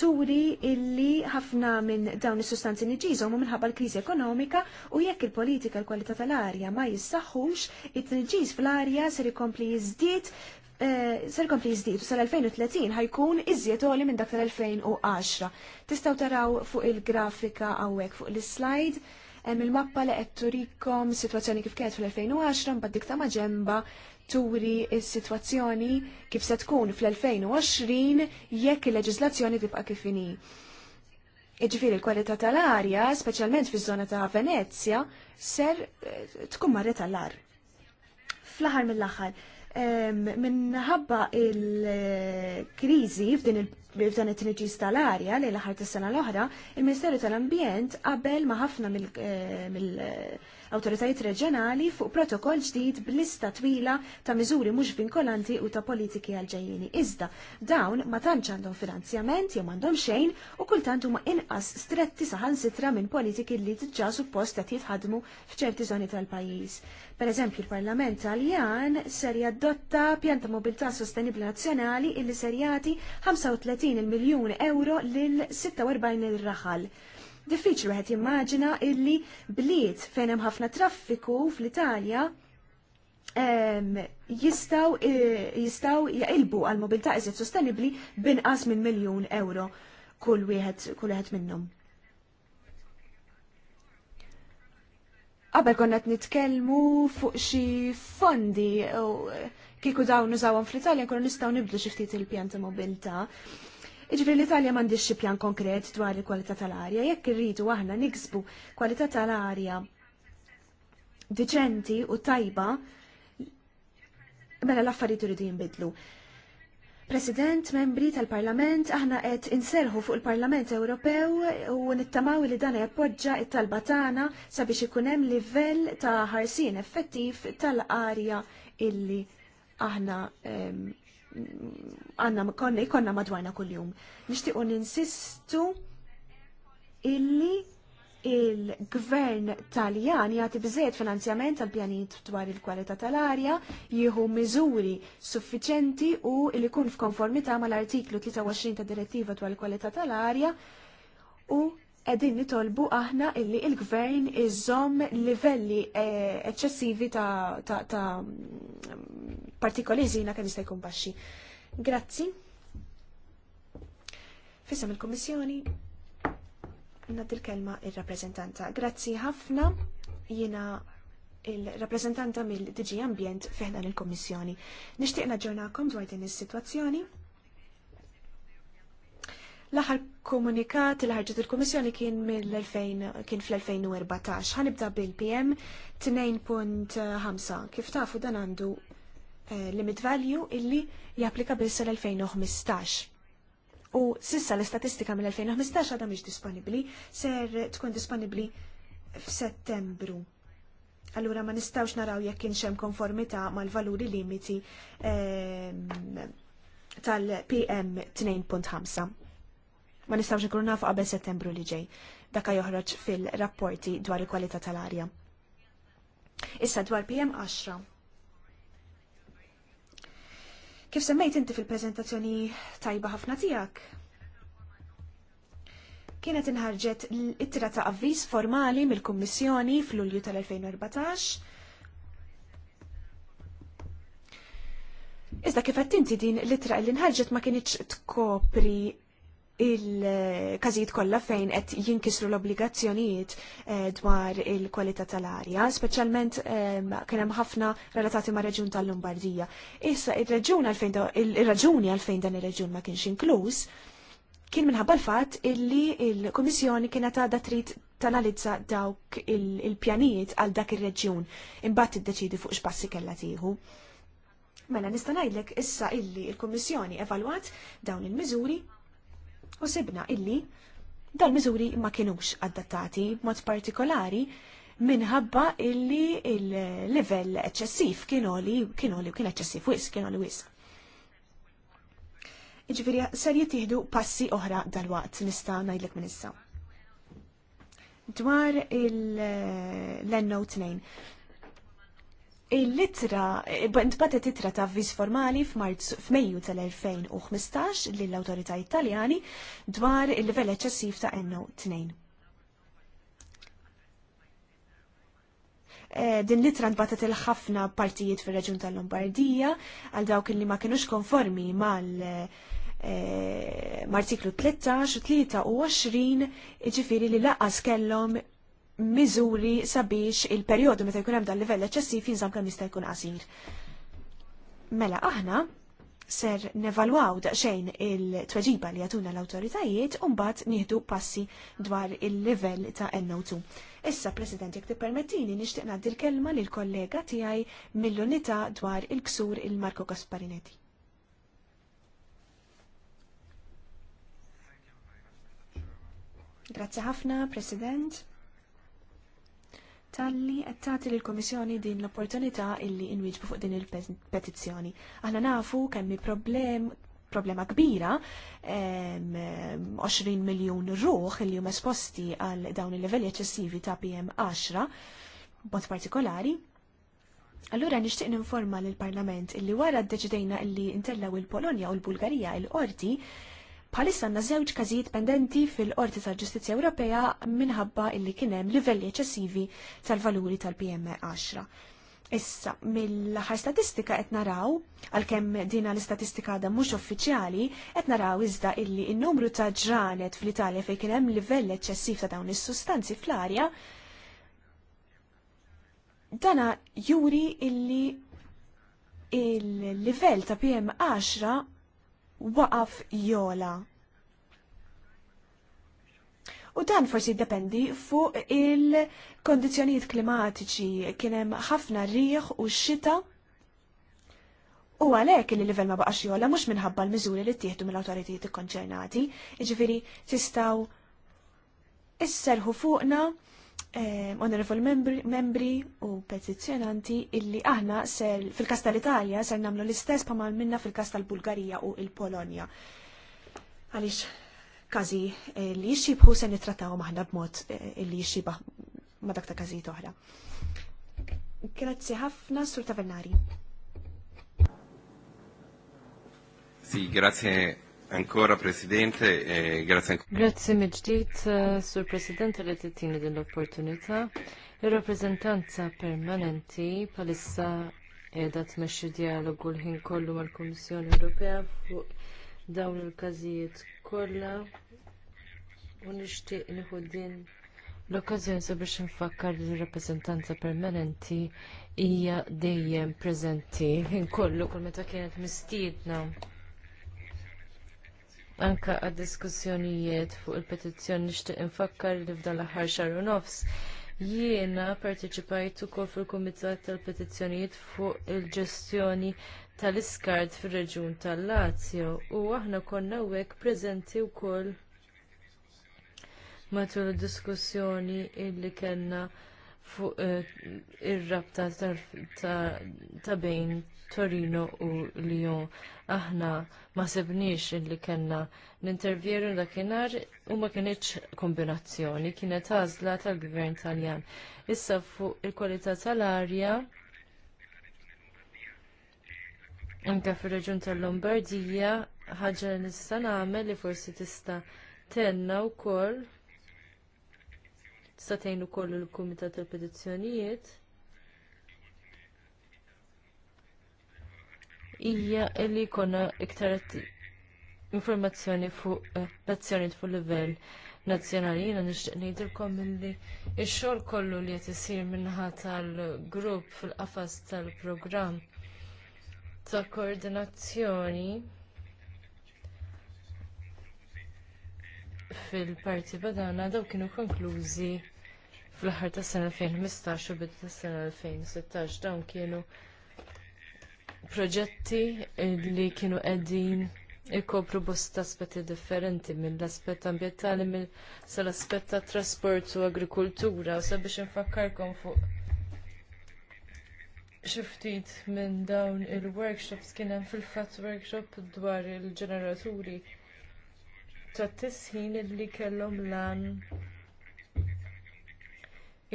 turi illi ħafna minn dawn is-sustanzi niġiżhom u minħabba l-kriżi ekonomika u jekk il-politika l-kwalità tal-arja ma jissaħħux, it-tniġiż fl-arja ser ikompli jiżdied eh, ser kompli jizdid u sal-2030 ħajkun iżjed għoli minn dak tal-2010. Tistaw taraw fuq il-grafika għawek fuq l-slide, il-mappa li qed turikom situazzjoni kif kienet fl-2010 mbagħad ta' maġemba turi s-sitwazzjoni kif se tkun fl-2020 jekk il-leġislazzjoni tibqa' kif inhi. Iġifieri l-kwalità tal-arja, speċjalment fiż-żona ta' Venezja, ser eh, tkun marre tal-ar. Fl-aħħar mill-aħħar, minħabba il-kriżi f'din il b'dan it-tniġis tal-arja li l-aħħar tas-sena l-oħra, il-Ministeru tal-Ambjent qabel ma' ħafna mill- eh, awtoritajiet reġjonali fuq protokoll ġdid b'lista twila ta' miżuri mhux vinkolanti u ta' politiki għalġejjini. Iżda dawn ma tantx għandhom finanzjament jew m'għandhom xejn u kultant huma inqas stretti saħansitra minn politiki li diġà suppost qed jitħadmu f'ċerti żoni tal-pajjiż. Pereżempju, il-Parlament Taljan ser jadotta pjan ta' mobilità sostenibli nazzjonali illi ser jagħti 35 il-miljun euro lil 46 il-raħal diffiċli wieħed jimmaġina illi bliet fejn hemm ħafna traffiku fl-Italja jistaw e, jistaw jaqilbu għal mobilità iżjed sostenibli binqas minn miljun euro kull wieħed kull wieħed minnhom. Qabel konna qed nitkellmu fuq xi fondi eh, kieku dawn nużawhom fl-Italja nkunu nistgħu nibdlu xi ftit il-pjan ta' mobilità. Iġveri l-Italja mandi xi pjan konkret dwar il-kwalità tal-arja, jekk irridu aħna niksbu kwalità tal-arja diċenti u tajba, mela l-affarijiet iridu jinbidlu. President, membri tal-Parlament, aħna qed inserħu fuq il-Parlament Ewropew u nittamaw li dan jappoġġa it-talba tagħna sabiex ikun hemm livell ta' ħarsien effettiv tal-arja illi aħna għanna konna jkonna madwarna kull-jum. Nishtiqo ninsistu illi il-gvern taljan jagħti bżed finanzjament għal pjanijiet dwar il-kwalità tal-arja, jieħu miżuri suffiċenti u li jkun f'konformità mal-artiklu 23 ta' direttiva dwar il-kwalità tal-arja u edin nitolbu aħna illi il-gvern iżom livelli eh, eċċessivi ta', ta, ta mm, partikoli ħżina kemm jista' jkun baxxi. Grazzi. Fissam il komissjoni nad il-kelma il-rappreżentanta. Grazzi ħafna jiena il-rappreżentanta mill-DG Ambjent fiħna il komissjoni Nixtieq naġġornakom dwar din is-sitwazzjoni L-aħħar komunikat l ħarġet il-Kummissjoni kien mill-2000 kien fl-2014. Ħanibda bil-PM 2.5. Kif tafu dan għandu eh, limit value illi japplika biss l-2015. U sissa l-istatistika mill-2015 għadha mhix disponibbli, ser tkun disponibbli f'Settembru. Allura ma nistawx naraw jekk kienx hemm konformità mal-valuri limiti ehm, tal-PM 2.5 ma nistawx ikunu nafu qabel settembru li ġej. Daka joħroġ fil-rapporti dwar il-kwalità tal-arja. Issa dwar PM10. Kif semmejt inti fil-prezentazzjoni tajba ħafna tiegħek? Kienet inħarġet l-ittra ta' avviż formali mill-Kummissjoni fl-Ulju tal-2014 Iżda kif inti din l ittra li nħarġet ma kienx tkopri il kazijiet kollha fejn qed jinkisru l-obbligazzjonijiet eh, dwar il-kwalità tal-arja, speċjalment ehm, kien hemm ħafna relatati ma' reġjun tal-Lombardija. Issa ir-reġjun għalfejn ir-raġuni għalfejn dan ir-reġjun ma kienx inkluż kien minħabba l-fatt illi il-Kummissjoni kienet għadha trid tanalizza dawk il-pjanijiet għal dak ir-reġjun imbagħad tiddeċidi fuq x'passi kellha tieħu. Mela nista' ngħidlek issa illi il-Kummissjoni evalwat dawn il-miżuri U sibna illi dal-miżuri ma kienux adattati mod partikolari minħabba illi il-level eċċessiv kienu li kien eċċessiv wis li wis. Iġviri, ser jittieħdu passi oħra dal-waqt nista' ngħidlek minn issa. Dwar il no Il-litra, eh, intbatet itra ta' viz formali f'Mejju tal-2015 lill-Awtorità Italjani dwar il-livell eċċessiv ta' NO2. Eh, din litra ntbatet il-ħafna partijiet fir-Reġjun tal-Lombardija għal dawk li ma kinux konformi mal eh, martiklu 13 u 23 ġifiri li laqas kellhom miżuri sabiex il-perjodu meta jkun hemm dan livell eċċessiv jinżamm kemm jista' jkun qasir. Mela aħna ser nevalwaw daqsxejn il-tweġiba li jatuna l-autoritajiet mbagħad nieħdu passi dwar il-level ta' NO2. Issa, President, jek permettini nixtieq naddi l-kelma lil kollega tiegħi mill-unità dwar il-ksur il-Marko Gasparinetti. Grazie ħafna, President talli qed tagħti lill-Kummissjoni din l-opportunità illi inwiġbu fuq din il-petizzjoni. Aħna nafu kemm problem problema kbira, 20 miljun ruħ li huma esposti għal dawn il-livelli eċċessivi ta' PM10, b'mod partikolari, Allura nixtieq ninforma lill parlament illi wara ddeċidejna illi intellaw il-Polonja u l-Bulgarija il-qorti il polonja u l bulgarija il qorti il l qorti Bħalissa għandna żewġ każijiet pendenti fil-Qorti tal-Ġustizzja Ewropea minħabba illi kien hemm livelli eċessivi tal-valuri tal-PM10. E Issa, mill-aħħar statistika qed naraw, għalkemm dina l-istatistika għadha mhux uffiċjali, qed naraw iżda illi n-numru ta' ġranet fl-Italja fejn kien hemm livell eċċessiv ta' dawn is-sustanzi fl-arja dana juri illi il-livell ta' PM10 e waqaf jola. U dan forsi dependi fuq il-kondizjonijiet klimatiċi kienem ħafna riħ u xita U għalek li livell ma baqax jola mux minħabba l-mizuri li tieħdu mill-autoritijiet konċernati, iġifiri tistaw isserħu fuqna eh, membri, membri u petizjonanti illi aħna fil-kas tal-Italja ser namlu l-istess pa' minna fil-kas tal-Bulgarija u il-Polonja. Għalix kazi eh, li jxibħu se nitrataw maħna b'mod eh, illi jixibaħ ma dak ta' kazi toħra. Grazzi ħafna, Sur Tavernari. Sì, grazie Ankora Presidente, e grazie ancora. Grazie Mijdit, eh, Sur Presidente, li tittini din l-opportunità. Il-rappresentanza permanenti palissa edha tmexxi dialogu l-ħin kollu mal-Kummissjoni Ewropea fuq dawn il-każijiet kollha u nixtieq nieħu din l-okkażjoni sabiex nfakkar li l-rappreżentanza permanenti hija dejjem preżenti ħin kollu kull meta kienet mistiedna anka għad diskussjonijiet fuq il-petizzjoni nixtieq infakkar li f'dan l-aħħar xahar nofs. Jiena parteċipajt ukoll fil-Kumitat tal-Petizzjonijiet fuq il-ġestjoni tal-iskart fir-Reġjun tal-Lazio u aħna konna hekk preżenti wkoll matul id diskussjoni illi kellna fuq eh, ir-rabta ta' bejn Torino u Lyon. Aħna ma sebniex li kellna nintervjeru dakinhar u ma kienieċ kombinazzjoni, kienet għażla tal-gvern taljan. Issa fuq il-kwalità tal-arja Anke fir-reġjun tal-Lombardija ħaġa nissa nista' nagħmel li forsi tista' tenna wkoll tista' tgħin ukoll il-Kumitat tal-Petizzjonijiet hija li jkollna iktar informazzjoni fuq l-azzjoni eh, fuq livell nazzjonali. Jiena nixtieq ngħidilkom milli x-xogħol kollu li qed isir minħa tal-grupp fil-qafas tal-programm ta' koordinazzjoni fil-parti badana daw kienu konklużi fl aħħar tas sena 2015 u bidu tas sena 2016 dawn kienu proġetti li kienu qegħdin ikopru bosta aspetti differenti mill-aspett ambjentali mill sal-aspett tat trasport u agrikultura u sabiex infakkarkom fuq xi ftit minn dawn il-workshops kien hemm fil-fatt workshop dwar il-ġeneraturi ta' tisħin illi kellhom lan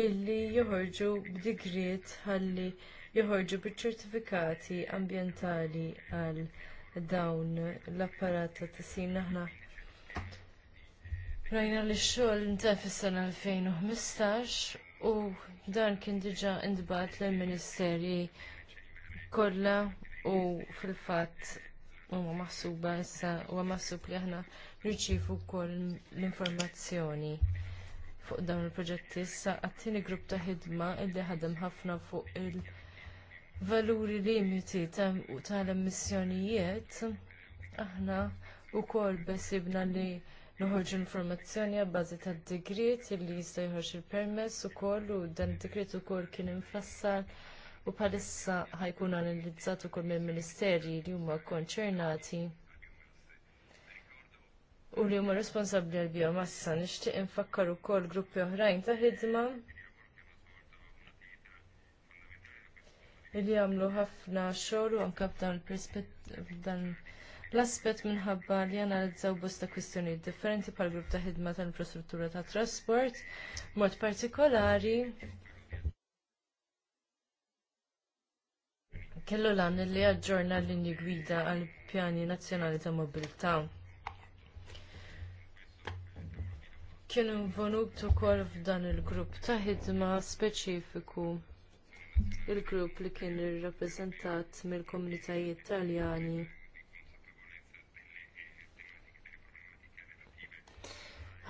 illi joħorġu b'digriet ħalli joħorġu biċ-ċertifikati ambjentali għal dawn l-apparat ta' tisin aħna. Rajna li x-xogħol intef is-sena 2015 u dan kien diġà indbat lill ministeri kollha u fil-fatt huma maħsuba issa huwa maħsub li aħna rċievu wkoll l-informazzjoni fuq dawn il-proġetti issa għat-tieni grupp ta' ħidma illi ħadem ħafna fuq il- valuri limiti tal-emissjonijiet, aħna wkoll besibna li Noħorġu informazzjoni għabbażi tad-digrit li jista' jħorġ il-permess ukoll u dan id-degriet ukoll kien infassal u bħalissa ħajkun analizzat ukoll mill ministeri li huma konċernati u li huma responsabbli għall biomassa nixtieq infakkar ukoll gruppi oħrajn ta' ħidma li għamlu ħafna xogħol u anke f'dan l-aspett minħabba li analizzaw bosta kwistjonijiet differenti bħal grupp ta' ħidma tal-infrastruttura tat trasport, mod partikolari kellu lan li aġġorna l-linji gwida għall pjani nazzjonali ta' mobilità. Kienu involut ukoll f'dan il-grupp ta' ħidma speċifiku il-grupp li kien irrappreżentat mill-komunitajiet Taljani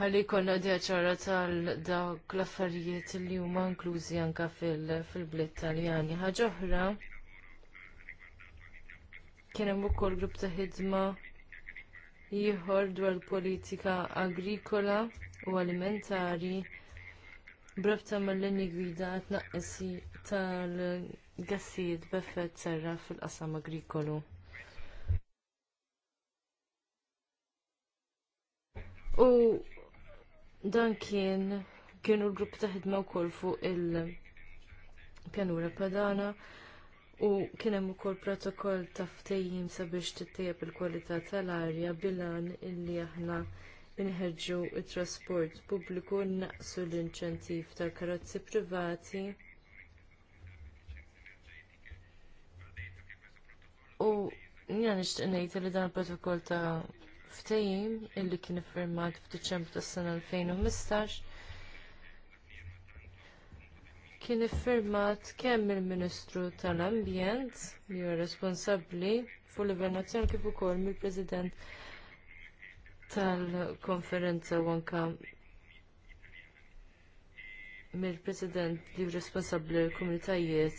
ħalli jkollna deċara tal dawk l-affarijiet li huma inklużi anke fil-bliet taljani. Ħaġa oħra kien hemm ukoll grupp ta' ħidma ieħor dwar politika agrikola u alimentari brabta mal-linji gwida tnaqqisi tal-gassijiet b'effett serra fil-qasam agrikolu. U dan kien kienu l-grupp ta' ħidma wkoll fuq il-pjanura padana u kien hemm ukoll protokoll ta' ftejjim sabiex tittejjeb il-kwalità tal-arja bilan illi aħna inħeġġu t trasport pubbliku naqsu l-inċentiv tal-karozzi privati U jina nixtieq ngħid li dan il-protokoll ta' ftehim illi kien iffirmat f'Diċembru tas-sena 2015 kien iffirmat kemm il-Ministru tal-Ambjent li huwa responsabbli fuq livell nazzjonali kif ukoll mill-President tal-konferenza u mill-President li responsabbli l-komunitajiet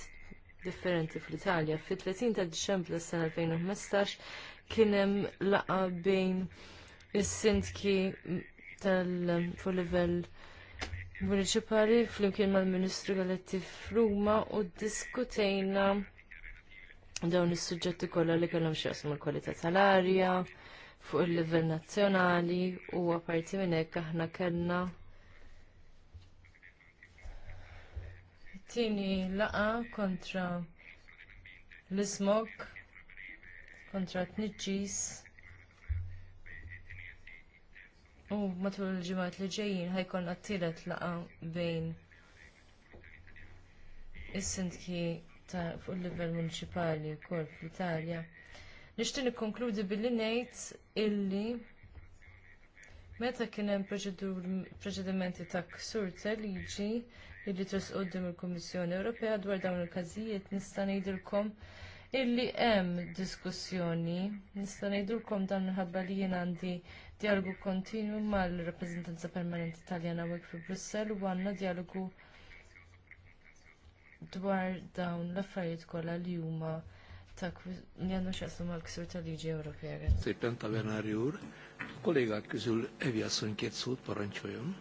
differenti fl-Italja. Fit-30 ta' Diċembru s-sena 2015 kien hemm laqa bejn is-sindki tal livell municipali flimkien mal-Ministru Galetti f'Ruma u ddiskutejna dawn is-suġġetti kollha li kellhom x'jaqsmu l-kwalità tal-arja fuq il-livell nazzjonali u apparti minn hekk aħna kellna Tini laqa kontra l-ismog, kontra t tniċċis U matul il-ġimgħat li ġejjin ħajkonna t-tielet laqa bejn is-sindki fuq il-livell municipali wkoll fl-Italja. Nixtieq nikkonkludi billi ngħid illi meta kien hemm preċedimenti ta' ksur ta' liġi illi trasqoddim il-Kummissjoni Ewropea dwar dawn il-każijiet nista' ngħidilkom illi hemm diskussjoni, nista' ngħidulkom dan minħabba li jien għandi dialogu kontinwu mal-rappreżentanza permanenti Taljana hawnhekk fi Brussell u għandna dialogu dwar dawn l-affarijiet kollha li huma ta' li xaqsu mal ksur tal-liġi Ewropea. Sirtan ta' Bernarjur, kollega kizul Evja Sunkiet Sud Paranċojon.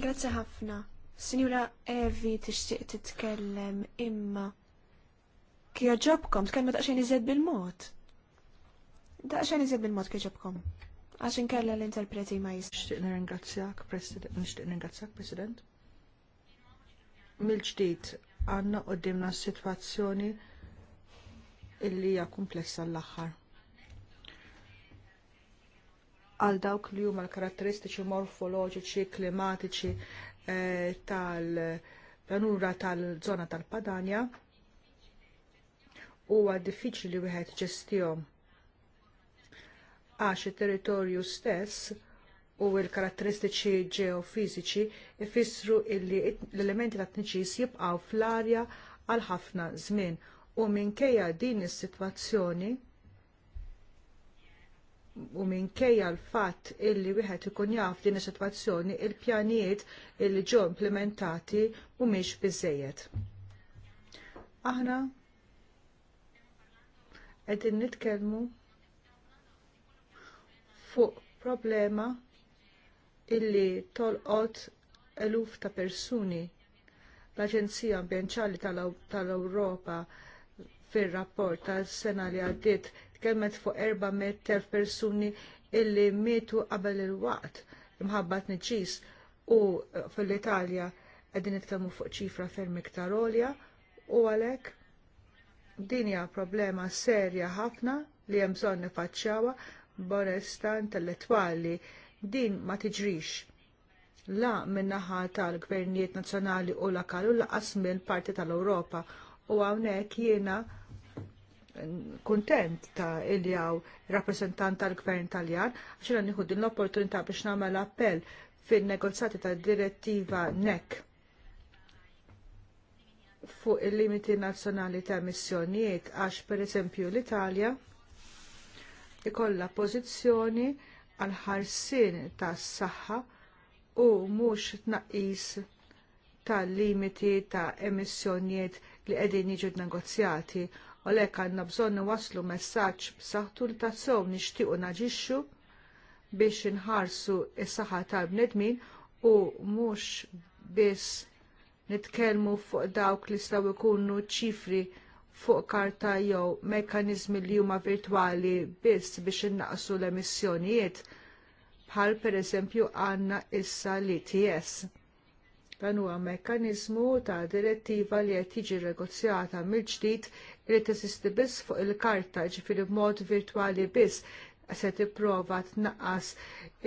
Grazie ħafna. Sinjura Evi tixtieq titkellem imma kija ġobkom tkellem daqsxejn iżed bil-mod. Daqsxejn iżed bil-mod kija ġobkom. Għax inkella l-interpreti ma jis. Nixtieq nirringrazzjak, President. Nixtieq nirringrazzjak, President. Mill-ġdid għandna s situazzjoni illi hija komplessa l-aħħar għal dawk li huma l-karatteristiċi morfoloġiċi, klimatiċi eh, tal-ranura tal-żona tal-Padania huwa diffiċli li wieħed ġestihom għax it-territorju stess u l-karatteristiċi ġeofiziċi ifissru illi l-elementi tat tniċis jibqgħu fl-arja għal ħafna żmien u minkejja din is-sitwazzjoni u minkejja l-fatt illi wieħed ikun jaf din is-sitwazzjoni il-pjanijiet illi ġew implementati mhumiex biżżejjed. Aħna qegħdin nitkellmu fuq problema illi tolqot eluf ta' persuni l-Aġenzija Ambjenċali tal-Ewropa fir-rapport tas-sena li għaddiet tkellmet fuq 400.000 persuni illi mietu qabel il-waqt imħabba tniċis u fil-Italja qegħdin nitkellmu fuq ċifra ferm iktar olja u għalhekk din hija problema serja ħafna li hemm bżonn nifaċċjawha tal intellettwali din ma tiġrix la min-naħa tal-gvernijiet nazzjonali u lokali u laqas minn parti tal-Ewropa u hawnhekk jiena kuntent ta' il-jaw rappresentant tal-gvern taljan, għaxin nieħu din l-opportunità biex nagħmel appell fin negozjati ta' direttiva NEC fuq il-limiti nazzjonali ta' emissjonijiet għax pereżempju l-Italja ikollha pożizzjoni għal ħarsien tas saħħa u mhux tnaqqis tal-limiti ta' emissjonijiet li qegħdin jiġu negozjati u lek għanna bżonn waslu messaġġ b'saħħtu li tassew nixtiequ naġixxu biex inħarsu is-saħħa tal-bnedmin u mhux biss nitkellmu fuq dawk li jistgħu jkunu ċifri fuq karta jew mekkaniżmi li huma virtwali biss biex innaqsu l-emissjonijiet bħal pereżempju għandna issa l-ITS. Dan huwa mekkaniżmu ta' direttiva li qed jiġi negozjata mill-ġdid li teżisti biss fuq il-karta, ġifiri mod virtwali biss se tipprova tnaqqas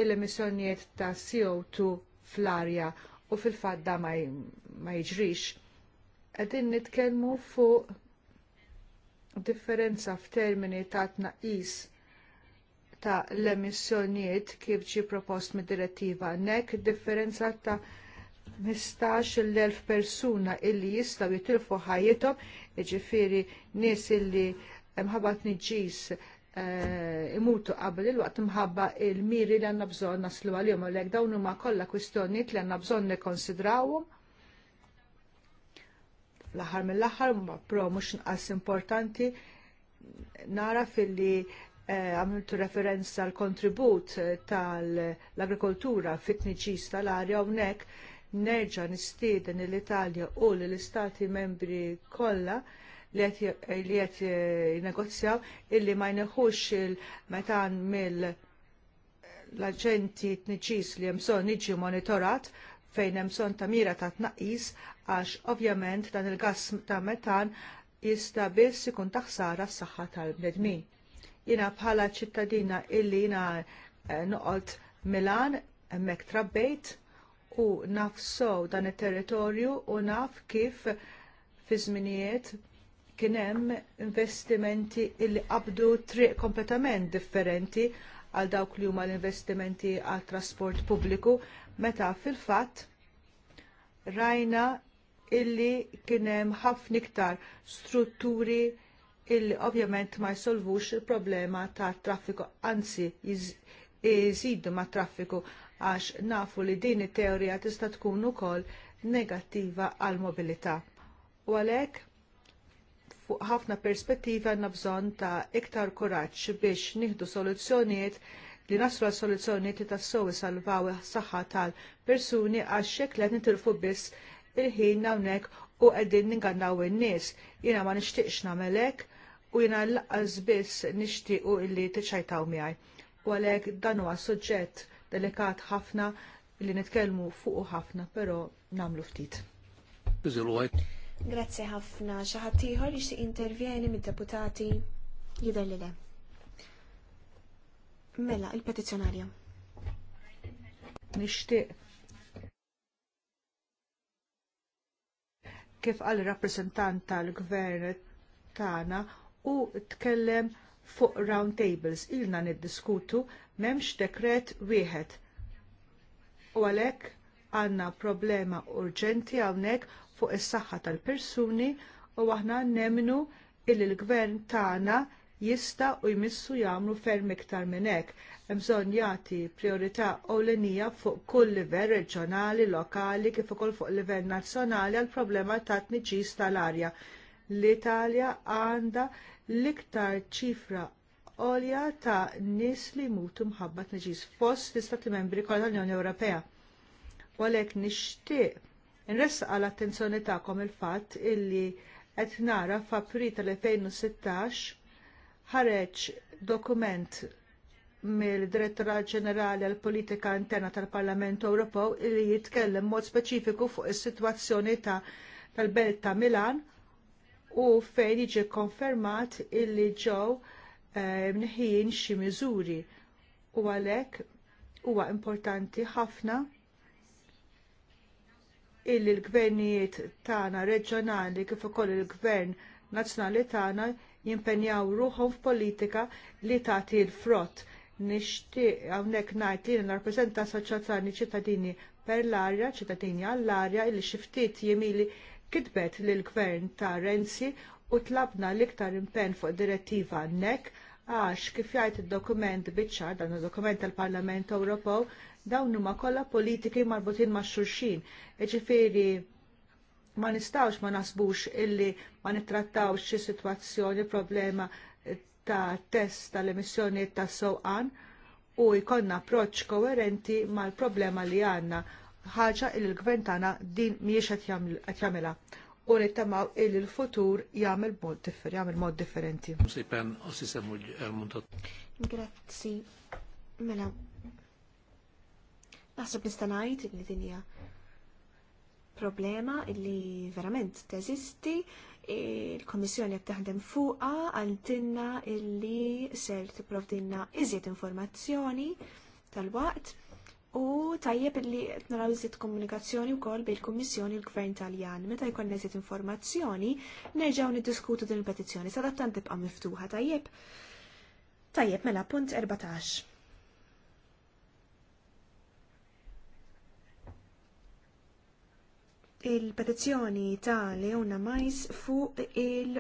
l-emissjonijiet ta' CO2 fl-arja u fil-fadda ma jiġrix. Qegħdin nitkellmu fuq differenza f'termini ta' tnaqqis ta' l-emissjonijiet kif ġie propost mid direttiva nek differenza ta' il-elf persuna illi jistaw jitilfu ħajjitom, ġifiri nies illi mħabba nġis eh, imutu qabel il-waqt mħabba il-miri li għanna bżon naslu għal-jom, l dawn huma kollha kwistjonijiet li għanna bżon nikkonsidrawhom. L-aħħar mill-aħħar ma pro mhux nqas importanti nara fil-li eh, għamiltu referenza l-kontribut eh, tal-agrikoltura fit-tniġis tal-arja hawnhekk nerġa' nistieden l-Italja u l-Istati membri kollha li qed jinnegozjaw illi ma jneħux il-metan mill l-aġenti tniġis li hemm bżonn jiġi monitorat fejn hemm bżonn ta' mira ta' tnaqqis għax ovvjament dan il-gass ta' metan jista' biss ikun ta' ħsara s-saħħa tal-bnedmin. Jiena bħala ċittadina illi jiena eh, noqgħod Milan hemmhekk trabbejt u naf sow dan it-territorju u naf kif fi żminijiet kien hemm investimenti li qabdu triq kompletament differenti għal dawk li huma l-investimenti għal trasport pubbliku meta fil-fatt rajna illi kien hemm ħafna iktar strutturi illi ovvjament ma jsolvux il-problema ta' traffiku, anzi jżidu ma' traffiku għax nafu li din it-teorija tista' tkun ukoll negattiva għall mobilità. U għalhekk fuq ħafna perspettivi għandna bżonn ta' iktar kuraġġ biex nieħdu soluzzjonijiet li naslu għal soluzzjonijiet li tassew isalvaw saħħa tal-persuni għax xekk qed nitilfu biss il-ħin hawnhekk u qegħdin ningannaw in-nies. Jiena ma nixtieqx nagħmel hekk u jiena laqqas biss nixtiequ illi tiċċajtaw miegħi. U għalhekk dan huwa suġġett delikat ħafna li nitkellmu fuqu ħafna, però nagħmlu ftit. Grazzi ħafna. Xi ħadd ieħor jixtieq intervjeni mid-deputati jidher li le. Mela, il-petizzjonarja. Nixtieq kif għal rappresentant tal-gvern tagħna u tkellem fuq round tables ilna niddiskutu m'hemmx dekret wieħed. U għalhekk għandna problema urġenti hawnhekk fuq is-saħħa tal-persuni u aħna nemnu li l-gvern tagħna jista u jmissu jagħmlu ferm iktar minn hekk. Hemm bżonn jagħti priorità ewlenija fuq kull livell reġjonali, lokali, kif ukoll fuq livell nazzjonali għall problema ta' tniġis tal-arja. L-Italja għandha l-iktar ċifra għolja ta' nies li jmutu mħabba tneġis fost l-Istati membri kollha l-Unjoni Ewropea. U għalhekk nixtieq nressaq għal attenzjoni tagħkom il-fatt illi qed nara f'Apri tal-2016 ħareġ dokument mill direttorat Ġenerali għall Politika Interna tal-Parlament Ewropew illi jitkellem mod speċifiku fuq is-sitwazzjoni tal-Belt ta' Milan u fejn jiġi konfermat illi ġew eh, mneħin xi miżuri u għalhekk huwa importanti ħafna illi l-gvernijiet tagħna reġjonali kif ukoll il-gvern nazzjonali tagħna jimpenjaw ruħhom f'politika li tagħti l-frott nixtieq hawnhekk ngħid li narrappreżenta soċjatazzjoni ċittadini per l-arja, ċittadini għall-arja illi xi ftit jimili kitbet lill gvern ta' Renzi u tlabna l-iktar impenn fuq direttiva NEC għax kif jgħid id-dokument biċċa, dan id-dokument tal-Parlament Ewropew dawn huma kollha politiki marbutin ma' xulxin. Jiġifieri ma nistgħux ma nasbux illi ma nittrattawx xi sitwazzjoni problema ta' test tal emissjonijiet tas sewqan u jkollna approċċ koerenti mal-problema li għandna ħaġa li l-gvern tagħna din mhijiex qed jagħmilha u nittamaw il l-futur jagħmel mod differenti jagħmel mod differenti. Grazzi. Mela. Naħseb nista' ngħid li din hija problema illi verament teżisti il-Komissjoni qed taħdem fuqha għaltinna illi ser tipprovdinna iżjed informazzjoni tal-waqt U tajjeb li qed naraw iżjed komunikazzjoni wkoll bil-Kummissjoni u l-Gvern Taljan. Meta jkun iżjed informazzjoni, nerġgħu niddiskutu din il-petizzjoni sa tant tibqa' miftuħa tajjeb. Tajjeb mela punt 14. il-petizzjoni ta' Leona Majs fuq il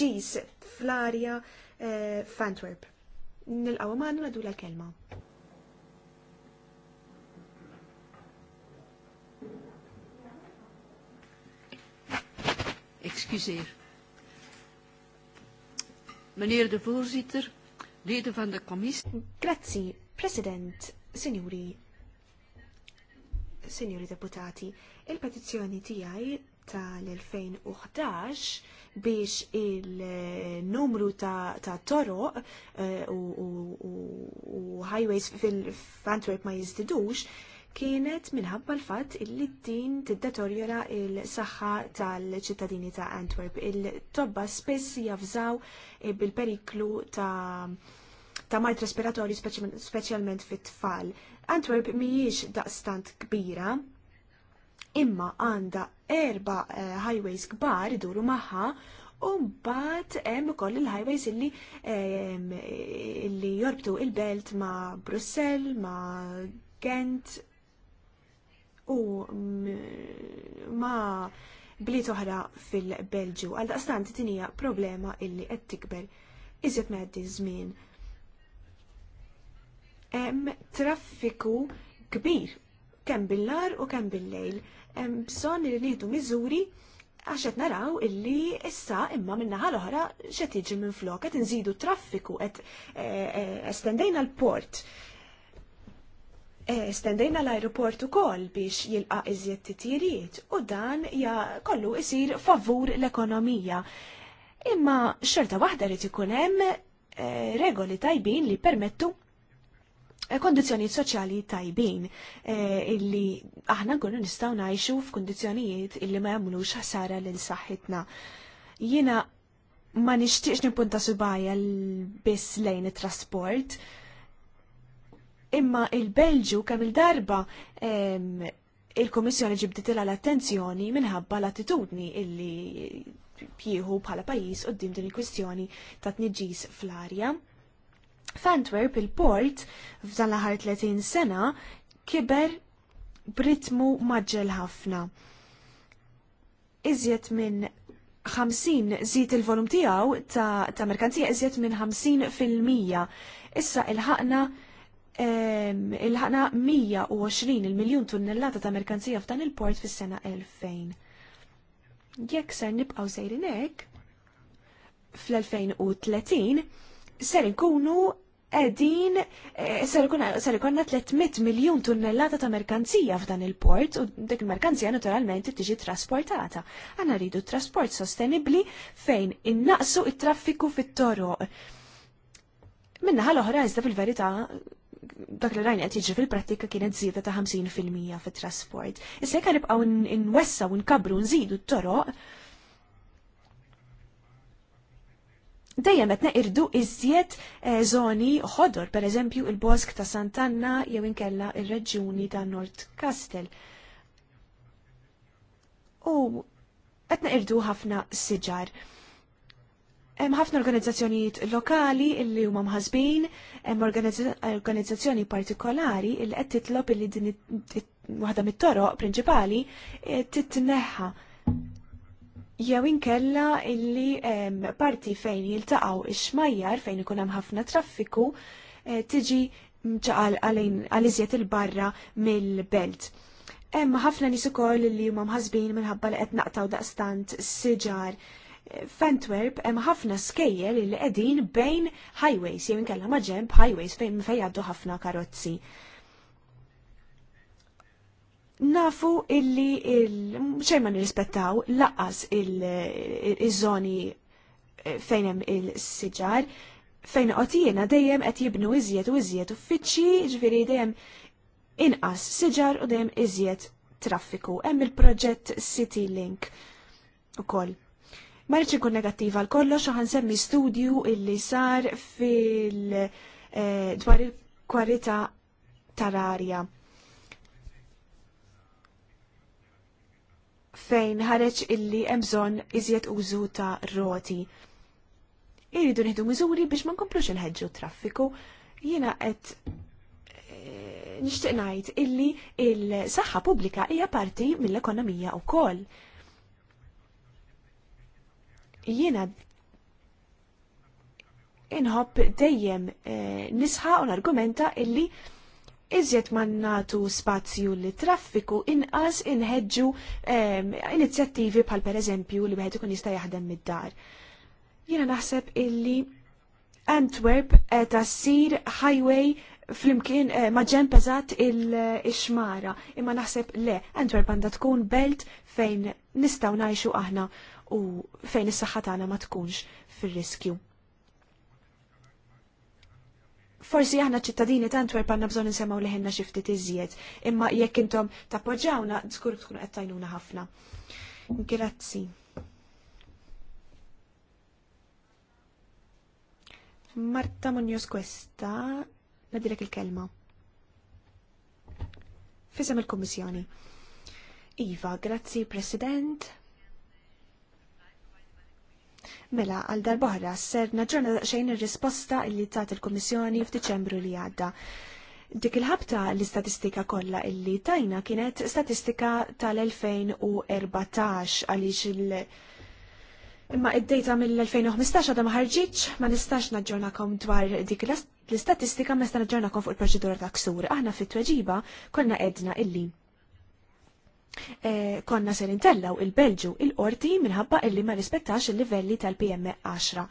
ġis fl-arja eh, f'Antwerp. Nil-qawa maħnu la kelma excuseer. Meneer de voorzitter, leden van de commissie. Grazie, president, signori, signori deputati. Il-petizzjoni tiegħi tal-2011 biex il-numru ta', ta toro uh, u, u, u highways fil-Antwerp ma jizdidux kienet minħabba l-fatt illi din tiddetorjora il-saħħa tal-ċittadini ta' Antwerp. Il-tobba spess jafżaw eh, bil-periklu ta' ta' mart respiratorju speċjalment fit-tfal. Antwerp mhijiex daqstant kbira, imma għanda erba uh, highways kbar iduru maħħa u mbagħad hemm ukoll il-highways illi eh, illi jorbtu il-belt ma' Brussell, ma' Gent u ma bliet oħra fil-Belġu. Għal daqstant tinija problema illi qed tikber iżjed meħdi żmien. Hemm traffiku kbir kemm bil-nar u kemm bil-lejl. Hemm bżonn li nieħdu miżuri għax qed naraw illi issa imma min-naħa l-oħra xed jiġi minn flok qed inżidu traffiku qed eh, eh, estendejna l-port Eh, stendejna l-aeroport ukoll biex jilqa iżjed titjiriet u dan ja kollu isir favur l-ekonomija. Imma xorta waħda rrit ikun hemm eh, regoli tajbin li permettu eh, kondizjonijiet soċjali tajbin illi aħna nkunu nistgħu ngħixu f'kundizzjonijiet illi ma jagħmlux ħsara lil saħħitna. Jiena ma nixtieqx nipunta subajja biss lejn it-trasport, Imma il-Belġu kemm il-darba il-Komissjoni ġibditilha l-attenzjoni minħabba l-attitudni illi jieħu bħala pajis qoddim din il-kwistjoni ta' tniġis fl-arja. F'Antwerp il-port f'dan l aħħar 30 sena kiber b'ritmu maġġel ħafna. Iżjed minn 50 zit il-volum tiegħu ta', ta merkanzija iżjed minn 50 fil-mija. Issa il-ħaqna il-ħana 120 il-miljun tunnellata ta' merkanzija f'dan il-port fis-sena 2000. Jekk ser nibqgħu sejrin hekk, fl-2030 ser ikunu qegħdin eh, ser ikonna 300 miljun tunnellata ta' merkanzija f'dan il-port u dik il-merkanzija naturalment tiġi trasportata. Għandna rridu trasport sostenibbli fejn innaqsu it-traffiku fit-toroq. Minnaħa l-oħra iżda fil-verità dak li rajna qed fil-prattika kienet żieda ta' 50% fit-trasport. Issa jekk n nwessaw nkabru nżidu t-toroq, dejjem qed neqirdu iżjed eh, żoni ħodor, pereżempju il-Bosk ta' Sant'Anna jew inkella ir-reġjuni ta' Nord Castel. U qed neqirdu ħafna siġar. Hemm ħafna organizzazzjonijiet lokali illi huma mħasbin, hemm organizzazzjoni partikolari illi qed titlob illi din waħda mit-toroq prinċipali eh, titneħħa. Jew inkella illi ehm, parti fejn jiltaqgħu ix-xmajjar fejn ikun hemm ħafna traffiku eh, tiġi mċaqal għal-iżjed il-barra mill-belt. Hemm ħafna nies ukoll li huma mħasbin minħabba li qed naqtaw daqstant siġar f'Antwerp hemm ħafna skejjer li qegħdin bejn highways jew inkella ma' ġemp highways fejn fejn jgħaddu ħafna karozzi. Nafu illi xejn ma nirrispettaw laqas il żoni eh, fejn hemm il-siġar fejn qotijiena dejjem qed jibnu iżjed u iżjed uffiċċji, ġifieri dejjem inqas siġar u dejjem iżjed traffiku. Hemm il-proġett City Link ukoll Ma rridx ikun negattiva għal kollox ħan semmi studju illi sar fil eh, dwar il kwarita tal-arja. fejn ħareġ illi hemm bżonn iżjed użu ta' roti. Iridu nieħdu miżuri biex ma nkomplux inħeġġu traffiku. Jiena qed eh, nixtieq ngħid illi il-saħħa pubblika hija parti mill-ekonomija wkoll. Jiena inħobb dejjem eh, nisħa u argumenta illi iżjed ma spazju li traffiku inqas inħedġu ehm, inizjattivi bħal per eżempju li wieħed ikun jista' jaħdem mid-dar. Jiena naħseb illi Antwerp ta' sir highway flimkien eh, maġen pezat il-xmara, imma naħseb le, Antwerp għandha tkun belt fejn nistaw najxu aħna u fejn is-saħħa tagħna ma tkunx fir-riskju. Forsi aħna ċittadini ta' Antwerp għandna bżonn insemgħu leħinna xi ftit iżjed, imma jekk intom tappoġġawna żgur tkun qed tajnuna ħafna. Grazzi. Marta Munoz Questa, nadilek il-kelma. Fisem il komissjoni Iva, grazzi President. Mela, għal darbohra, ser naġġorna xejn ir-risposta li tat il-Kommissjoni f'Diċembru li għadda. Dik il-ħabta l-istatistika kollha illi tajna kienet statistika tal-2014 għaliex il- Imma id-dejta mill-2015 għadha ma ħarġitx ma nistax naġġornakom dwar dik l-istatistika mesta naġġornakom fuq il-proċedura ta' ksur. Aħna fit-tweġiba konna edna illi Eh, konna ser intellaw il-Belġu il-qorti minħabba illi ma rispettax il-livelli tal-PM10.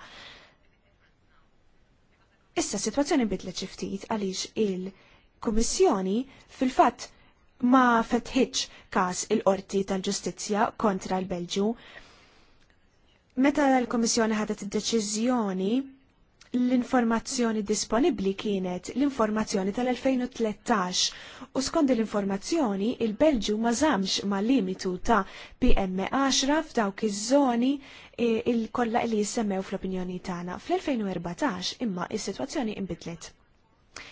Issa situazzjoni bidlet ċiftit għaliex il-Kummissjoni fil-fatt ma fetħitx kas il-qorti tal-ġustizzja kontra l-Belġu. Meta l-Komissjoni ħadet id-deċiżjoni l-informazzjoni disponibli kienet l-informazzjoni tal-2013 u skont l-informazzjoni il-Belġu ma żamx ma limitu ta' PM10 f'dawk iż-żoni e, il-kollha li jissemmew fl-opinjoni tagħna. Fl-2014 imma is-sitwazzjoni inbidlet.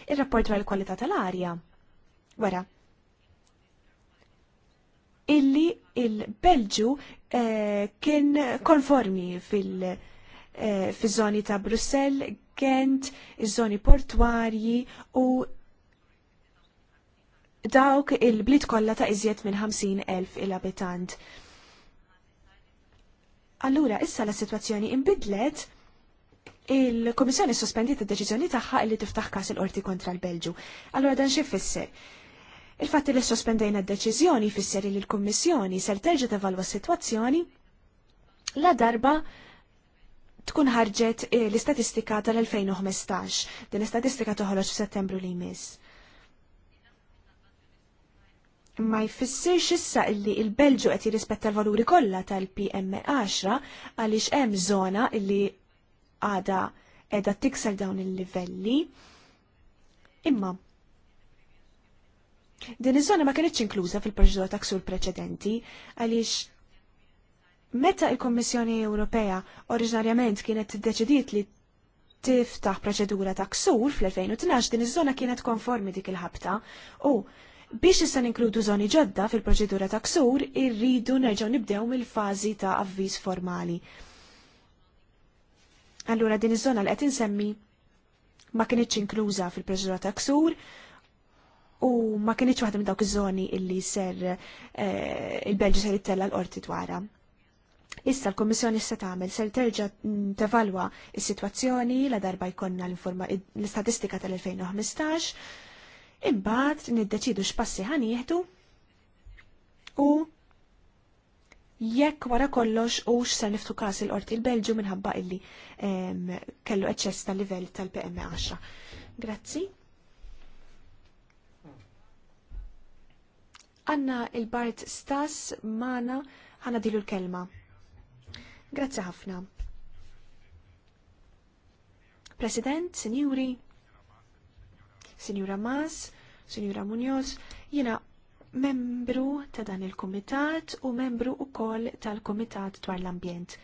Ir-rapport dwar il-kwalità tal-arja wara illi il-Belġu eh, kien konformi fil- Eh, fi fiż-żoni ta' Brussell, Gent, iż-żoni portwarji u dawk il blit kollha ta' iżjed minn 50,000 il-abitant. Allura, issa la situazzjoni imbidlet il-Komissjoni sospendiet id-deċiżjoni tagħha li tiftaħ kas il-qorti kontra l-Belġu. Allura dan x'ifisser. fisser? Il-fatt li sospendejna d-deċiżjoni fisser li l-Kummissjoni ser terġa' tevalwa s-sitwazzjoni la darba tkun ħarġet eh, l-istatistika tal-2015. Din l-istatistika toħroġ f'Settembru li jmiss. Ma jfissirx issa illi il-Belġu qed jirrispetta l-valuri kollha tal-PM10 għaliex hemm żona illi għada qiegħda tiksel dawn il-livelli. Imma din iż-żona ma kienitx inkluża fil-proċedura ta' ksur preċedenti għaliex Meta il-Kommissjoni Ewropea oriġinarjament kienet tiddeċidiet li tiftaħ proċedura ta' ksur fl-2012 din iż-żona kienet konformi dik il-ħabta u biex issa ninkludu żoni ġodda fil-proċedura ta' ksur irridu nerġgħu nibdew mill-fażi ta' avviż formali. Allura din iż-żona li qed insemmi ma kienitx inkluża fil-proċedura ta' ksur u ma kienitx waħda minn dawk iż-żoni illi ser eh, il-Belġu ser jittella l-qorti dwarha. Issa l-Kommissjoni se tagħmel se terġa' mm, tevalwa s-sitwazzjoni la darba jkollna l-istatistika tal-2015, imbagħad niddeċidu x'passi ħanieħdu u jekk wara kollox u se niftu każ il-qort il-Belġu minħabba illi kellu eċċess tal-livell tal-PM10. Grazzi. Anna il-Bart Stas mana ħana dilu l-kelma. Grazzi ħafna. President, Sinjuri, Sinjura Mas, Sinjura Munoz, jena membru ta' dan il-Komitat u membru u koll tal-Komitat dwar l-Ambjent.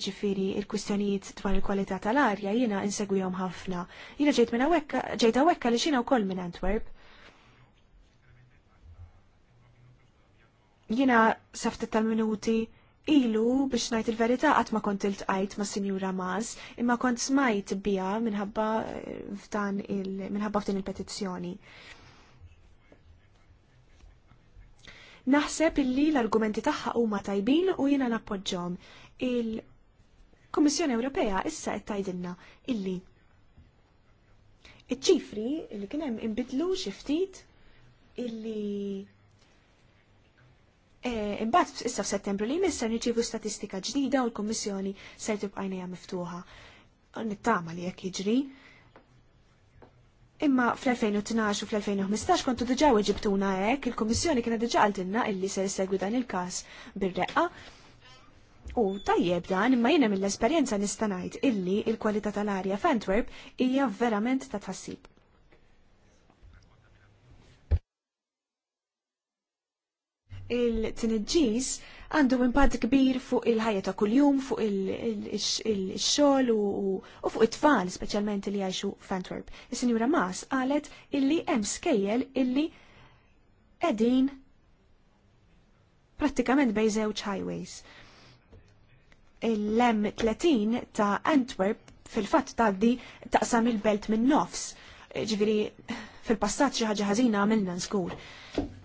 Iġifiri, il-kwistjonijiet dwar il-kwalità tal-arja jina insegwijom ħafna. Jena ġejt minna wekka, ġejt wekka li xina u koll minn Antwerp. Jena saftet tal-minuti ilu biex najt il-verità qatt ma kont iltqajt ma' Sinjura Mas, imma kont smajt bija minħabba eh, f'dan il minħabba f'din il-petizzjoni. Naħseb illi l-argumenti tagħha huma tajbin u jiena nappoġġhom. Il-Kummissjoni Ewropea issa qed tgħidilna illi iċ-ċifri li kien hemm inbidlu xi ftit illi Eh, imbagħad issa f'Settembru li jmiss ser niġibu statistika ġdida u l-Kummissjoni se tibqa' għajnejha miftuħa. Nittama li jekk jiġri. Imma fl-2012 u fl-2015 kontu diġà iġibtuna hekk, il-Kummissjoni kienet diġà għaltinna illi se jsegwi dan il-każ bir-reqqa. U tajjeb dan imma jiena mill-esperjenza nista' ngħid illi l-kwalità tal-arja f'Antwerp hija verament ta' tħassib. il-tniġġis għandu impatt kbir fuq il-ħajja ta' kuljum, fuq il-xogħol u fuq it-tfal speċjalment li jgħixu f'Antwerp. Is-Sinjura Mas qalet illi hemm skejjel illi qegħdin prattikament bej żewġ highways. Il-lem 30 ta' Antwerp fil-fatt tgħaddi taqsam il-belt minn nofs ġviri fil-passat xi ħaġa ħażina għamilna nżgur.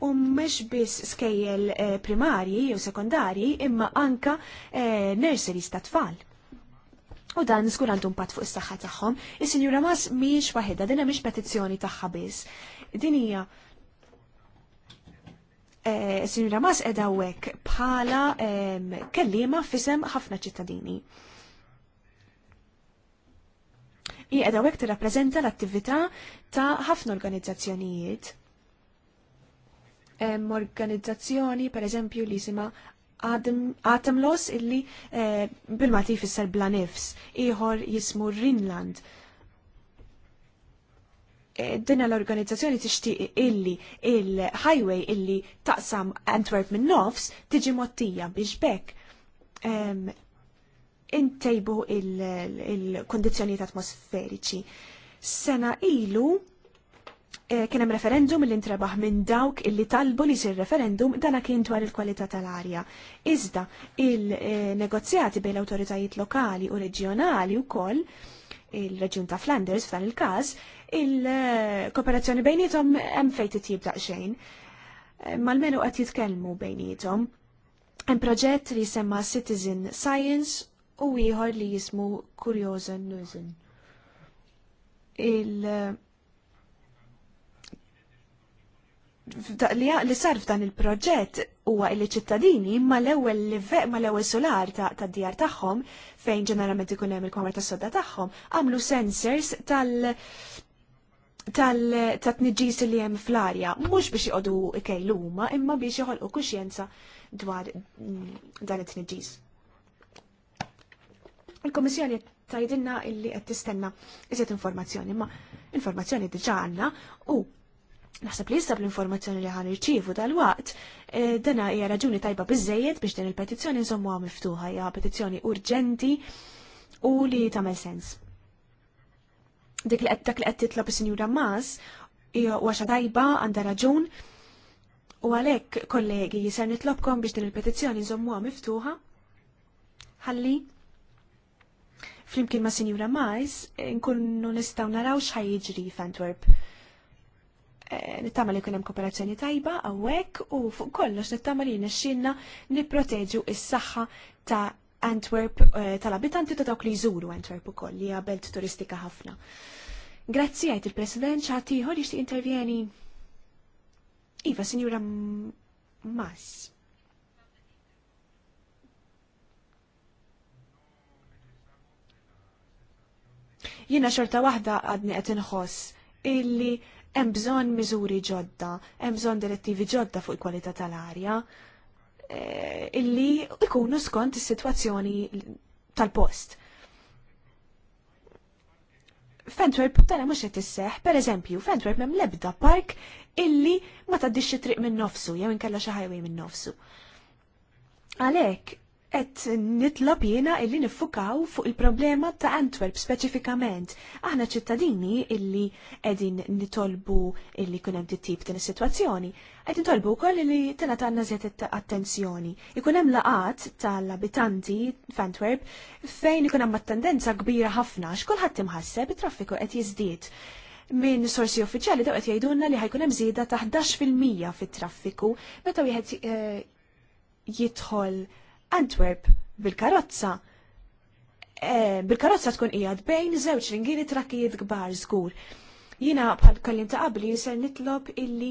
U mhux biss skejjel eh, primarji jew sekondarji imma anka eh, nurseries ta' tfal. U dan skur għandhom pat fuq is-saħħa tagħhom, is-Sinjura Mas mhijiex waħedha, din mhix petizzjoni tagħha biss. Din hija eh, Sinjura Mas qiegħda hawnhekk bħala ehm, kelliema fisem ħafna ċittadini i edha wek tirrappreżenta l-attività ta' ħafna organizzazzjonijiet. Hemm organizzazzjoni pereżempju li sima Atom Loss illi eh, bil-mati fisser Blanifs, ieħor jismu Rinland. E, l-organizzazzjoni tixtieq illi il-highway illi taqsam Antwerp minn nofs tiġi mottija biex bekk intejbu il-kondizjoni atmosferiċi. Sena ilu eh, kien hemm referendum li intrebaħ minn dawk illi talbu li jsir referendum dana kien dwar il-kwalità tal-arja. Iżda il-negozjati bejn l-awtoritajiet lokali u reġjonali wkoll il-reġjun ta' Flanders f'dan il-każ, il-kooperazzjoni bejnietom hemm fejn tibdaq xejn. Eh, malmenu qed jitkellmu bejnietom. Hemm proġett li semma Citizen Science u ieħor li jismu Kurjoza Nuzin. Il li sar f'dan il-proġett huwa li ċittadini ma l-ewwel livell ma l-ewwel solar ta' djar tagħhom fejn ġeneralment ikun hemm il-kwamer tas-sodda tagħhom għamlu sensors tal tal-tniġis li hemm fl-arja, mhux biex iqogħdu ikejluma, imma biex joħolqu kuxjenza dwar mm, dan it-tniġis. Il-Komissjoni tajdinna illi qed tistenna iżjed informazzjoni, ma informazzjoni diġa għandna u naħseb li jista l-informazzjoni li ħan irċivu dal-waqt, eh, dana hija raġuni tajba biżejjed biex din il-petizzjoni għam miftuħa, hija petizzjoni urġenti u li tagħmel sens. Dik li qed dak li qed titlob is-Sinjura Mas hija waxa tajba għandha raġun u għalhekk kollegi jisar nitlobkom biex din il-petizzjoni nżommuha miftuħa ħalli flimkien ma' Sinjura Majs, eh, nkunu nistaw naraw xħaj jiġri f'Antwerp. Eh, nittama li kunem kooperazzjoni tajba, għawek, u fuq kollox nittama li nesċinna niproteġu s saħħa ta' Antwerp, eh, tal-abitanti ta' dawk li jżuru Antwerp u koll, li għabelt turistika ħafna. Grazzi għajt il-President, ċaħtiħor xti intervjeni. Iva, Sinjura Mas. Jiena xorta waħda għadni qed inħoss illi hemm bżonn miżuri ġodda, hemm bżonn direttivi ġodda fuq il-kwalità tal-arja eh, illi ikunu skont is-sitwazzjoni tal-post. Fentwerp tara mhux qed isseħħ, pereżempju, Fentwerp hemm l-ebda park illi ma taddix xi triq minn nofsu jew inkella xi highway minn nofsu. Għalhekk qed nitlob jiena illi niffukaw fuq il-problema ta' Antwerp speċifikament. Aħna ċittadini illi qegħdin nitolbu illi kunem hemm tip din is-sitwazzjoni. Qed nitolbu wkoll li tena għandna nazjet attenzjoni. Ikun hemm laqat tal-abitanti f'Antwerp fejn ikun hemm mat-tendenza kbira ħafna x'kulħadd imħasseb it-traffiku qed jiżdied minn sorsi uffiċjali daw qed jgħidulna li ħajkun hemm żieda ta' 11% fit-traffiku meta wieħed eh, jidħol Antwerp bil-karozza eh, bil-karozza tkun qiegħed bejn żewġ ringini trakkijiet kbar żgur. Jiena bħal kellim ta' qabli ser nitlob illi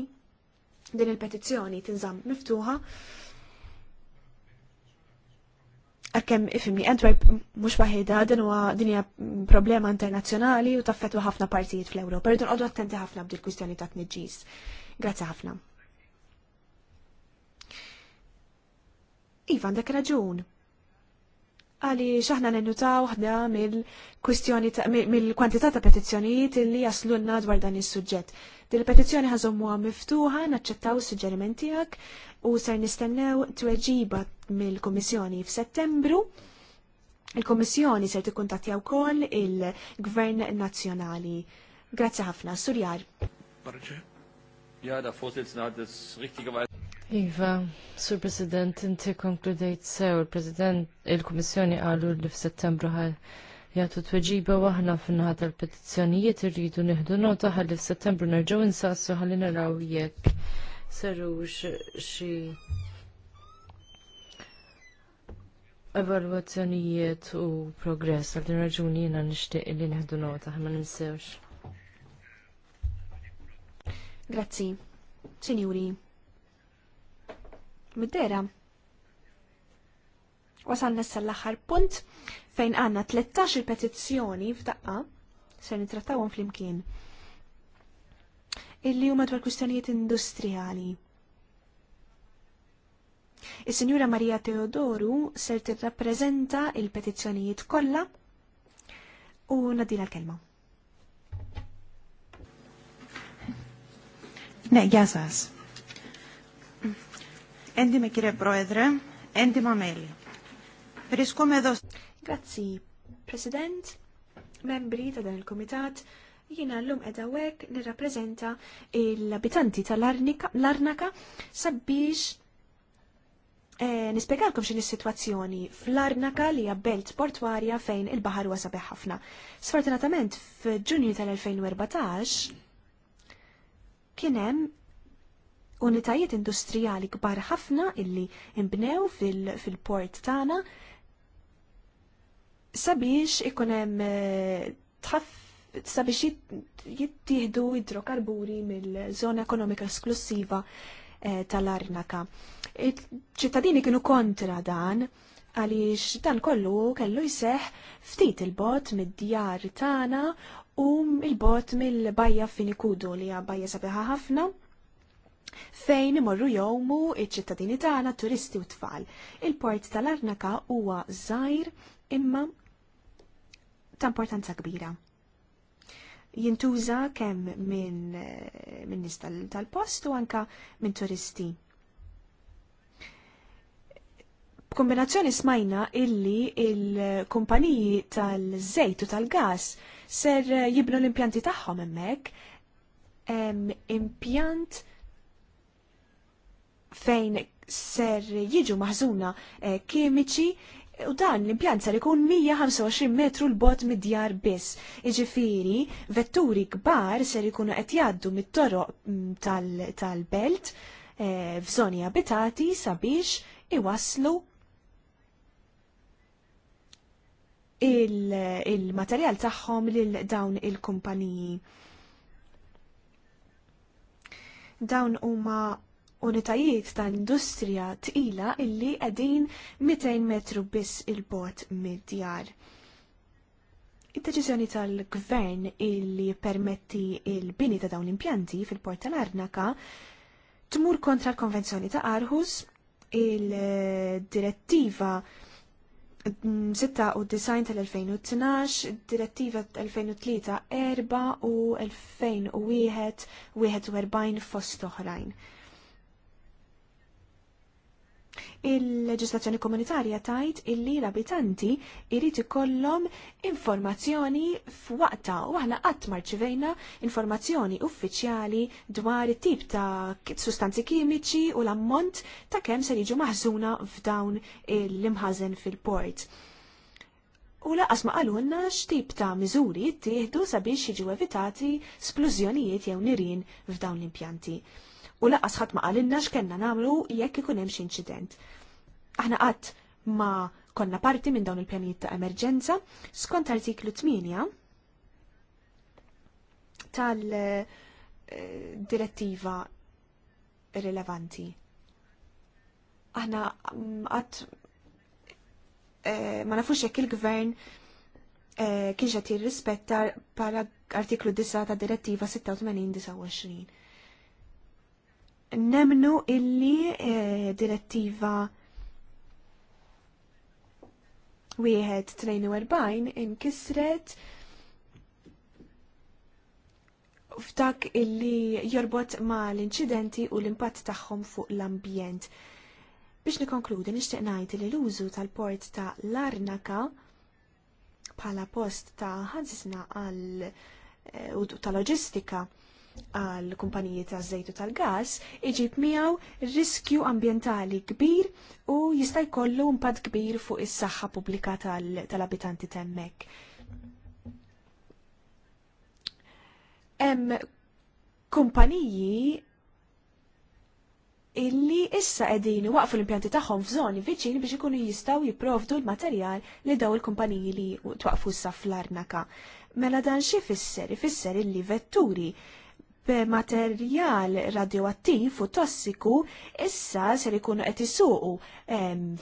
din il-petizzjoni tinżamm miftuħa għakkem ifimni, Antwerp mux waħida, din huwa dinja problema internazzjonali u taffetwa ħafna partijiet fl-Ewropa, rridu nqogħdu attenti ħafna b'dil kwistjoni ta' tniġġis. Grazzi ħafna. Iva għandek raġun. Għali xaħna nennutaw ħda mill-kwistjoni mill-kwantità ta' petizzjonijiet li jaslunna dwar dan is-suġġett. Dil petizzjoni ħażommuha miftuħa, naċċettaw suġġerimenti tiegħek u ser nistennew tweġiba mill-Kummissjoni f'Settembru. il kummissjoni ser tikkuntattja wkoll il-Gvern Nazzjonali. Grazzi ħafna, Surjar. Ja, da Vorsitzende hat es richtigerweise Iva, Sur President, inti konkludejt sew il-President il-Kummissjoni qalu li f'Settembru ħal jagħtu tweġiba waħna f naħa tal-petizzjonijiet irridu nieħdu nota ħalli f'Settembru nerġgħu insassu ħalli naraw jekk serux xi evalwazzjonijiet u progress għal din raġuni jiena nixtieq li neħdu nota ħalma ninsewx. Grazzi. Sinjuri, Mudera. Wasan nessa l-axar punt fejn għanna 13 petizzjoni f'daqqa ser nitrattawhom flimkien. Illi huma dwar kwistjonijiet industrijali. Is-Sinjura Marija Teodoru ser tirrappreżenta il-petizzjonijiet kollha u nadina l-kelma. Ne, jasas. Έντιμε κύριε Πρόεδρε, έντιμα μέλη. Βρίσκομαι Grazzi, President, membri ta' dan il-Komitat, jina l-lum edawek nirrapprezenta l-abitanti tal-Arnaka sabiex E, eh, nispiegalkom xin is-sitwazzjoni fl-Arnaka li jabbelt portwarja fejn il-baħar huwa ħafna. Sfortunatament f'Ġunju tal-2014 kien hemm unitajiet industrijali kbar ħafna illi imbnew fil-port fil tagħna sabiex ikun hemm eh, sabiex jittieħdu idrokarburi mill-żona ekonomika esklusiva eh, tal-Arnaka. Ċittadini kienu kontra dan, għaliex dan kollu kellu jseħ ftit il-bot mid-djar tagħna u il-bot mill-bajja finikudu li hija bajja sabiħa ħafna fejn imorru jomu iċ-ċittadini tagħna turisti u tfal. Il-port tal-Arnaka huwa żgħir imma ta' importanza kbira. Jintuża kemm minn min nies tal-post u anka minn turisti. B'kombinazzjoni smajna illi il-kumpaniji tal-żejt u tal-gas ser jibnu l-impjanti tagħhom hemmhekk impjant fejn ser jiġu maħżuna eh, kimiċi u dan l-impjant ser ikun 125 metru l-bot mid-djar biss. Iġifiri, vetturi kbar ser ikunu qed jgħaddu mit-toroq mm, tal-belt eh, f'żoni abitati sabiex iwaslu il-materjal tagħhom lil dawn il-kumpaniji. Dawn huma unitajiet ta' industrija tqila illi qegħdin 200 metru biss il-bot mid-djar. Id-deċiżjoni tal-gvern illi permetti il-bini ta' dawn l-impjanti fil-port tal-Arnaka tmur kontra l-konvenzjoni ta' Arhus il-direttiva 96 tal-2012, direttiva 2003 4 u 2001 41 fost oħrajn. Il-leġislazzjoni komunitarja tajt illi l-abitanti irrit ikollhom informazzjoni f'waqta u aħna qatt marċivejna informazzjoni uffiċjali dwar it-tip ta' sustanzi kimiċi u l-ammont ta' kemm se jiġu maħżuna f'dawn l-imħażen fil-port. U laqas ma qalulna x'tip ta' miżuri jittieħdu sabiex jiġu evitati splużjonijiet jew nirien f'dawn l-impjanti u laqas ħadd ma qalilna x'kenna nagħmlu jekk ikun hemm xi inċident. Aħna qatt ma konna parti minn dawn il-pjanijiet ta' emerġenza skont artiklu 8 tal-direttiva eh, rilevanti. Aħna mm, qatt eh, ma nafux jekk il-gvern eh, kienx qed jirrispetta para artiklu 9 ta' direttiva 86-29 Nemnu illi eh, direttiva wieħed 42 inkisret f'dak illi jorbot ma l-inċidenti u l-impatt tagħhom fuq l-ambjent. Biex nikonkludi nixtieq ngħid li l-użu tal-port ta' Larnaka bħala post ta' ħażisna għal eh, u tal loġistika għal kumpaniji ta' żejtu tal-gas iġib miegħu riskju ambjentali kbir u jista' jkollu impatt kbir fuq is-saħħa pubblika tal-abitanti tal temmek. Hemm kumpaniji illi issa qegħdin waqfu l-impjanti tagħhom f'żoni viċin biex ikunu jistgħu jipprovdu l-materjal li daw il-kumpaniji li twaqfu issa fl-arnaka. Mela dan xi fisser? Ifisser illi vetturi Materjal radioattiv u tossiku issa ser ikun qed isuqu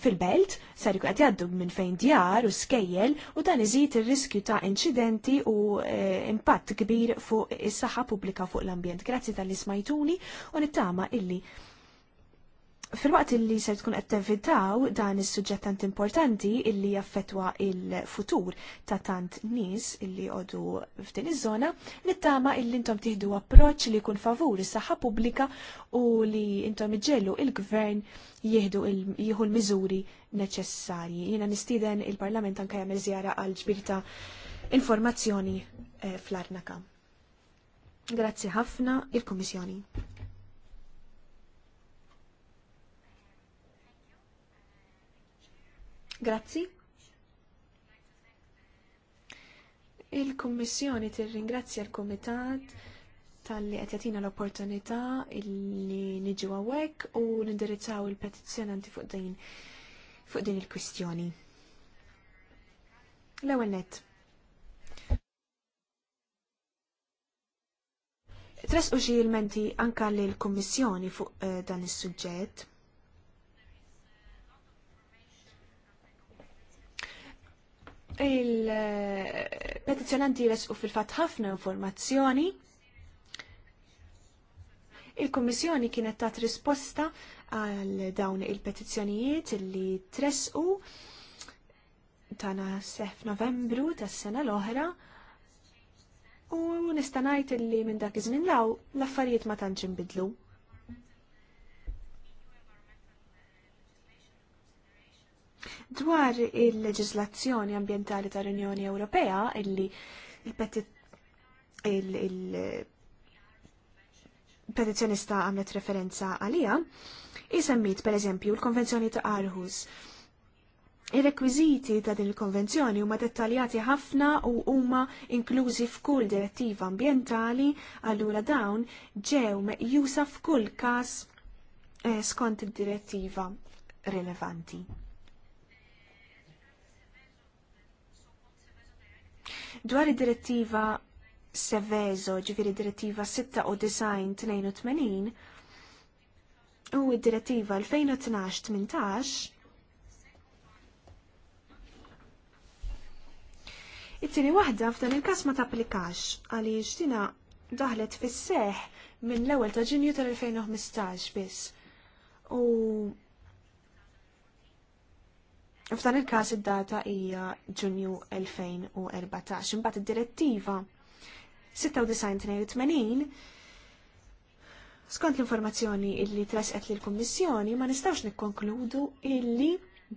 fil-belt, ser ikun qed jgħaddu minn fejn djar u skejjel u dan iżid ir-riskju ta' inċidenti u e, impatt kbir fuq is-saħħa pubblika fuq l-ambjent. Grazzi tal-li smajtuni u nittama illi Fil-waqt illi se tkun qed tevitaw dan is-suġġett tant importanti illi jaffetwa il-futur ta' tant nies illi għodu f'din iż-żona, nittama illi intom tieħdu approċċ li jkun favur is-saħħa pubblika u li intom iġġellu il-gvern jieħdu jieħu l-miżuri neċessarji. Jiena nistieden il-Parlament anke jagħmel żjara għal ġbir ta' informazzjoni eh, fl-Arnaka. Grazzi ħafna il-Kummissjoni. Grazzi. Il-Kummissjoni tirringrazzja l-Kumitat tal-li għetjatina l-opportunità illi niġu għawek u nindirizzaw il-petizjonanti fuq din fuq din il-kwistjoni. L-ewwel net. Tres u xi ilmenti anka l kummissjoni fuq eh, dan is-suġġett. il-petizjonanti jresqu fil-fat ħafna informazzjoni. Il-Kommissjoni kienet tat risposta għal dawn il-petizzjonijiet li tresqu tana sef novembru tas sena l-oħra u nistanajt li minn dak iż-żmien law l-affarijiet ma tantx inbidlu. dwar il-leġislazzjoni ambientali tal-Unjoni Ewropea illi il-petizjonista għamlet referenza għalija, jisemmit per eżempju l-Konvenzjoni ta' Arhus. Ir-rekwiżiti ta' din il-konvenzjoni huma dettaljati ħafna u huma inklużi f'kull direttiva ambientali, allura dawn ġew meqjusa f'kull każ eh, skont id-direttiva rilevanti. Dwar id-direttiva Seveso, ġifiri direttiva 96-82, u id-direttiva 2012-18, It-tieni waħda f'dan il-każ ma tapplikax għaliex ġdina daħlet fis-seħ minn l-ewwel ta' ġinju tal-2015 biss. U F'dan il-każ id-data hija Ġunju 2014. Imbagħad id-direttiva 96 skont l-informazzjoni illi tresqet lill kummissjoni ma nistgħux nikkonkludu illi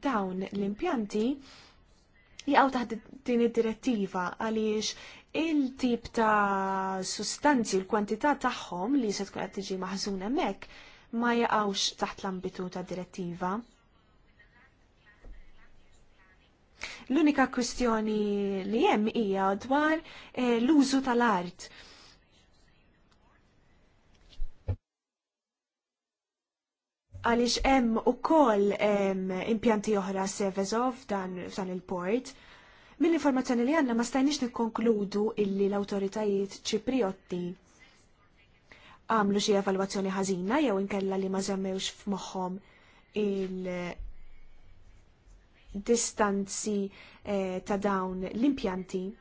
dawn l-impjanti jgħu taħt din id-direttiva għaliex il-tip ta' sustanzi, l-kwantità tagħhom li se tkun qed tiġi maħżuna hemmhekk ma jaqgħux taħt l-ambitu ta' direttiva. L-unika kwistjoni li hemm hija dwar eh, l-użu tal-art. Għaliex hemm ukoll impjanti oħra Sevezov dan il-port. Mill-informazzjoni li għandna ma stajniex nikkonkludu illi l-awtoritajiet Ċipriotti għamlu xi evalwazzjoni ħażina jew inkella li ma żemmewx f'moħħom distanzi eh, ta' dawn l-impjanti.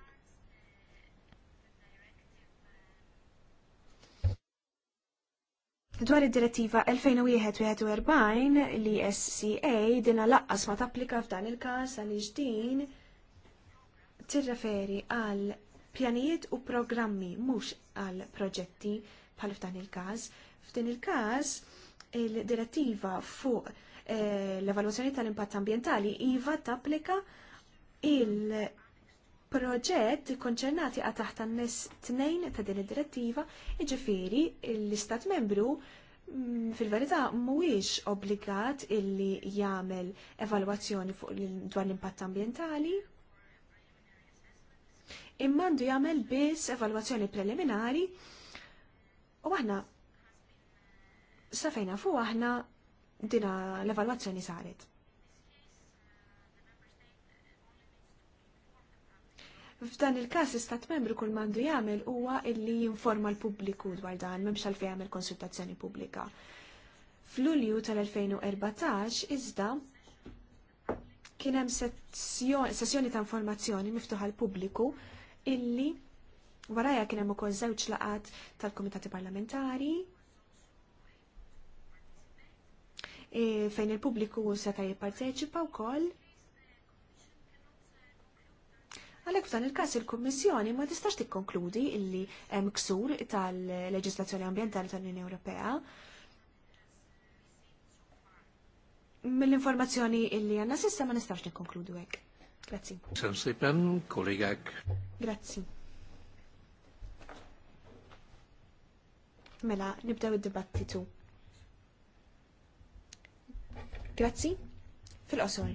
Dwar id-direttiva 2001-2004 li SCA dina laqqas ma tapplika f'dan il-kas għal din tirreferi għal pjanijiet u programmi mhux għal proġetti bħal f'dan il-każ. F'din il-każ il-direttiva fuq Eh, l-evaluazzjoni tal-impatt ambientali iva tapplika il-proġett konċernati għat taħt annes tnejn ta' din id-direttiva, iġifiri l-Istat membru mm, fil-verità mhuwiex obbligat illi jagħmel evalwazzjoni fuq dwar l-impatt ambientali. Immandu jagħmel biss evalwazzjoni preliminari u aħna sa fejna fuq aħna dina l-evalwazzjoni saret. F'dan il-każ istat membru kull mandu jagħmel huwa illi jinforma l-pubbliku dwar dan m'hemmx għalfejn jagħmel konsultazzjoni pubblika. F'Lulju tal-2014 iżda kien hemm sessjoni ta' informazzjoni miftuħa l pubbliku illi warajja kien hemm ukoll żewġ laqat tal-kumitati parlamentari E, fejn il-pubbliku seta' jipparteċipa wkoll. Għalhekk f'dan il-każ il-Kummissjoni ma tistax tikkonkludi illi hemm ksur tal-leġislazzjoni ambjentali tal-Unjoni Ewropea. Mill-informazzjoni illi għandna sissa ma nistax nikkonkludu hekk. Grazzi. Sem kollegak. Grazzi. Mela, nibdew id-dibattitu. Grazzi, fil qosol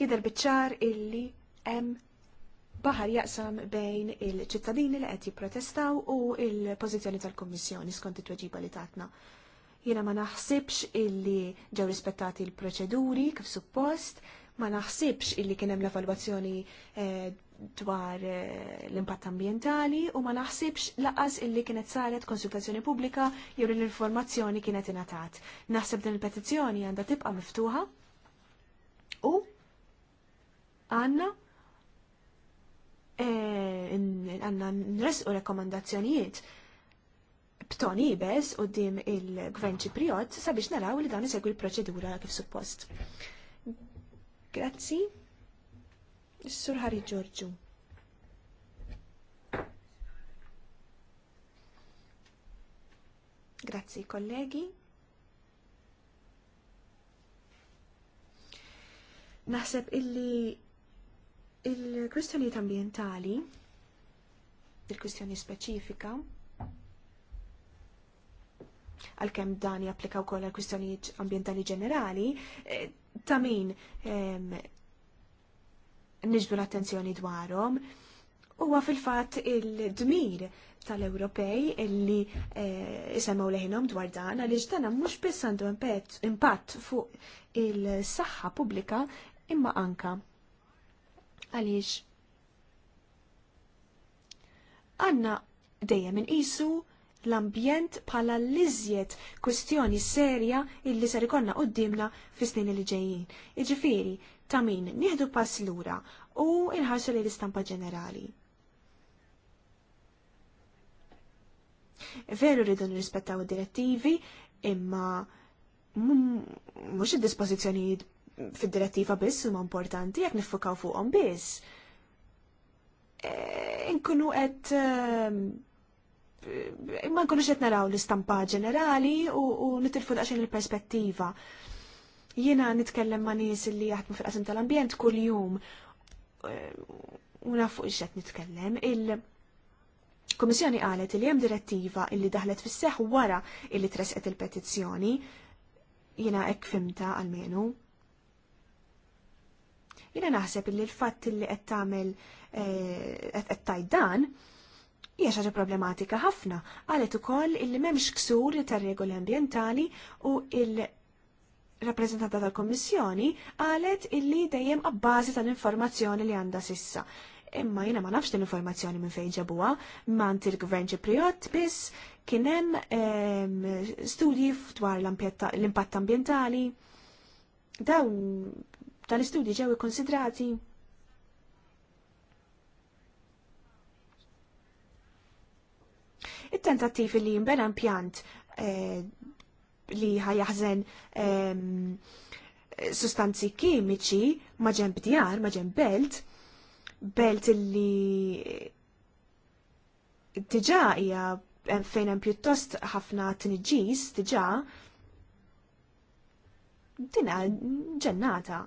Jidher biċċar illi hemm baħar jaqsam bejn il-ċittadini li qed jipprotestaw u il-pożizzjoni tal-Kummissjoni skont it-tweġiba li tatna. Jiena ma naħsibx illi ġew rispettati l-proċeduri kif suppost, ma naħsibx illi kien hemm l-evalwazzjoni eh, dwar eh, l-impatt ambientali u ma naħsibx laqas illi kienet saret konsultazzjoni pubblika jew l-informazzjoni kienet ingħatat. Naħseb din il-petizzjoni għandha tibqa' miftuħa u għandna eh, għandna nresqu rekkomandazzjonijiet b'ton ibes u dim il-gvern ċipriot sabiex naraw li dan isegwi l-proċedura kif suppost. Grazzi. Is-Sur Ħari Ġorġu. Grazzi colleghi. Naħseb illi il-kwistjonijiet ambientali, il-kwistjoni speċifika, għalkemm dan japplika wkoll il kwistjonijiet ambientali ġenerali, eh, ta' min niġbu l-attenzjoni dwarhom huwa fil-fatt il-dmir tal-Ewropej illi jisemgħu e, leħinhom dwar dan għaliex iġdana mhux biss għandu impatt fuq il-saħħa pubblika imma anka għaliex għandna dejjem inqisu l-ambjent bħala l-iżjed kwistjoni serja illi ser ikonna qoddimna fis-snin li ġejjin. Iġifieri, ta' min nieħdu pass lura u inħarsu lejn l-istampa ġenerali. Veru rridu nirrispettaw id-direttivi, imma mhux id-dispożizzjonijiet fid-direttiva biss huma importanti jekk niffukaw fuqhom biss. Inkunu e, qed ehm, imma nkunux qed naraw l-istampa ġenerali u nitilfu daqsxejn il-perspettiva. Jiena nitkellem ma' nies li jaħdmu fil-qasam tal-ambjent kuljum jum. Eh, una fuq x'qed nitkellem il- Komissjoni qalet li hemm direttiva illi daħlet fis-seħ wara illi tresqet il-petizzjoni jiena hekk fimta għalmenu. Jiena naħseb illi l-fatt illi qed tagħmel eh, qed tajt dan hija xaġa problematika ħafna għalet ukoll illi m'hemmx ksur tar-regoli ambjentali u il rappresentanta tal-Kommissjoni għalet illi dejjem abbażi tal-informazzjoni li għandha sissa. Imma jina ma nafx l-informazzjoni minn fejn ġabuha, mant il-Gvern Ċipriot biss kien hemm ehm, studji dwar l-impatt ambjentali. Dawn tal-istudji ġew ikkonsidrati il tentattivi li jimbena impjant eh, li ħajaħżen ehm, sustanzi kimiċi ma b'djar, maġen ma belt, belt li tiġa hija eh, fejn hemm pjuttost ħafna tniġġis tiġa dina ġennata.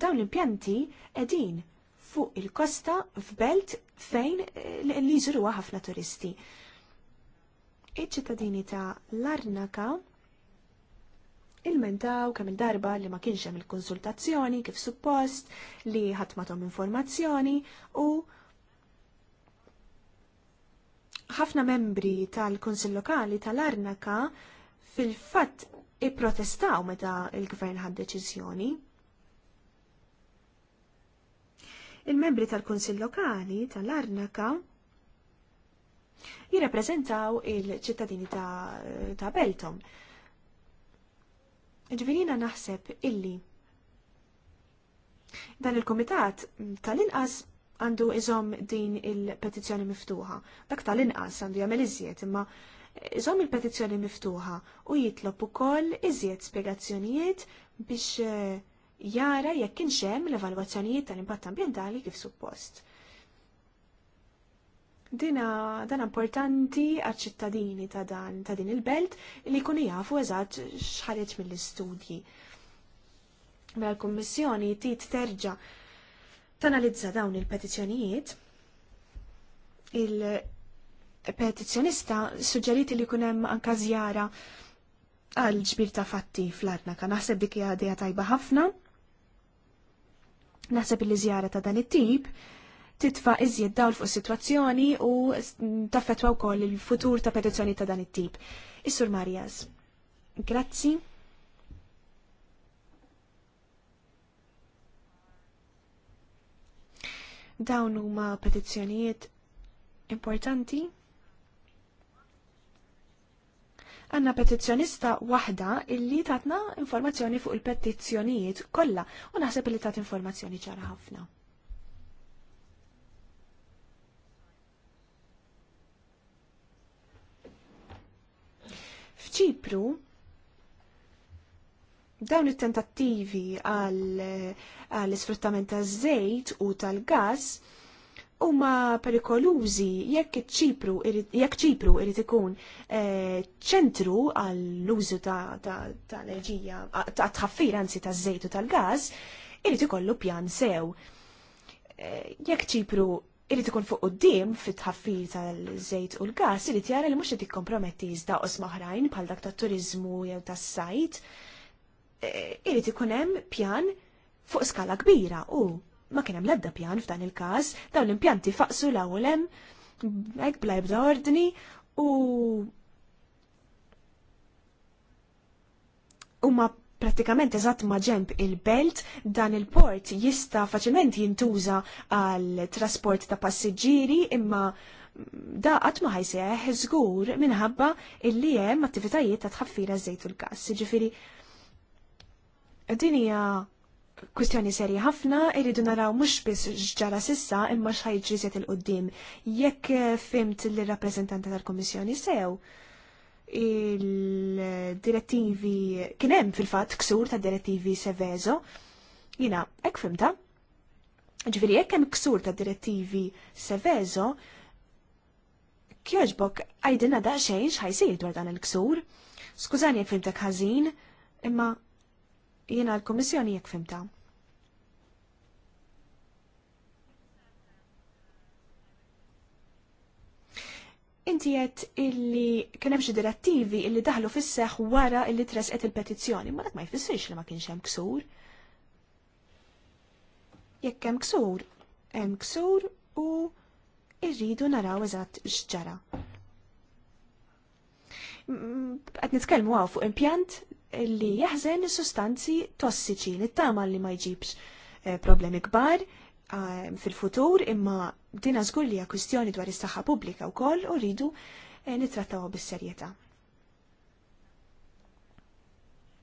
Dawn l-impjanti edin fuq il-kosta f'belt fejn li jżuruha ħafna turisti. Iċ-ċittadini ta' Larnaka il-mentaw kemm il-darba li ma kienx hemm il-konsultazzjoni kif suppost li ħatmatom informazzjoni u ħafna membri tal-Kunsill Lokali tal-Arnaka fil-fatt ipprotestaw meta il-gvern ħad deċiżjoni Il-membri tal-Kunsill Lokali tal-Arnaka jirrappreżentaw il-ċittadini ta', ta Beltom. Ġvinina naħseb illi dan il-komitat tal-inqas għandu iżom din il-petizjoni miftuħa. Dak tal-inqas għandu jagħmel iżjed imma iżom il-petizjoni miftuħa u jitlob ukoll iżjed spjegazzjonijiet biex eh, jara jekk kienx hemm l-evalwazzjonijiet tal-impatt ambjentali kif suppost. Dina dan importanti għal-ċittadini ta' dan ta' din il-belt li jkunu jafu eżatt xħareġ mill-istudji. Mela l-Kummissjoni tit terġa' tanalizza dawn il-petizzjonijiet il-petizzjonista suġġeriti li jkun hemm anka żjara għal ġbir ta' fatti fl-arna kan naħseb dik hija tajba ħafna Naħseb li żjara ta' dan it-tip titfa' iżjed dawl fuq is-sitwazzjoni u taffetwa wkoll il-futur ta' petizzjoni ta' dan it-tip. Is-Sur Marjas. Grazzi. Dawn huma petizzjonijiet importanti Għanna petizzjonista waħda illi tatna informazzjoni fuq il-petizzjonijiet kollha u naħseb li tat informazzjoni ċara ħafna. F'Ċipru dawn it-tentattivi għall isfruttament taż-żejt u tal-gass huma perikolużi jekk ċipru jekk ċipru irid ikun eh, ċentru għall-użu ta' enerġija ta' tħaffir anzi ta' żejt u tal-gaż, irid ikollu pjan sew. Eh, jekk ċipru irid ikun fuq quddiem fit-tħaffir tal-żejt u l-gaż, irid jara li mhux qed ikkomprometti iżda qosma oħrajn bħal dak tat-turiżmu jew tas-sajt, eh, irid ikun hemm pjan fuq skala kbira u ma kien hemm l-ebda pjan f'dan il-każ, dawn l-impjanti faqsu l-ewwel hemm hekk bla ebda ordni u huma pratikament eżatt ma ġemp il-belt, dan il-port jista faċilment jintuża għal trasport ta' passiġġieri imma da qatt ma ħajseħ żgur minħabba illi hemm attivitajiet ta' tħaffira żejt u l każ Ġifieri din hija kwistjoni serji ħafna irridu naraw mhux biss ġara sissa imma x'ħajġri set il-qudiem. Jekk eh, fimt l rappresentanta tal-Kummissjoni sew il-direttivi kien hemm fil-fatt ksur ta' direttivi Sevezo, jina hekk fimta. Ġviri, jekk hemm ksur ta' direttivi sevezo, kjoġbok għajdinna daqsxejn x'ħajsir dwar dan il-ksur. Skużani jekk fimtek ħażin, imma Jiena l-Komissjoni jek fimta. Inti jett illi kien hemm xi direttivi illi daħlu fis-seħħ wara illi tresqet il-petizzjoni, ma dak ma jfissirx li ma kienx hemm ksur. Jekk hemm ksur, hemm ksur u irridu naraw eżatt x'ġara. Qed nitkellmu għaw fuq impjant li jaħżen sustanzi tossiċi li tama li ma jġibx eh, problemi kbar eh, fil-futur imma dina żgur li hija kwistjoni dwar is-saħħa pubblika wkoll u rridu eh, nittrattaw bis-serjetà.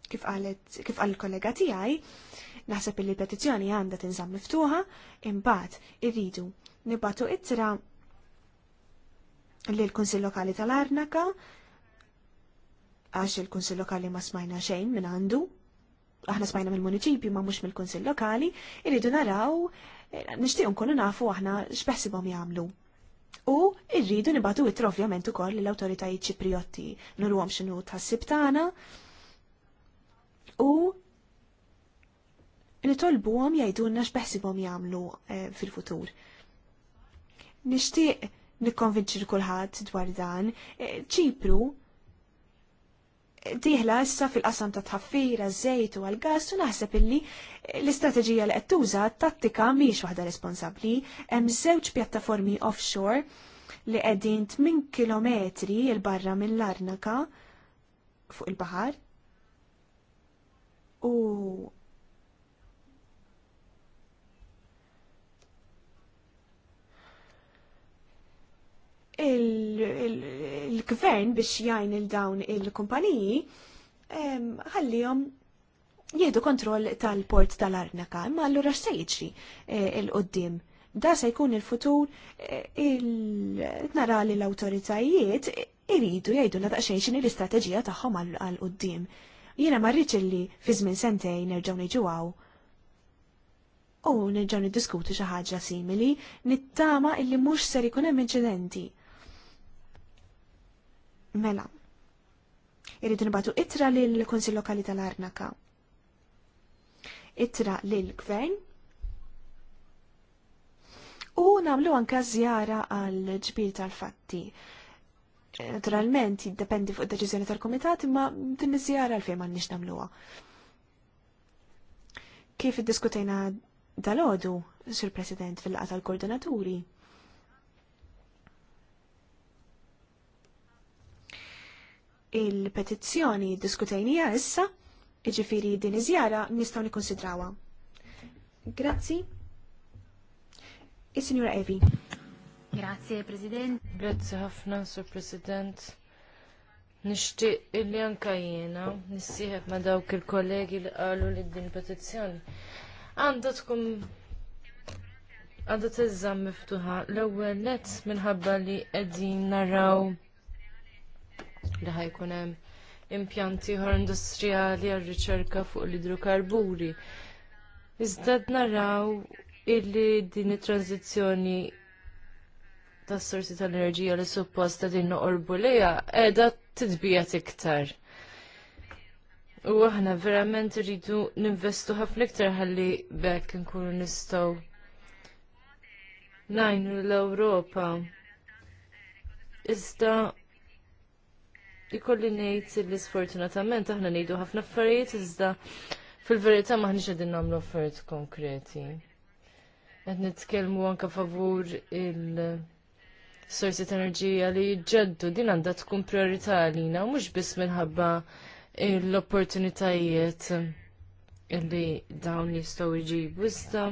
Kif qalet kif qal kollega tiegħi, naħseb li l-petizzjoni għandha tinżamm miftuħa, imbagħad irridu nibatu ittra lill-Kunsill Lokali tal-Arnaka għax il-Kunsill Lokali ma smajna xejn minn għandu. Aħna smajna mill-municipju ma mhux mill-Kunsill Lokali, irridu naraw nixtieq nkunu nafu aħna x'beħsibhom jagħmlu. U irridu nibatu ittra ovvjament ukoll l-awtoritajiet Ċipriotti nurhom x'inhu tħassib tagħna u nitolbuhom jgħidulna x'beħsibhom jagħmlu eh, fil-futur. Nixtieq nikkonvinċi kulħadd dwar dan, eh, Ċipru tiħla issa fil-qasam ta' tħaffira, żejt u għal-gas u naħseb illi l-istrateġija li qed tuża tattika miex waħda responsabbli, hemm żewġ pjattaformi offshore li qegħdin 8 kilometri il barra mill-Arnaka fuq il-baħar u il-gvern biex jgħin il-dawn il-kumpaniji ħallihom jieħdu kontroll tal-port tal-Arnaka, imma allura x'se jiġri e, il-qoddim. Da se jkun il-futur e, il nara li l-awtoritajiet iridu jgħidu na daqsxejn x'inhi l-istrateġija tagħhom għall-qoddim. Jiena ma rridx illi fi żmien sentejn nerġgħu niġuaw u nerġgħu niddiskutu xi ħaġa simili, nittama illi mhux ser ikun hemm inċidenti. Mela, irridu nibatu itra lill-Kunsill Lokali tal-Arnaka. Itra lill-Gvern u namlu anka żjara għal ġbir tal-fatti. Eh, naturalment, jiddependi fuq deċiżjoni tal-Komitat, imma din iż-żjara għalfejn m'għandniex nagħmluha. Kif iddiskutejna dal-għodu, Sur President, fil-laqa tal-koordinaturi? il-petizzjoni diskutejnija issa, iġifiri din iżjara nistgħu nikkonsidrawha. Grazzi. is signora Evi. Grazie, President. Grazie ħafna, Sur President. Nixtieq illi anka jiena nissieħeb ma' dawk il-kollegi li qalu li din petizzjoni. Għandha tkun għandha teżżamm miftuħa l-ewwel nett minħabba li qegħdin naraw li ħajkun hemm impjanti ħor industrijali għal riċerka fuq l-idrokarburi. Iżda naraw illi din it-tranzizzjoni tas sorsi tal-enerġija li supposta din noqorbu lejha qiegħda tidbijat iktar. U aħna verament rridu ninvestu ħafna iktar ħalli bekk nkunu nistgħu najnu l-Ewropa. Iżda Ikolli ngħid li sfortunatament aħna ngħidu ħafna affarijiet iżda fil-verità maħniex qegħdin nagħmlu affarijiet konkreti. Qed nitkellmu anke favur il- sorsi ta' enerġija li jġeddu din għandha tkun priorità għalina u mhux biss minħabba l-opportunitajiet li dawn jistgħu jġibu iżda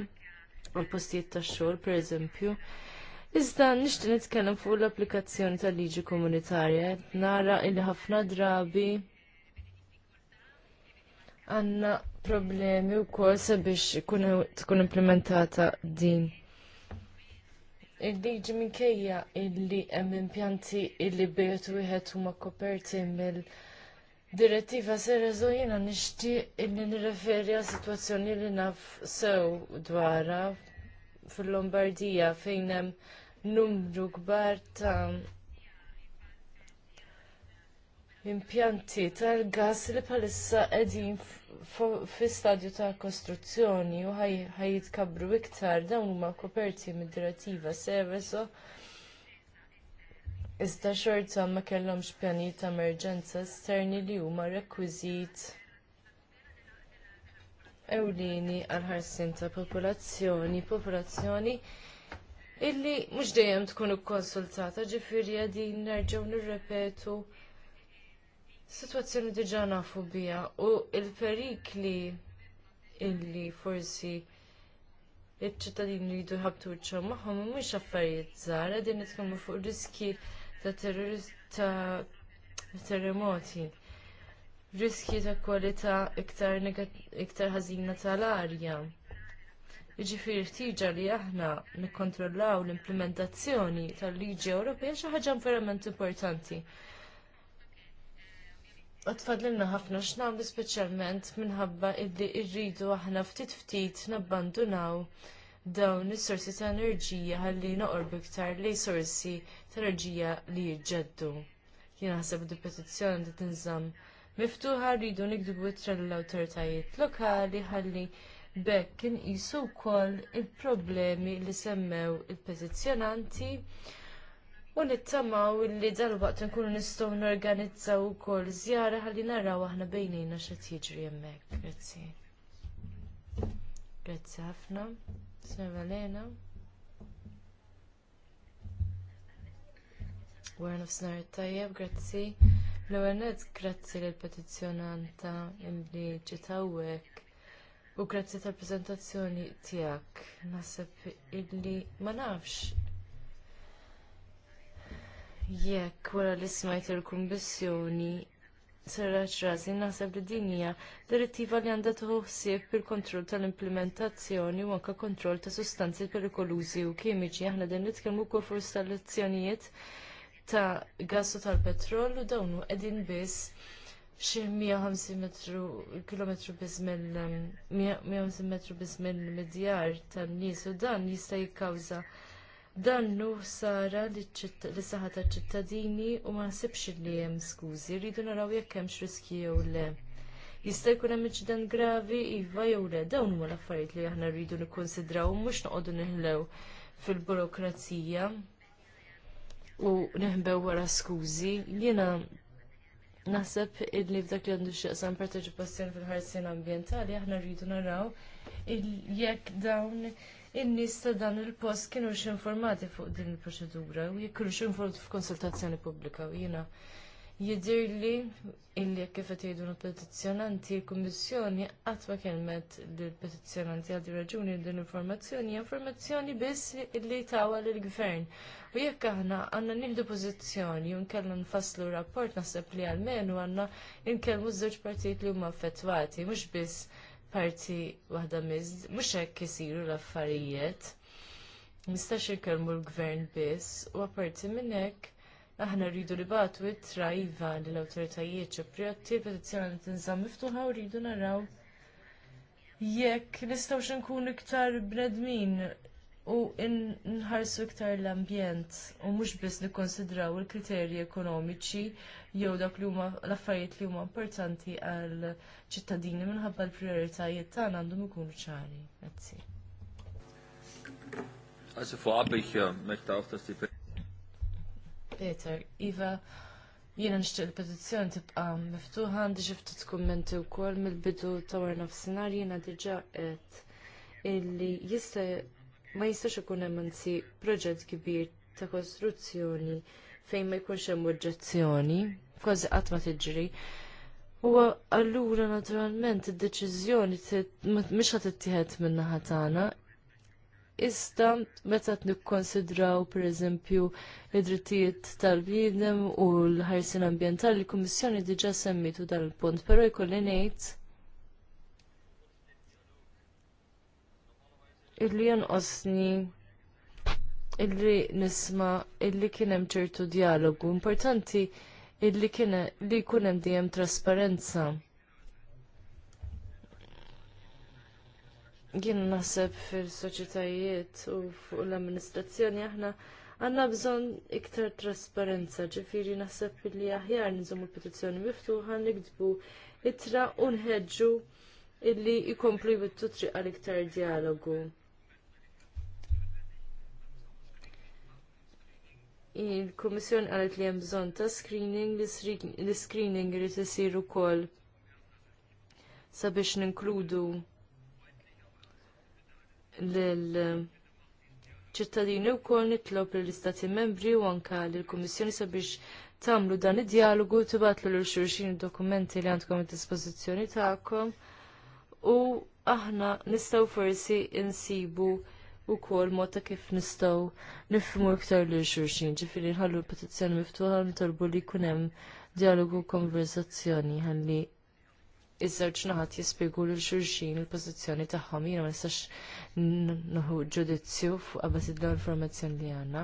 għal postijiet tax xogħol pereżempju Iżda nixtieq nitkellem fuq l-applikazzjoni tal-liġi komunitarja qed nara li ħafna drabi għandna problemi wkoll sabiex tkun implementata din. Il-liġi minkejja illi hemm impjanti illi bejt wieħed huma koperti mill Direttiva sera jena nixtieq illi nirreferi għal sitwazzjoni li naf sew dwarha fil-Lombardija fejn hemm numru kbar ta' impjanti tal-gas li bħalissa qegħdin fi stadju ta' kostruzzjoni u ħajitkabru iktar dawn huma koperti mid-direttiva Seveso Iżda xorta ma kellhomx pjanijiet ta' emerġenza esterni li huma rekwiżit ewlieni għal ħarsien ta' popolazzjoni, popolazzjoni illi mhux dejjem tkun ikkonsultata, ġifieri għadin nerġgħu nirrepetu sitwazzjoni diġà nafu bija u l-perikli illi forsi iċ-ċittadini jidu jħabtu ċom magħhom mhumiex affarijiet żgħar għadin nitkellmu fuq riski ta' ta' terremoti. Riski ta' kwalità iktar ħażina tal-arja. Jiġifieri tiġa li aħna nikkontrollaw l-implementazzjoni tal-liġi Ewropea xi ħaġa verament importanti. Għatfadlilna ħafna x'nagħmlu speċjalment minħabba illi rridu aħna ftit ftit nabbandunaw dawn is-sorsi ta' enerġija ħalli noqorbu iktar li sorsi ta' enerġija li jġeddu. Jien ħaseb di petizzjoni li tinżamm miftuħa rridu nikdbu it-trell l-awtoritajiet lokali ħalli B'hekk kien qisu wkoll il-problemi li semmew il-petizzjonanti u nittamaw li dalwaqt nkunu nistgħu norganizzaw ukoll żjara ħalli naraw aħna bejnejna x'qed jiġri hemmhekk. Grazzi. Grazzi ħafna. Sena Valena. Wara nofsinhar tajjeb, grazzi. L-ewwel grazzi lill petizzjonanta li ġiet hawnhekk U grazzi tal prezentazzjoni tiegħek naħseb illi ma nafx. Jekk wara li smajt il-kumbissjoni sarraċ razi naħseb li din hija direttiva li għandha ħsieb fil kontroll tal-implementazzjoni u anke kontroll ta' sustanzi perikolużi u kimiċi aħna din nitkellmu wkoll fuq lezzjonijiet ta' gassu u tal petrol u dawnu qegħdin biss xi 150 metru kilometru biss 150 metru biss mill-midjar tan-nies u dan jista' jikkawża dannu sara li saħa taċ-ċittadini u ma nsibx li hemm skużi, rridu naraw jekk hemmx riski jew le. Jista' jkun hemm inċident gravi iva jew le, dawn huma l-affarijiet li aħna rridu nikkonsidraw u mhux noqogħdu niħlew fil-burokrazija u neħbew wara skużi, jiena Naħseb illi f'dak li għandu xieqsan parteċipazzjoni fil-ħarsien ambjentali aħna rridu naraw jekk dawn in-nies ta' dan il-post kienu xinformati fuq din il-proċedura u jekk kienu xinformati f'konsultazzjoni pubblika u jiena li illi kif qed jgħidu l-petizzjonanti, l-Kummissjoni qatt ma kelmet lill-petizzjonanti għal raġuni din l-informazzjoni hija informazzjoni biss illi tawa lill-Gvern. U jekk aħna għandna nieħdu pożizzjoni u nkellna nfasslu rapport naħseb li u għandna nkellmu żewġ partijiet li huma affettwati, mhux biss parti waħda miż, mhux hekk isiru l-affarijiet. Nistax inkellmu l-Gvern biss u apparti minn hekk aħna rridu li batu ittra iva lill awtoritajiet ċipriotti, petizzjoni tinżamm miftuħa u rridu naraw jekk nistgħu nkunu iktar bnedmin u nħarsu iktar l-ambjent u mhux biss nikkonsidraw il-kriterji ekonomiċi jew dak li huma l-affarijiet li huma importanti għal ċittadini minħabba l-prijoritajiet tagħna għandhom ikunu ċari. Grazzi. Also vorab ich äh, möchte auch, dass die Peter, Iva, jiena nixtieq il-petizzjoni tibqa' miftuħa għandi xi tkummenti wkoll mill-bidu ta' wara nofsinhar jiena diġà qed illi jista' ma jistax ikun hemm anzi proġett kbir ta' kostruzzjoni fejn ma jkunx hemm oġġezzjoni, kważi qatt ma tiġri. U allura naturalment id-deċiżjoni mhux ħadd ittieħed min-naħa tagħna, Iżda meta nikkonsidraw pereżempju id-drittijiet tal-bniedem u l-ħarsien ambjentali, il-Kummissjoni diġà semmitu dan il-punt, però jkolli ngħid illi jonqosni illi nisma illi kien hemm ċertu dialogu importanti illi kien li jkun hemm dejjem trasparenza. Jien naħseb fil-soċjetajiet u fuq l-amministrazzjoni aħna għandna bżonn iktar trasparenza, ġifieri naħseb li aħjar nżommu petizzjoni miftuħa nikdbu itra u nħeġġu illi jkomplu jbittu triq għal iktar dialogu. il-Komissjoni qalet li hemm bżonn ta' screening, l-screening irid isir ukoll sabiex ninkludu l-ċittadini wkoll nitlob lill istati membri u anke lill kummissjoni sabiex tagħmlu dan id-dialogu tibatlu lil xulxin dokumenti li għandkom id-dispożizzjoni tagħkom u aħna nistgħu forsi insibu u kol mota kif nistaw nifmu iktar l xurxin, ġifiri nħallu l-petizzjoni miftuħa nitolbu li kunem dialogu u konversazzjoni ħalli iż-żewġ naħat jispjegu lil xulxin il-pożizzjoni tagħhom jiena ma nistax naħu ġudizzju fuq qabas id-informazzjoni li għandna.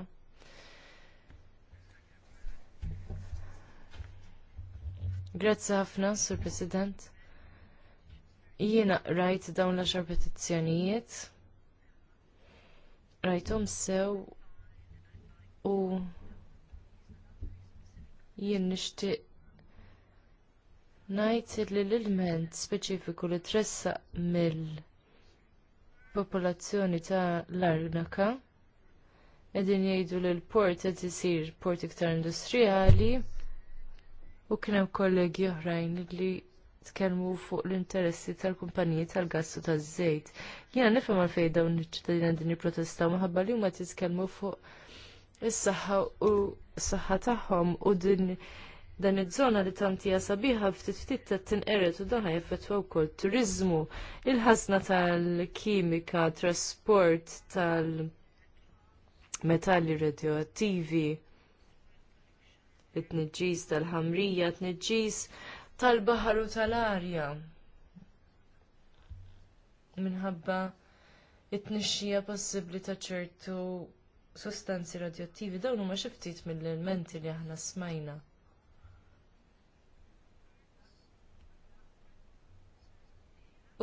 Grazzi ħafna, Sur President. Jiena rajt dawn l għaxar petizzjonijiet. Rajthom sew u jien nixtieq ngħid li l-ilment speċifiku li tressaq mill-popolazzjoni ta' l-Arnaka qegħdin jgħidu li l-port qed isir port iktar industrijali u kien hemm kollegi oħrajn li tkellmu fuq l-interessi tal-kumpaniji tal-gass u taż-żejt. Jiena nifhem għalfejn dawn iċ-ċittadina din jipprotestaw minħabba li huma titkellmu fuq is-saħħa u s-saħħa tagħhom u din dan iż-żona li tantija sabiħa ftit ftit tinqeret u dan jaffettwa wkoll turiżmu, il-ħasna tal-kimika, trasport tal-metalli radioattivi, it-tniġġis tal-ħamrija, it-tniġġis tal-baħar u tal-arja. Minħabba it-tnixxija possibbli ta' ċertu sostanzi radioattivi dawn huma xi ftit mill-elementi li aħna smajna.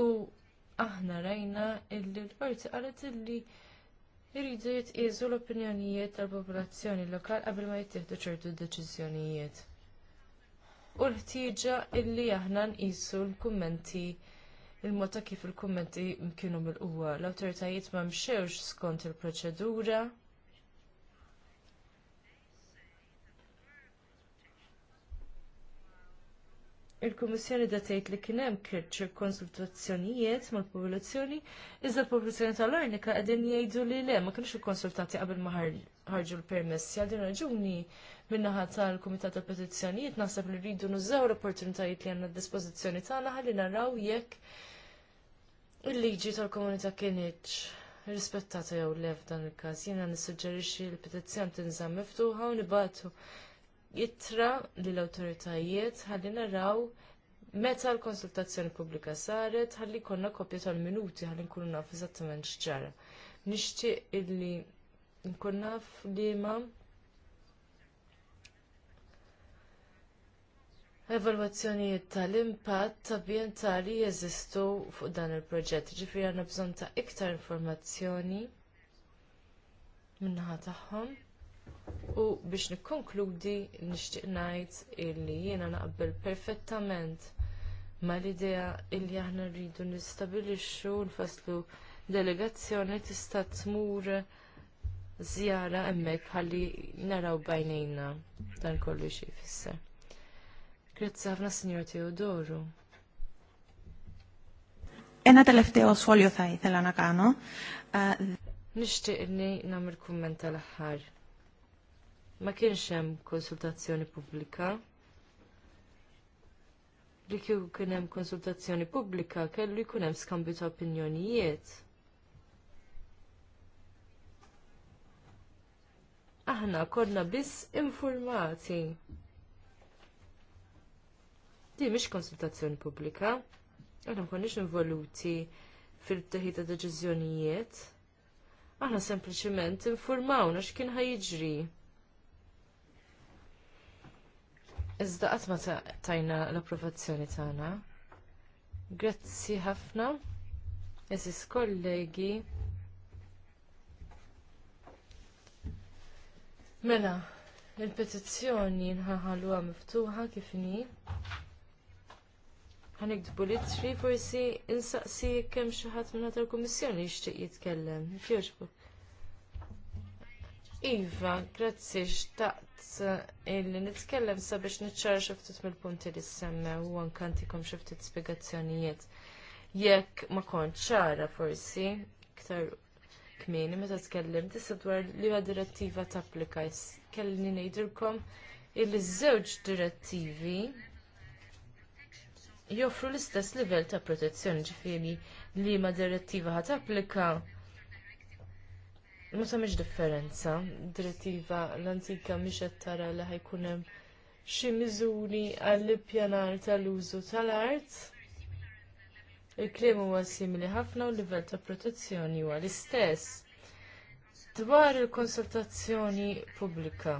U aħna rajna illi l-parti qalet illi jridu jitqisu l-opinjonijiet tal-popolazzjoni lokal qabel ma jittieħdu ċertu deċiżjonijiet. U l-ħtieġa illi aħna nqisu l-kummenti il-mod ta' kif il-kummenti kienu mill-qwa. L-awtoritajiet ma mxewx skont il-proċedura. il-Kummissjoni da tgħid li kien hemm kirċ konsultazzjonijiet mal-popolazzjoni, iżda l-popolazzjoni tal-Arnika qegħdin jgħidu li le ma kienux ikkonsultati qabel ma ħarġu l-permessi għal din raġuni min-naħa tal-Kumitat tal-Petizzjonijiet naħseb li rridu nużaw l-opportunitajiet li għandna d-dispożizzjoni tagħna ħalli naraw jekk il-liġi tal-komunità kinitx rispettata jew le f'dan il-każ. Jiena nissuġġerixxi l petizzjon tinżamm miftuħa u nibatu jittra lill awtoritajiet ħalli naraw meta l-konsultazzjoni pubblika saret ħalli jkollna kopja tal-minuti ħalli nkunu naf eżattament x'ġara. Nixtieq illi nkun naf liema Evalwazzjonijiet tal-impatt ambjentali jeżistu fuq dan il-proġett, ġifieri għandna bżonn ta' iktar informazzjoni minnaħa tagħhom. U biex nikkonkludi nixtieq ngħid illi jiena naqbel perfettament mal-idea illi aħna rridu nistabilixxu nfasslu delegazzjoni tista' tmur żjara hemmhekk ħalli naraw bajnejna dan kollu xi jfisser. Grazzi ħafna Sinjor Teodoru. Ena τελευταίο σχόλιο θα ήθελα να κάνω. Nishtiq kumment tal aħħar ma kienx hemm konsultazzjoni pubblika. Li kieku kien hemm konsultazzjoni pubblika kellu jkun hemm skambju ta' opinjonijiet. Aħna konna biss informati. Di mhix konsultazzjoni pubblika. Aħna ma konniex involuti fil-teħid ta' deċiżjonijiet. Aħna sempliċement informawna x'kien ħajġri. jiġri. Iżda qatt ma tajna l-approvazzjoni tagħna. Grazzi ħafna. Eżis kollegi. Mela, il-petizzjoni nħaħaluha miftuħa kif inhi. Ħanikdbu litri forsi insaqsi kemm xi ħadd minn tal-Kummissjoni jixtieq jitkellem. Kjoġbok. Iva, grazzi, xtaqt eh, illi nitkellem sabiex niċċara xi ftit mill-punti li semmew u ankantikom xi ftit spjegazzjonijiet. Jekk ma kontx ċara forsi, iktar kmieni meta tkellem tista' dwar li direttiva tapplika kellni ngħidilkom illi żewġ direttivi joffru l-istess livell ta' protezzjoni ġifieri li ma direttiva ħat applika Ma samiex differenza, direttiva l-antika miex qed tara li ħajkun hemm xi miżuri għall-ippjanar tal-użu tal-art. Il-kliem huwa simili ħafna u l-livell ta' protezzjoni huwa l-istess. Dwar il-konsultazzjoni pubblika,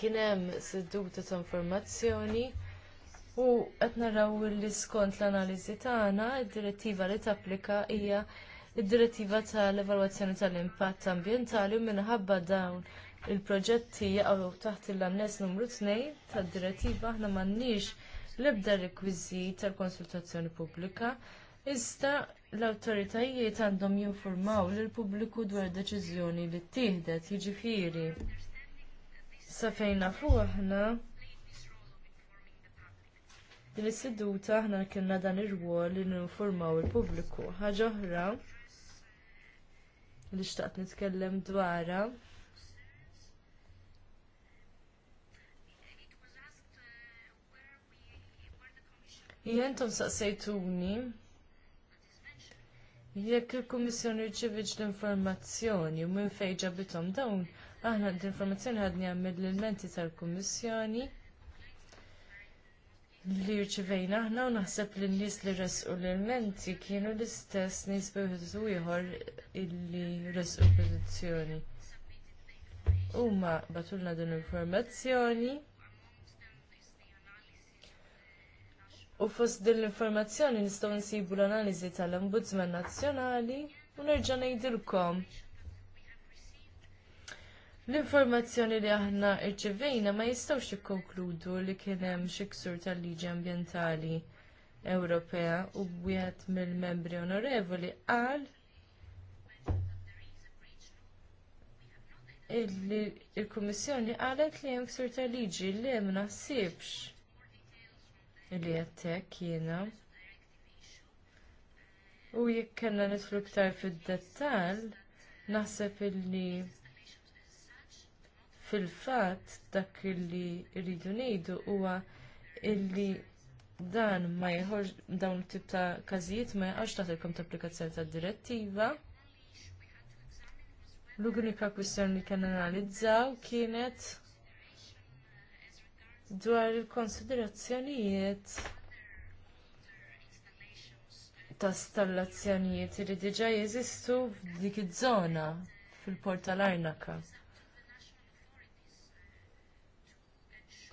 kien hemm seduta ta' informazzjoni u qed naraw li skont l-analiżi tagħna id-direttiva li tapplika hija id-direttiva tal-evalwazzjoni tal-impatt ambjentali minħabba dawn il-proġetti jaqgħu taħt il-annes numru 2 tad-direttiva aħna m'għandniex l-ebda rekwiżit tal-konsultazzjoni pubblika. Iżda l-awtoritajiet għandhom jinformaw lill pubbliku dwar deċiżjoni li ttieħdet jiġifieri. Sa fejn nafu aħna din is-seduta aħna kellna dan ir-rwol li ninformaw il-pubbliku. Ħaġa oħra li xtaqt nitkellem dwarha. Jentom saqsejtuni jekk il-Kummissjoni rċiviġ l-informazzjoni u minn fejn ġabitom dawn aħna l-informazzjoni ħadni għamil l-menti tal-Kummissjoni li rċivejna aħna u naħseb li n-nies li rresqu l-elementi kienu l-istess nies biħdu ieħor illi resqu l pożizzjoni Huma batulna din l-informazzjoni U fost din l-informazzjoni nistgħu nsibu l-analiżi tal-Ombudsman Nazzjonali u nerġa' ngħidilkom L-informazzjoni li aħna rċevejna ma jistgħux jikkonkludu li kien hemm xi ksur tal-liġi ambjentali Ewropea u wieħed mill-membri onorevoli qal il-Kummissjoni qalet li hemm ksur tal-liġi li hemm naħsibx li hekk jiena. U jekk kellna nidħlu iktar fid-dettall, naħseb illi fil-fatt dak li rridu ngħidu huwa illi dan ma jħorġ dawn tip ta' każijiet ma jħarġ taħt il ta' applikazzjoni tad direttiva. L-unika kwistjoni li kien analizzaw kienet dwar il-konsiderazzjonijiet ta' stallazzjonijiet li diġà jeżistu f'dik iż-żona fil-Port tal-Arnaka.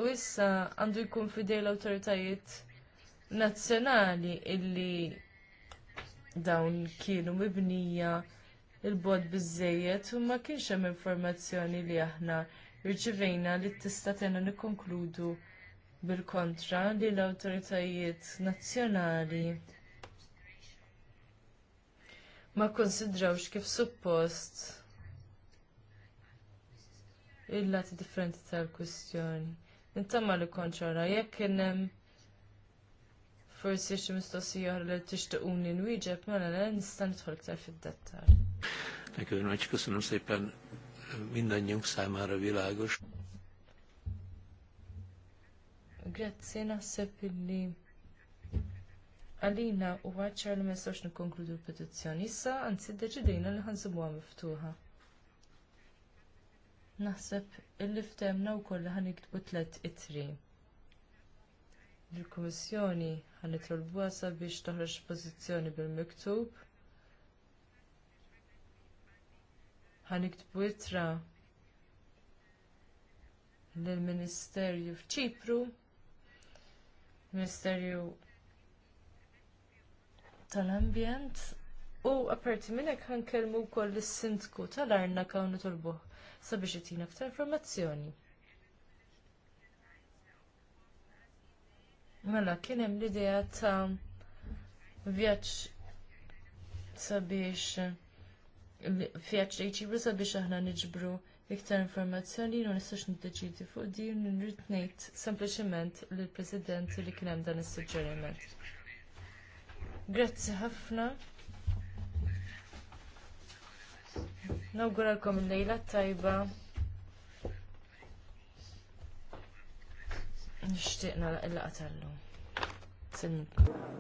U issa għandu jkun fidej l awtoritajiet nazzjonali illi dawn kienu mibnija il-bod bizzejiet u ma kienx hemm informazzjoni li aħna rċivejna li tista' tagħna nikkonkludu bil-kontra li l-awtoritajiet nazzjonali ma konsidrawx kif suppost il-lati differenti tal-kwistjoni. Nittama li konċara, jekk kienem forsi xi mistoqsija li tixtiequni nwieġeb mela le nista' nidħol iktar fid-dettal. Neked nagy köszönöm szépen mindannyiunk számára világos. Grazzi naħseb illi għalina u għacċar li ma nistax nikkonkludu l-petizzjoni issa, anzi deċidejna li ħansibuha miftuħa. Naħseb illi ftemna wkoll ħan iktbu tliet itri. Il-Kummissjoni ħan itolbuha sabiex toħroġ pożizzjoni bil-miktub. Ħan iktbu itra lill-Ministerju f'Ċipru, Ministerju tal-Ambjent u apparti minn hekk ħankellmu wkoll is-Sindku tal-Arna kawnu tolbuh sabiex jitina aktar informazzjoni. Mela, kien hemm l-idea ta' vjaġġ sabiex vjaġġ li jċibru sabiex aħna niġbru iktar informazzjoni u nistax niddeċidi fuq din nrid ngħid sempliċement lill-President li kien hemm dan is-suġġeriment. Grazzi ħafna. Nawguralkom il-lejla tajba. Nishtiqna l-laqtallu. Sinnukom.